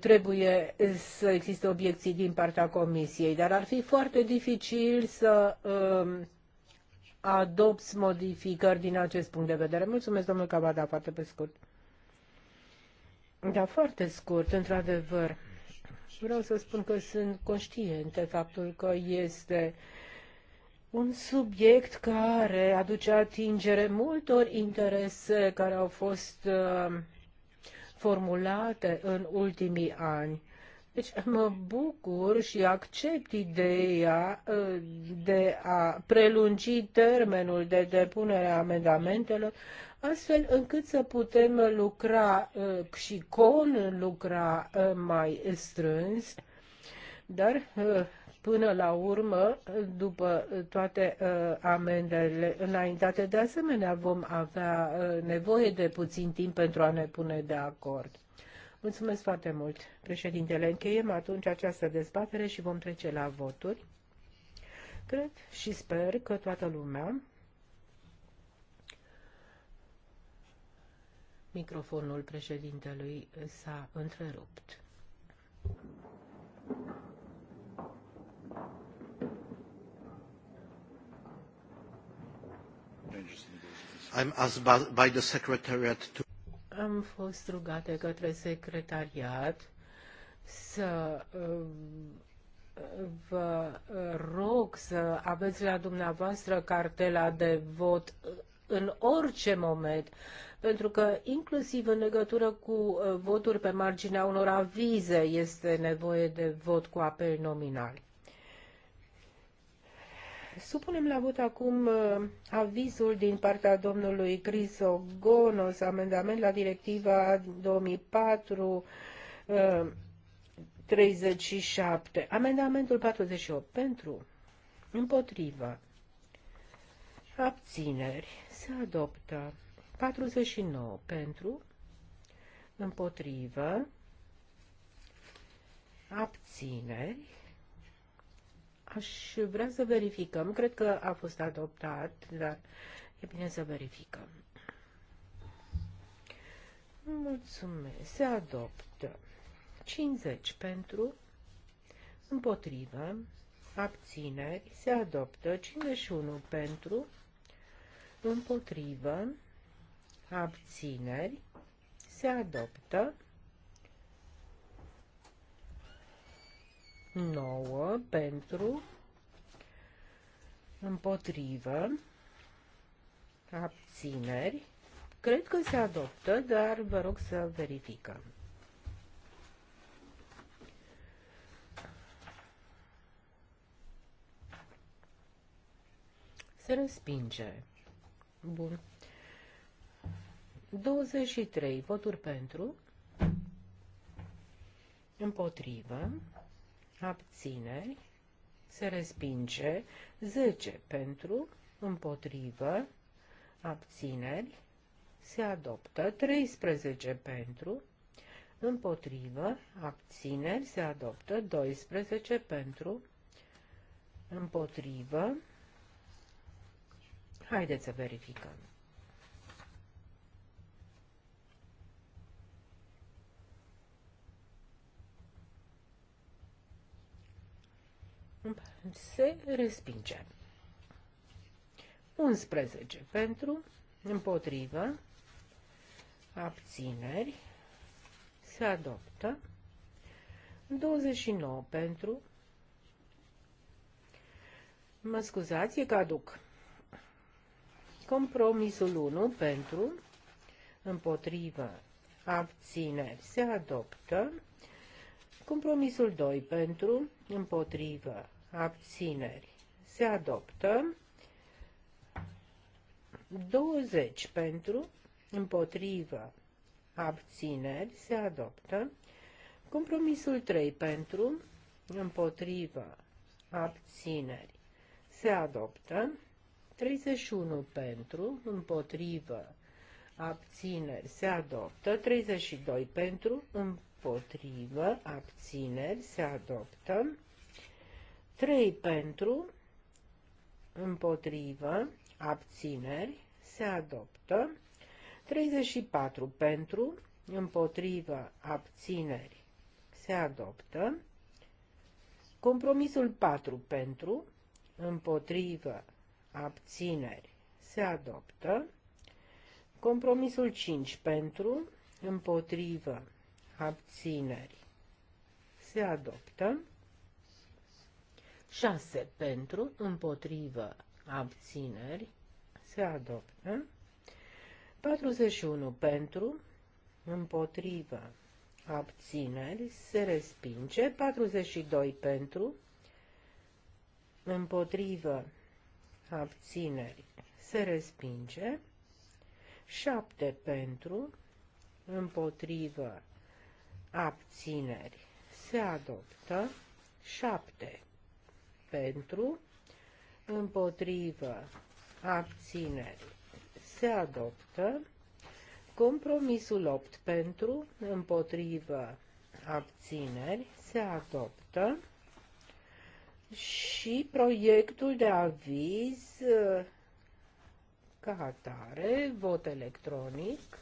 trebuie să existe obiecții din partea Comisiei, dar ar fi foarte dificil să adopți modificări din acest punct de vedere. Mulțumesc, domnul Cavada, foarte pe scurt. Da, foarte scurt, într-adevăr. Vreau să spun că sunt conștient de faptul că este un subiect care aduce atingere multor interese care au fost uh, formulate în ultimii ani. Deci mă bucur și accept ideea ă, de a prelungi termenul de depunere a amendamentelor, astfel încât să putem lucra ă, și con lucra ă, mai strâns, dar până la urmă, după toate amendele înaintate, de asemenea vom avea nevoie de puțin timp pentru a ne pune de acord. Mulțumesc foarte mult, președintele. Încheiem atunci această dezbatere și vom trece la voturi. Cred și sper că toată lumea Microfonul președintelui s-a întrerupt. I'm asked by, by the secretariat to am fost rugate către secretariat să um, vă rog să aveți la dumneavoastră cartela de vot în orice moment, pentru că inclusiv în legătură cu uh, voturi pe marginea unor avize este nevoie de vot cu apel nominal. Supunem la vot acum uh, avizul din partea domnului Gonos, amendament la directiva 2004 37. Uh, Amendamentul 48 pentru, împotrivă, abțineri, se adoptă. 49 pentru, împotrivă, abțineri, Aș vrea să verificăm. Cred că a fost adoptat, dar e bine să verificăm. Mulțumesc. Se adoptă. 50 pentru, împotrivă, abțineri, se adoptă. 51 pentru, împotrivă, abțineri, se adoptă. 9 pentru, împotrivă, abțineri. Cred că se adoptă, dar vă rog să verificăm. Se respinge. Bun. 23 voturi pentru, împotrivă, abțineri, se respinge, 10 pentru, împotrivă, abțineri, se adoptă, 13 pentru, împotrivă, abțineri, se adoptă, 12 pentru, împotrivă, haideți să verificăm. se respinge. 11 pentru, împotrivă, abțineri, se adoptă. 29 pentru, mă scuzați, e caduc. Compromisul 1 pentru, împotrivă, abțineri, se adoptă. Compromisul 2 pentru, împotrivă, abțineri. Se adoptă 20 pentru, împotrivă, abțineri. Se adoptă compromisul 3 pentru, împotrivă, abțineri. Se adoptă 31 pentru, împotrivă, abțineri. Se adoptă 32 pentru, împotrivă, abțineri. Se adoptă 3 pentru, împotrivă, abțineri, se adoptă. 34 pentru, împotrivă, abțineri, se adoptă. Compromisul 4 pentru, împotrivă, abțineri, se adoptă. Compromisul 5 pentru, împotrivă, abțineri, se adoptă. 6 pentru, împotrivă, abțineri, se adoptă. 41 pentru, împotrivă, abțineri, se respinge. 42 pentru, împotrivă, abțineri, se respinge. 7 pentru, împotrivă, abțineri, se adoptă. 7 pentru, împotrivă, abțineri, se adoptă. Compromisul 8 pentru, împotrivă, abțineri, se adoptă. Și proiectul de aviz uh, ca atare, vot electronic.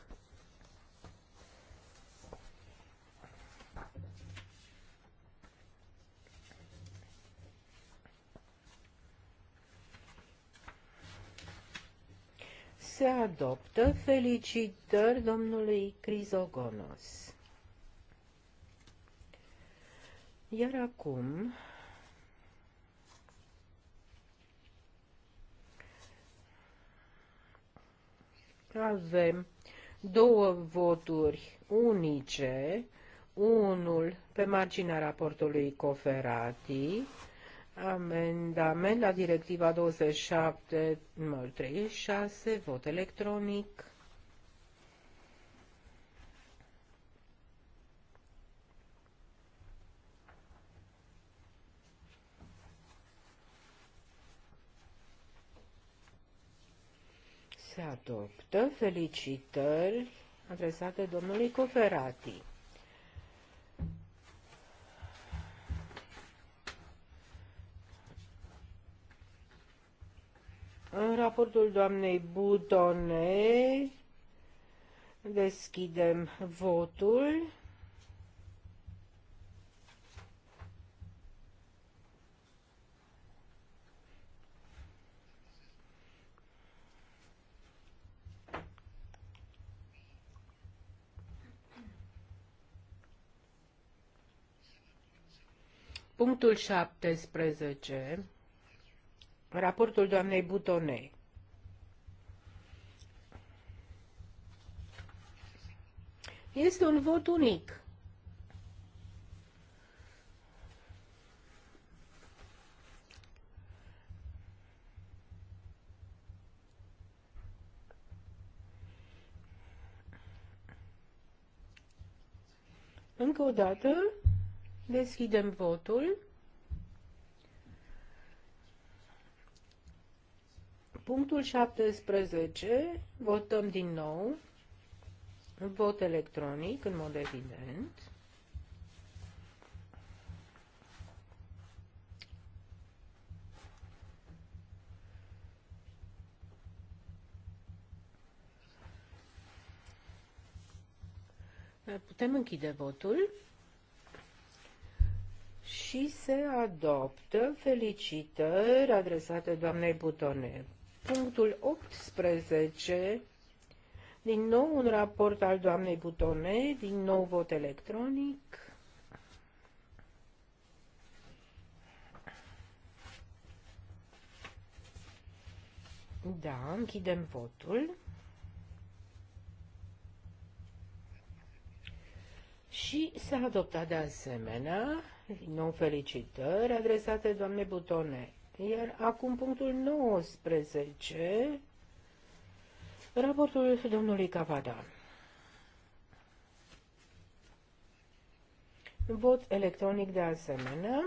se adoptă. Felicitări domnului Crizogonos. Iar acum avem două voturi unice, unul pe marginea raportului Coferati, Amendament la directiva 27, numărul 36, vot electronic. Se adoptă felicitări adresate domnului Coferati. În raportul doamnei Budone deschidem votul. Punctul 17 raportul doamnei Butonei. Este un vot unic. Încă o dată deschidem votul. Punctul 17, votăm din nou, vot electronic, în mod evident. Putem închide votul și se adoptă felicitări adresate doamnei Butonev punctul 18, din nou un raport al doamnei Butone, din nou vot electronic. Da, închidem votul. Și s-a adoptat de asemenea, din nou felicitări, adresate doamnei Butone. Iar acum punctul 19, raportul domnului Cavada. Vot electronic de asemenea.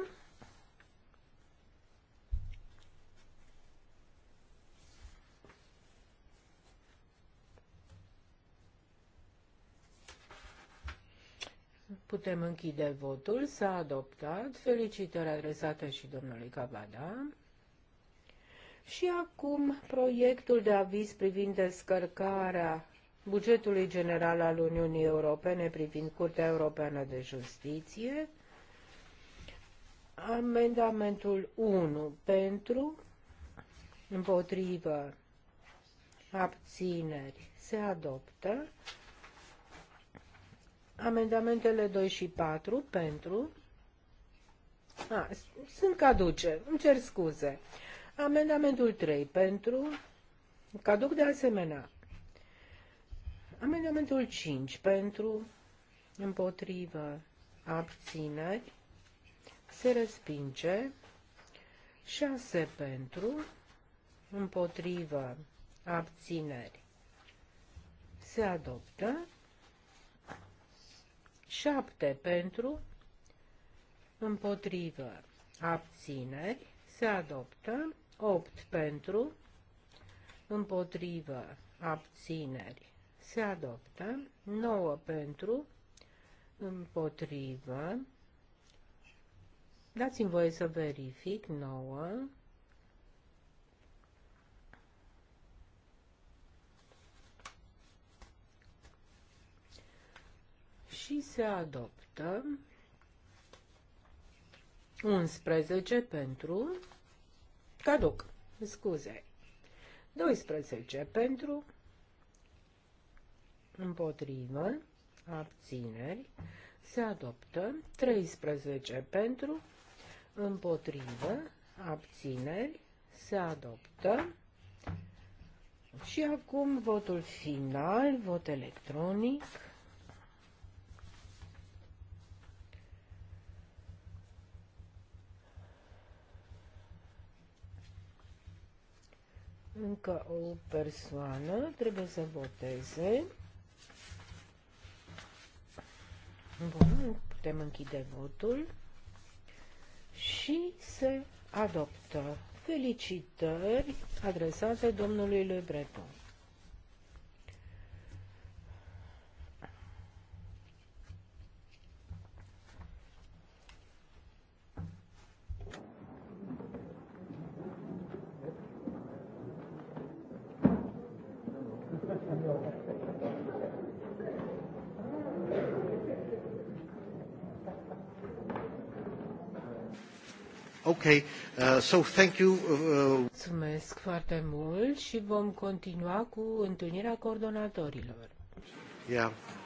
Putem închide votul. S-a adoptat. Felicitări adresate și domnului Cavada. Și acum proiectul de aviz privind descărcarea bugetului general al Uniunii Europene privind Curtea Europeană de Justiție. Amendamentul 1 pentru, împotrivă, abțineri se adoptă. Amendamentele 2 și 4 pentru. A, sunt caduce, îmi cer scuze. Amendamentul 3 pentru. Caduc de asemenea. Amendamentul 5 pentru. Împotrivă. Abțineri. Se respinge. 6 pentru. Împotrivă. Abțineri. Se adoptă. 7 pentru, împotrivă, abțineri, se adoptă, 8 pentru, împotrivă, abțineri, se adoptă, 9 pentru, împotrivă, dați-mi voie să verific, 9, și se adoptă 11 pentru caduc, scuze, 12 pentru împotrivă, abțineri, se adoptă 13 pentru împotrivă, abțineri, se adoptă și acum votul final, vot electronic. Încă o persoană trebuie să voteze. Bun, putem închide votul și se adoptă. Felicitări adresate domnului lui Breton. Uh, uh, Mulțumesc foarte mult și vom continua cu întâlnirea coordonatorilor. Yeah.